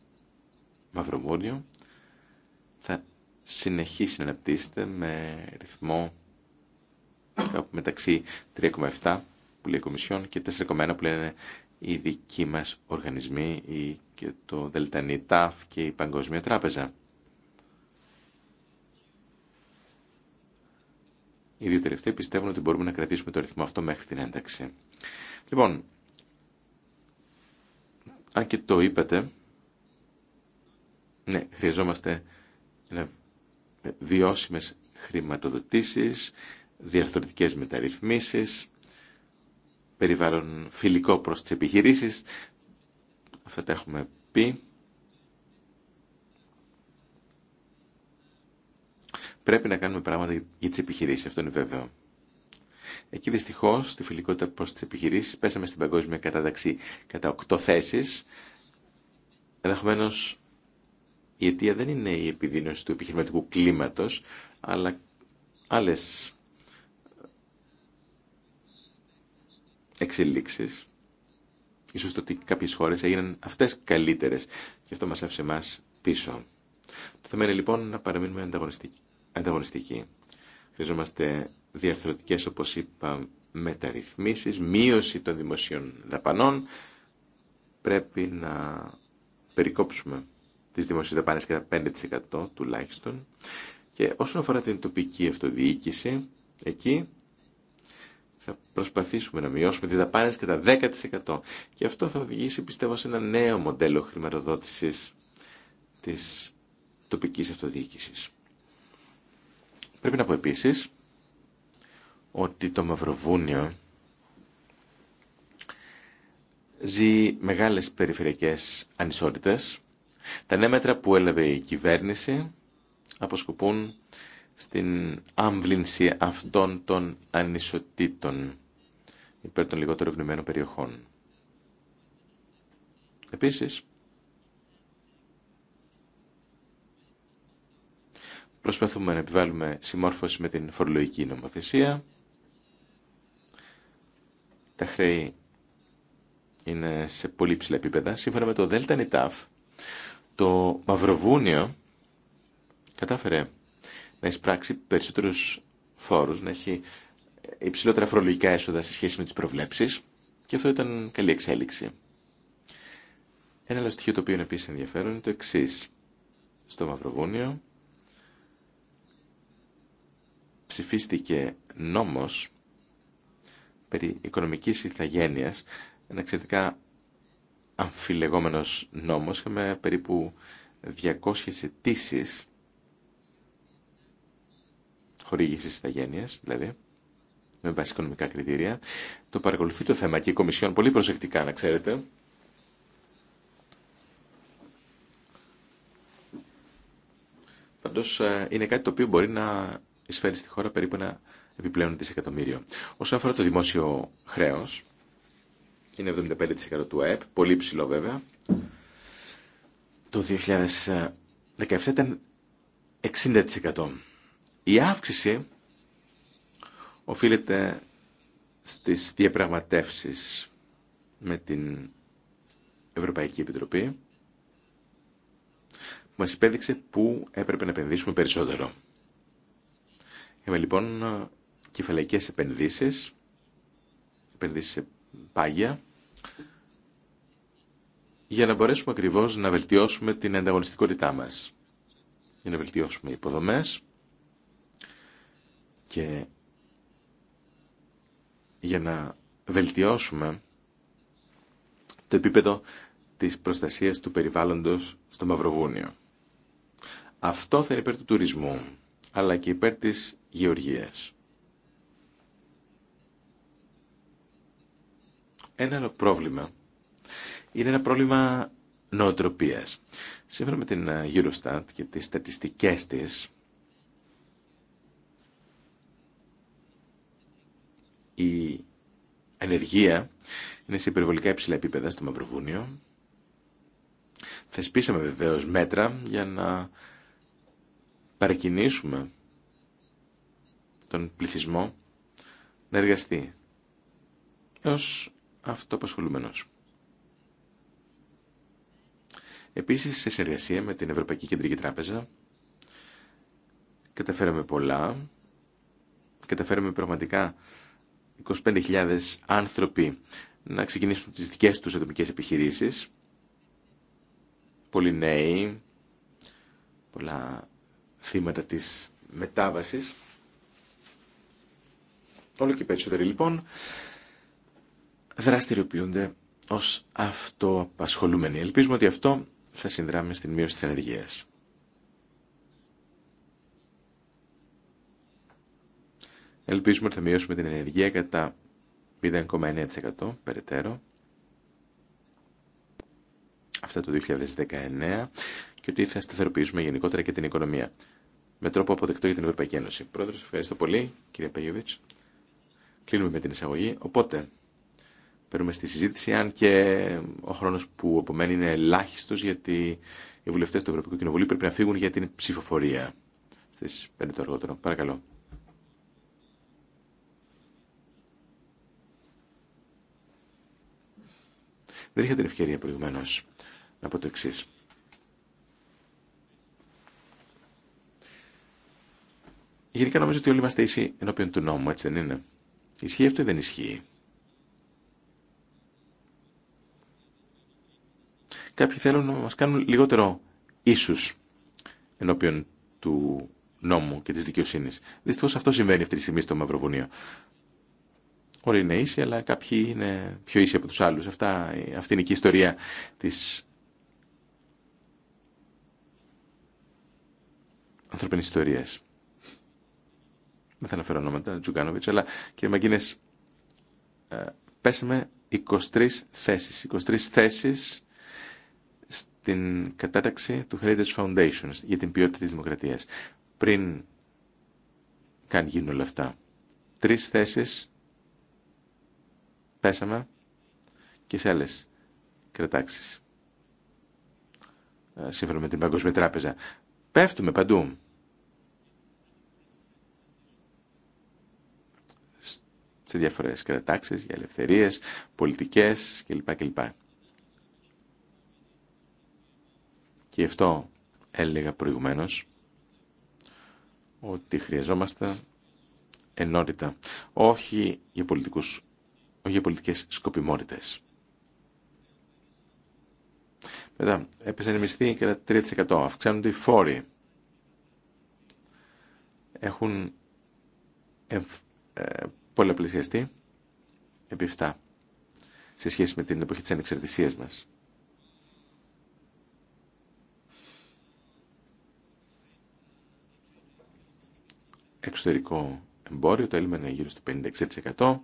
Μαυροβούνιο θα συνεχίσει να αναπτύσσεται με ρυθμό μεταξύ 3,7 που λέει η Κομισιόν και 4,1 που λένε οι δικοί μας οργανισμοί ή και το ΤΑΦ και η Παγκόσμια Τράπεζα. Οι δύο τελευταίοι πιστεύουν ότι μπορούμε να κρατήσουμε το ρυθμό αυτό μέχρι την ένταξη. Λοιπόν, αν και το είπατε, ναι, χρειαζόμαστε ε, βιώσιμες χρηματοδοτήσεις, διαρθρωτικές μεταρρυθμίσεις, περιβάλλον φιλικό προς τις επιχειρήσεις. Αυτά τα έχουμε πει. Πρέπει να κάνουμε πράγματα για τις επιχειρήσεις, αυτό είναι βέβαιο. Εκεί δυστυχώ, στη φιλικότητα προς τις επιχειρήσεις, πέσαμε στην παγκόσμια κατάταξη κατά οκτώ θέσεις. Ενδεχομένω η αιτία δεν είναι η επιδείνωση του επιχειρηματικού κλίματο, αλλά άλλες Εξελίξει. Ίσως το ότι κάποιες χώρε έγιναν αυτές καλύτερες και αυτό μας άφησε εμά πίσω. Το θέμα είναι λοιπόν να παραμείνουμε ανταγωνιστικοί. Χρειαζόμαστε διαρθρωτικές, όπω είπα, μεταρρυθμίσεις, μείωση των δημοσίων δαπανών. Πρέπει να περικόψουμε τις δημοσίες δαπάνες κατά 5% τουλάχιστον. Και όσον αφορά την τοπική αυτοδιοίκηση, εκεί θα προσπαθήσουμε να μειώσουμε τις δαπάνες κατά 10% και αυτό θα οδηγήσει πιστεύω σε ένα νέο μοντέλο χρηματοδότησης της τοπικής αυτοδιοίκησης. Πρέπει να πω επίσης ότι το Μαυροβούνιο ζει μεγάλες περιφερειακές ανισότητες. Τα νέα μέτρα που έλαβε η κυβέρνηση αποσκοπούν στην άμβλυνση αυτών των ανισοτήτων υπέρ των λιγότερο ευνημένων περιοχών. Επίσης, προσπαθούμε να επιβάλλουμε συμμόρφωση με την φορολογική νομοθεσία. Τα χρέη είναι σε πολύ ψηλά επίπεδα. Σύμφωνα με το ΔΝΤ, το Μαυροβούνιο κατάφερε να εισπράξει περισσότερου φόρους, να έχει υψηλότερα φορολογικά έσοδα σε σχέση με τις προβλέψεις και αυτό ήταν καλή εξέλιξη. Ένα άλλο στοιχείο το οποίο είναι επίση ενδιαφέρον είναι το εξή. Στο Μαυροβούνιο ψηφίστηκε νόμος περί οικονομικής ηθαγένειας, ένα εξαιρετικά αμφιλεγόμενος νόμος, με περίπου 200 αιτήσει χορήγησης ηθαγένειας, δηλαδή, με βάση οικονομικά κριτήρια. Το παρακολουθεί το θέμα και η Κομισιόν πολύ προσεκτικά, να ξέρετε. Πάντω ε, είναι κάτι το οποίο μπορεί να εισφέρει στη χώρα περίπου ένα επιπλέον δισεκατομμύριο. Όσον αφορά το δημόσιο χρέος, είναι 75% του ΑΕΠ, πολύ ψηλό βέβαια. Το 2017 ήταν 60%. Η αύξηση οφείλεται στις διαπραγματεύσεις με την Ευρωπαϊκή Επιτροπή που μας υπέδειξε πού έπρεπε να επενδύσουμε περισσότερο. Είμαι λοιπόν κεφαλαϊκές επενδύσεις, επενδύσεις σε πάγια, για να μπορέσουμε ακριβώς να βελτιώσουμε την ανταγωνιστικότητά μας, για να βελτιώσουμε υποδομές, και για να βελτιώσουμε το επίπεδο της προστασίας του περιβάλλοντος στο Μαυροβούνιο. Αυτό θα είναι υπέρ του τουρισμού, αλλά και υπέρ της γεωργίας. Ένα άλλο πρόβλημα είναι ένα πρόβλημα νοοτροπίας. Σύμφωνα με την Eurostat και τις στατιστικές της, η ενέργεια είναι σε υπερβολικά υψηλά επίπεδα στο Μαυροβούνιο. Θεσπίσαμε βεβαίως μέτρα για να παρακινήσουμε τον πληθυσμό να εργαστεί ως αυτοπασχολουμένος. Επίσης, σε συνεργασία με την Ευρωπαϊκή Κεντρική Τράπεζα, καταφέραμε πολλά, καταφέραμε πραγματικά 25.000 άνθρωποι να ξεκινήσουν τις δικές τους ατομικές επιχειρήσεις. Πολλοί νέοι, πολλά θύματα της μετάβασης. Όλο και περισσότεροι λοιπόν δραστηριοποιούνται ως αυτοπασχολούμενοι. Ελπίζουμε ότι αυτό θα συνδράμε στην μείωση της ενεργείας. Ελπίζουμε ότι θα μειώσουμε την ενεργεία κατά 0,9% περαιτέρω. Αυτά το 2019 και ότι θα σταθεροποιήσουμε γενικότερα και την οικονομία με τρόπο αποδεκτό για την Ευρωπαϊκή Ένωση. Πρόεδρο, ευχαριστώ πολύ, κύριε Παγιόβιτ. Κλείνουμε με την εισαγωγή. Οπότε, παίρνουμε στη συζήτηση, αν και ο χρόνο που απομένει είναι ελάχιστο, γιατί οι βουλευτέ του Ευρωπαϊκού Κοινοβουλίου πρέπει να φύγουν για την ψηφοφορία στι 5 το αργότερο. Παρακαλώ. Δεν είχα την ευκαιρία προηγουμένω να πω το εξή. Γενικά νομίζω ότι όλοι είμαστε ίσοι ενώπιον του νόμου, έτσι δεν είναι. Ισχύει αυτό ή δεν ισχύει. Κάποιοι θέλουν να μας κάνουν λιγότερο ίσους ενώπιον του νόμου και της δικαιοσύνης. Δυστυχώς αυτό συμβαίνει αυτή τη στιγμή στο Μαυροβουνίο. Όλοι είναι ίσοι, αλλά κάποιοι είναι πιο ίσοι από τους άλλους. Αυτά, αυτή είναι και η ιστορία της ανθρωπινής ιστορίας. Δεν θα αναφέρω ονόματα, Τζουγκάνοβιτς, αλλά κύριε Μαγκίνες, ε, πέσαμε 23 θέσεις. 23 θέσεις στην κατάταξη του Heritage Foundation για την ποιότητα της δημοκρατίας. Πριν καν γίνουν όλα αυτά. Τρεις θέσεις πέσαμε και σε άλλε κρατάξει. Ε, σύμφωνα με την Παγκόσμια Τράπεζα. Πέφτουμε παντού. Σε διαφορέ κρατάξεις για ελευθερίες, πολιτικές κλπ. κλπ. Και αυτό έλεγα προηγουμένως ότι χρειαζόμαστε ενότητα. Όχι για πολιτικούς όχι για πολιτικές σκοπιμότητες. Μετά, έπεσαν οι μισθοί κατά 3%. Αυξάνονται οι φόροι. Έχουν ε, πολλαπλησιαστεί επί 7 σε σχέση με την εποχή της ανεξαρτησίας μας. Εξωτερικό εμπόριο, το έλλειμμα είναι γύρω στο 56%.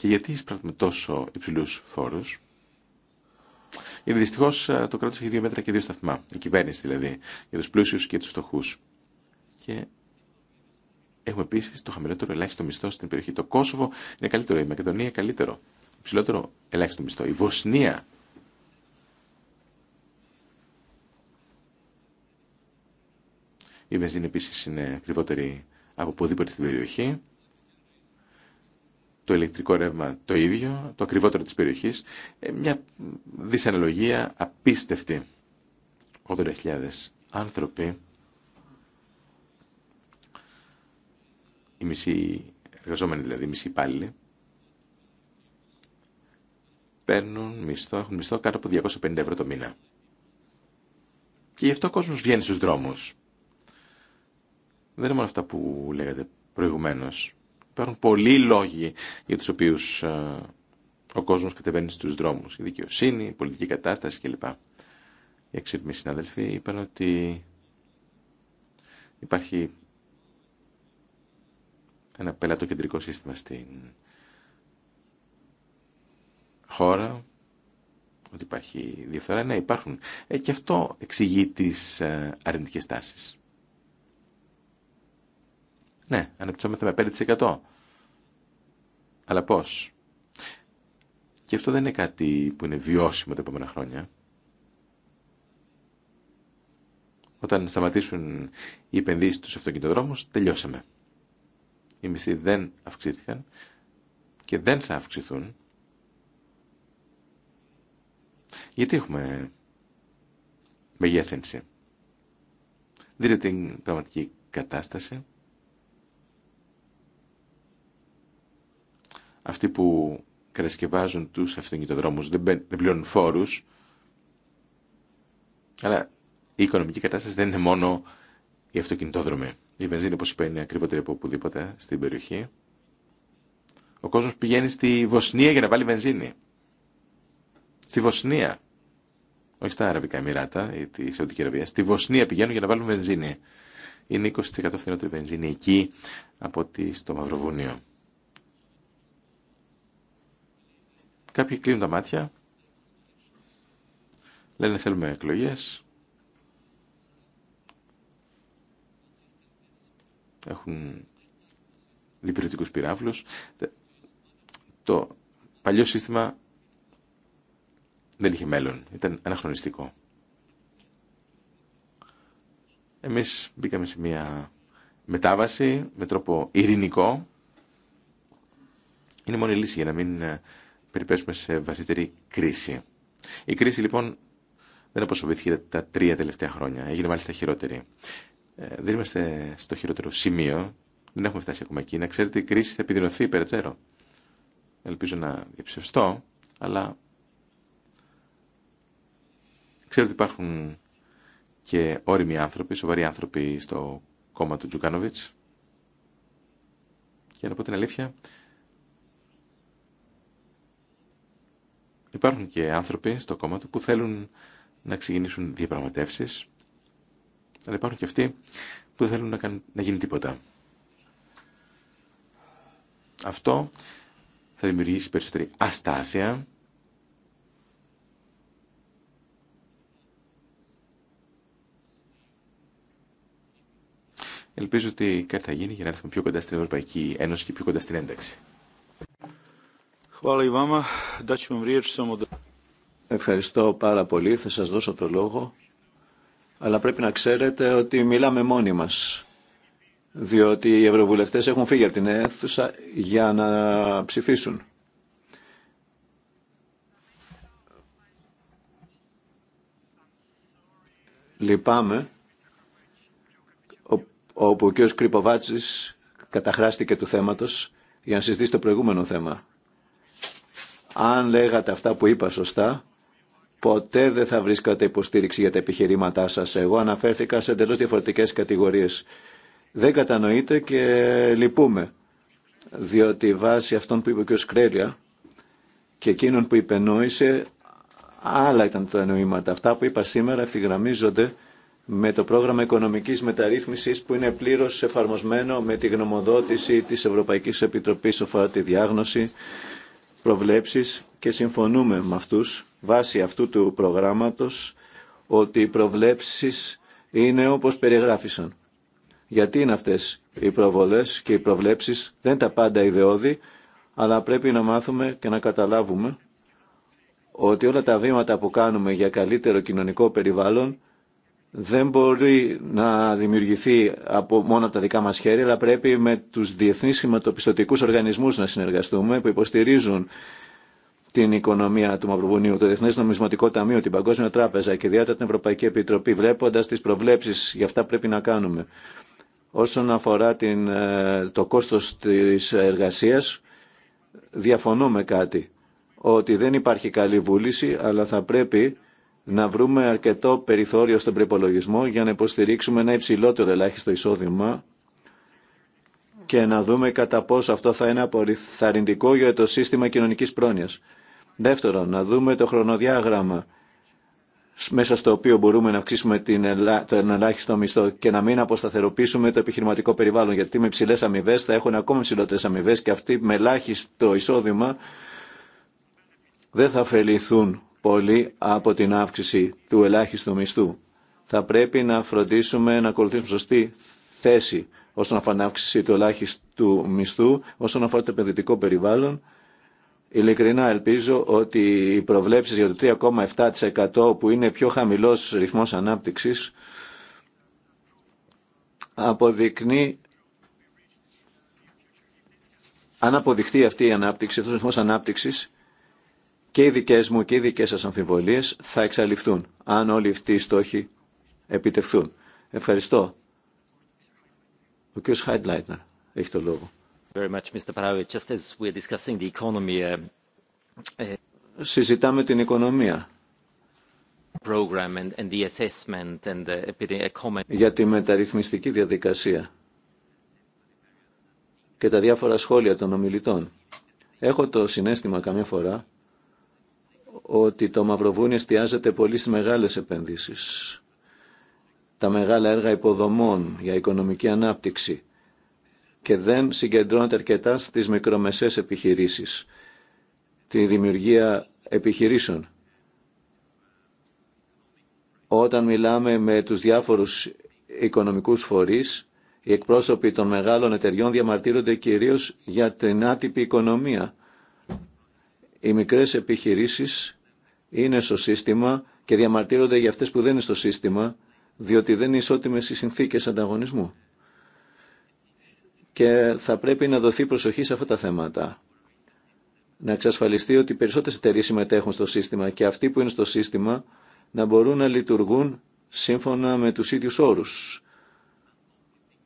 Και γιατί εισπράττουμε τόσο υψηλού φόρου. Γιατί δυστυχώ ε, το κράτο έχει δύο μέτρα και δύο σταθμά. Η κυβέρνηση δηλαδή. Για του πλούσιου και του φτωχού. Και έχουμε επίση το χαμηλότερο ελάχιστο μισθό στην περιοχή. Το Κόσοβο είναι καλύτερο. Η Μακεδονία καλύτερο. Υψηλότερο ελάχιστο μισθό. Η Βοσνία Η βενζίνη επίση είναι ακριβότερη από οπουδήποτε στην περιοχή το ηλεκτρικό ρεύμα το ίδιο, το ακριβότερο της περιοχής, ε, μια δυσαναλογία απίστευτη. 80.000 άνθρωποι, οι μισοί εργαζόμενοι δηλαδή, οι μισοί υπάλληλοι, παίρνουν μισθό, έχουν μισθό κάτω από 250 ευρώ το μήνα. Και γι' αυτό ο κόσμος βγαίνει στους δρόμους. Δεν είναι μόνο αυτά που λέγατε προηγουμένως. Υπάρχουν πολλοί λόγοι για τους οποίους ε, ο κόσμος κατεβαίνει στους δρόμους. Η δικαιοσύνη, η πολιτική κατάσταση κλπ. Οι εξήρμοι συνάδελφοι είπαν ότι υπάρχει ένα πελατοκεντρικό σύστημα στην χώρα, ότι υπάρχει διαφθορά. Ναι, υπάρχουν. Ε, και αυτό εξηγεί τις ε, αρνητικές τάσεις. Ναι, αναπτυσσόμεθα με 5%. Αλλά πώς. Και αυτό δεν είναι κάτι που είναι βιώσιμο τα επόμενα χρόνια. Όταν σταματήσουν οι επενδύσεις στους αυτοκινητοδρόμου, τελειώσαμε. Οι μισθοί δεν αυξήθηκαν και δεν θα αυξηθούν. Γιατί έχουμε μεγέθυνση. Δείτε την πραγματική κατάσταση. αυτοί που κατασκευάζουν τους αυτοκινητοδρόμους δεν, δεν πληρώνουν φόρους, αλλά η οικονομική κατάσταση δεν είναι μόνο η αυτοκινητόδρομη Η βενζίνη, όπως είπα, είναι ακριβότερη από οπουδήποτε στην περιοχή. Ο κόσμος πηγαίνει στη Βοσνία για να βάλει βενζίνη. Στη Βοσνία. Όχι στα Αραβικά Εμμυράτα ή τη Σαουδική Αραβία. Στη Βοσνία πηγαίνουν για να βάλουν βενζίνη. Είναι 20% φθηνότερη βενζίνη εκεί από ότι στο Μαυροβούνιο. Κάποιοι κλείνουν τα μάτια, λένε θέλουμε εκλογές, έχουν διπηρετικούς πυράβλους. Το παλιό σύστημα δεν είχε μέλλον, ήταν αναχρονιστικό. Εμείς μπήκαμε σε μια μετάβαση με τρόπο ειρηνικό. Είναι η λύση για να μην ε, περιπέσουμε σε βαθύτερη κρίση. Η κρίση λοιπόν δεν αποσοβήθηκε τα τρία τελευταία χρόνια. Έγινε μάλιστα χειρότερη. Ε, δεν είμαστε στο χειρότερο σημείο. Δεν έχουμε φτάσει ακόμα εκεί. Να ξέρετε, η κρίση θα επιδεινωθεί περαιτέρω. Ελπίζω να υψευστώ, αλλά ξέρω ότι υπάρχουν και όριμοι άνθρωποι, σοβαροί άνθρωποι στο κόμμα του Τζουκάνοβιτς. Και να πω την αλήθεια, υπάρχουν και άνθρωποι στο κόμμα του που θέλουν να ξεκινήσουν διαπραγματεύσει, αλλά υπάρχουν και αυτοί που δεν θέλουν να, κάνουν, να γίνει τίποτα. Αυτό θα δημιουργήσει περισσότερη αστάθεια Ελπίζω ότι κάτι θα γίνει για να έρθουμε πιο κοντά στην Ευρωπαϊκή Ένωση και πιο κοντά στην ένταξη. Ευχαριστώ πάρα πολύ. Θα σας δώσω το λόγο. Αλλά πρέπει να ξέρετε ότι μιλάμε μόνοι μας. Διότι οι ευρωβουλευτές έχουν φύγει από την αίθουσα για να ψηφίσουν. Λυπάμαι όπου ο κ. Κρυποβάτσης καταχράστηκε του θέματος για να συζητήσει το προηγούμενο θέμα. Αν λέγατε αυτά που είπα σωστά, ποτέ δεν θα βρίσκατε υποστήριξη για τα επιχειρήματά σας. Εγώ αναφέρθηκα σε εντελώς διαφορετικές κατηγορίες. Δεν κατανοείτε και λυπούμε, διότι βάσει αυτών που είπε και ο Σκρέλια και εκείνων που υπενόησε, άλλα ήταν τα εννοήματα. Αυτά που είπα σήμερα ευθυγραμμίζονται με το πρόγραμμα οικονομικής μεταρρύθμισης που είναι πλήρως εφαρμοσμένο με τη γνωμοδότηση της Ευρωπαϊκής Επιτροπής αφορά τη διάγνωση προβλέψεις και συμφωνούμε με αυτούς βάσει αυτού του προγράμματος ότι οι προβλέψεις είναι όπως περιγράφησαν. Γιατί είναι αυτές οι προβολές και οι προβλέψεις δεν τα πάντα ιδεώδη, αλλά πρέπει να μάθουμε και να καταλάβουμε ότι όλα τα βήματα που κάνουμε για καλύτερο κοινωνικό περιβάλλον δεν μπορεί να δημιουργηθεί από, μόνο από τα δικά μας χέρια, αλλά πρέπει με τους διεθνείς χρηματοπιστωτικούς οργανισμούς να συνεργαστούμε που υποστηρίζουν την οικονομία του Μαυροβουνίου, το Διεθνές Νομισματικό Ταμείο, την Παγκόσμια Τράπεζα και ιδιαίτερα την Ευρωπαϊκή Επιτροπή, βλέποντας τι προβλέψεις για αυτά πρέπει να κάνουμε. Όσον αφορά την, ε, το κόστος τη εργασία, διαφωνώ με κάτι. Ότι δεν υπάρχει καλή βούληση, αλλά θα πρέπει να βρούμε αρκετό περιθώριο στον προπολογισμό για να υποστηρίξουμε ένα υψηλότερο ελάχιστο εισόδημα και να δούμε κατά πόσο αυτό θα είναι απορριθαρρυντικό για το σύστημα κοινωνική πρόνοιας. Δεύτερον, να δούμε το χρονοδιάγραμμα μέσα στο οποίο μπορούμε να αυξήσουμε την το ελάχιστο μισθό και να μην αποσταθεροποιήσουμε το επιχειρηματικό περιβάλλον. Γιατί με ψηλέ αμοιβέ θα έχουν ακόμα ψηλότερε αμοιβέ και αυτοί με ελάχιστο εισόδημα δεν θα ωφεληθούν πολύ από την αύξηση του ελάχιστου μισθού. Θα πρέπει να φροντίσουμε να ακολουθήσουμε σωστή θέση όσον αφορά την αύξηση του ελάχιστου μισθού, όσον αφορά το επενδυτικό περιβάλλον. Ειλικρινά ελπίζω ότι οι προβλέψεις για το 3,7% που είναι πιο χαμηλός ρυθμός ανάπτυξης αποδεικνύει αν αποδειχτεί αυτή η ανάπτυξη, αυτός ο ρυθμός ανάπτυξης και οι δικές μου και οι δικές σας αμφιβολίες θα εξαλειφθούν αν όλοι αυτοί οι στόχοι επιτευχθούν. Ευχαριστώ. Ο κ. Χάιντλάιτνερ έχει το λόγο. Uh, uh, Συζητάμε την οικονομία. για τη μεταρρυθμιστική διαδικασία και τα διάφορα σχόλια των ομιλητών. Έχω το συνέστημα καμιά φορά ότι το Μαυροβούνιο εστιάζεται πολύ στις μεγάλες επενδύσεις. Τα μεγάλα έργα υποδομών για οικονομική ανάπτυξη και δεν συγκεντρώνεται αρκετά στις μικρομεσαίες επιχειρήσεις, τη δημιουργία επιχειρήσεων. Όταν μιλάμε με τους διάφορους οικονομικούς φορείς, οι εκπρόσωποι των μεγάλων εταιριών διαμαρτύρονται κυρίως για την άτυπη οικονομία. Οι μικρές επιχειρήσεις είναι στο σύστημα και διαμαρτύρονται για αυτές που δεν είναι στο σύστημα, διότι δεν είναι ισότιμες οι συνθήκες ανταγωνισμού. Και θα πρέπει να δοθεί προσοχή σε αυτά τα θέματα. Να εξασφαλιστεί ότι οι περισσότερες εταιρείε συμμετέχουν στο σύστημα και αυτοί που είναι στο σύστημα να μπορούν να λειτουργούν σύμφωνα με τους ίδιους όρους.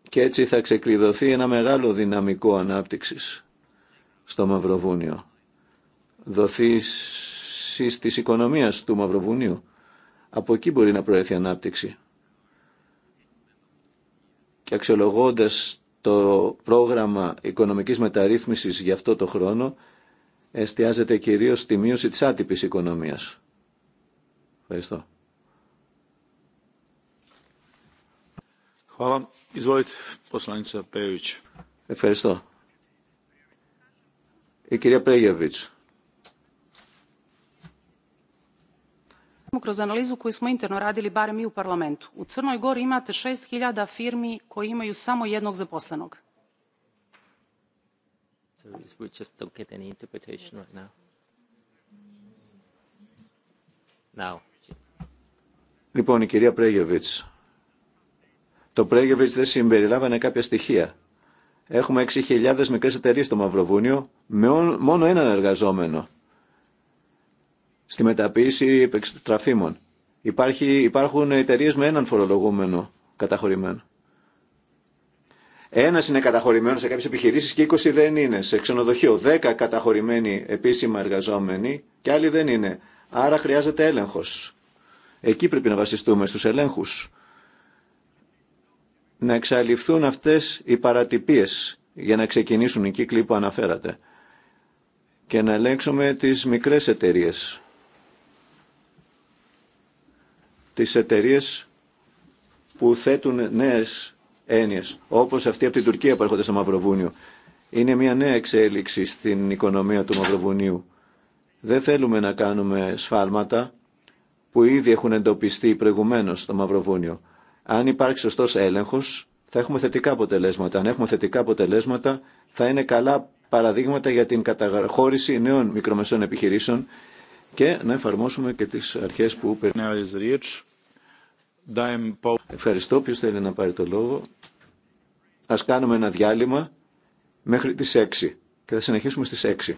Και έτσι θα ξεκλειδωθεί ένα μεγάλο δυναμικό ανάπτυξης στο Μαυροβούνιο. Τη τη οικονομίας του Μαυροβουνίου. Από εκεί μπορεί να προέρθει ανάπτυξη. Και αξιολογώντα το πρόγραμμα οικονομικής μεταρρύθμισης για αυτό το χρόνο, εστιάζεται κυρίως στη μείωση της άτυπης οικονομίας. Ευχαριστώ. Ευχαριστώ. Η κυρία Πρέγεβιτς. smo kroz analizu koju smo interno radili barem mi u parlamentu u crnoj gori imate šest hiljada firmi koji imaju samo jednog zaposlenog λοιπόν η κυρία Πρέγεβιτς το Πρέγεβιτς δεν συμπεριλάβανε κάποια στοιχεία έχουμε 6.000 μικρές εταιρείες στο Μαυροβούνιο με μόνο έναν εργαζόμενο στη μεταποίηση τραφήμων. Υπάρχει, υπάρχουν εταιρείε με έναν φορολογούμενο καταχωρημένο. Ένα είναι καταχωρημένο σε κάποιε επιχειρήσει και 20 δεν είναι. Σε ξενοδοχείο 10 καταχωρημένοι επίσημα εργαζόμενοι και άλλοι δεν είναι. Άρα χρειάζεται έλεγχο. Εκεί πρέπει να βασιστούμε στου ελέγχου. Να εξαλειφθούν αυτέ οι παρατυπίε για να ξεκινήσουν οι κύκλοι που αναφέρατε. Και να ελέγξουμε τι μικρέ εταιρείε τις εταιρείε που θέτουν νέες έννοιες, όπως αυτή από την Τουρκία που έρχονται στο Μαυροβούνιο. Είναι μια νέα εξέλιξη στην οικονομία του Μαυροβουνίου. Δεν θέλουμε να κάνουμε σφάλματα που ήδη έχουν εντοπιστεί προηγουμένως στο Μαυροβούνιο. Αν υπάρχει σωστός έλεγχος, θα έχουμε θετικά αποτελέσματα. Αν έχουμε θετικά αποτελέσματα, θα είναι καλά παραδείγματα για την καταχώρηση νέων μικρομεσών επιχειρήσεων και να εφαρμόσουμε και τις αρχές που Ευχαριστώ. Ποιος θέλει να πάρει το λόγο. Ας κάνουμε ένα διάλειμμα μέχρι τις 6 και θα συνεχίσουμε στις 6.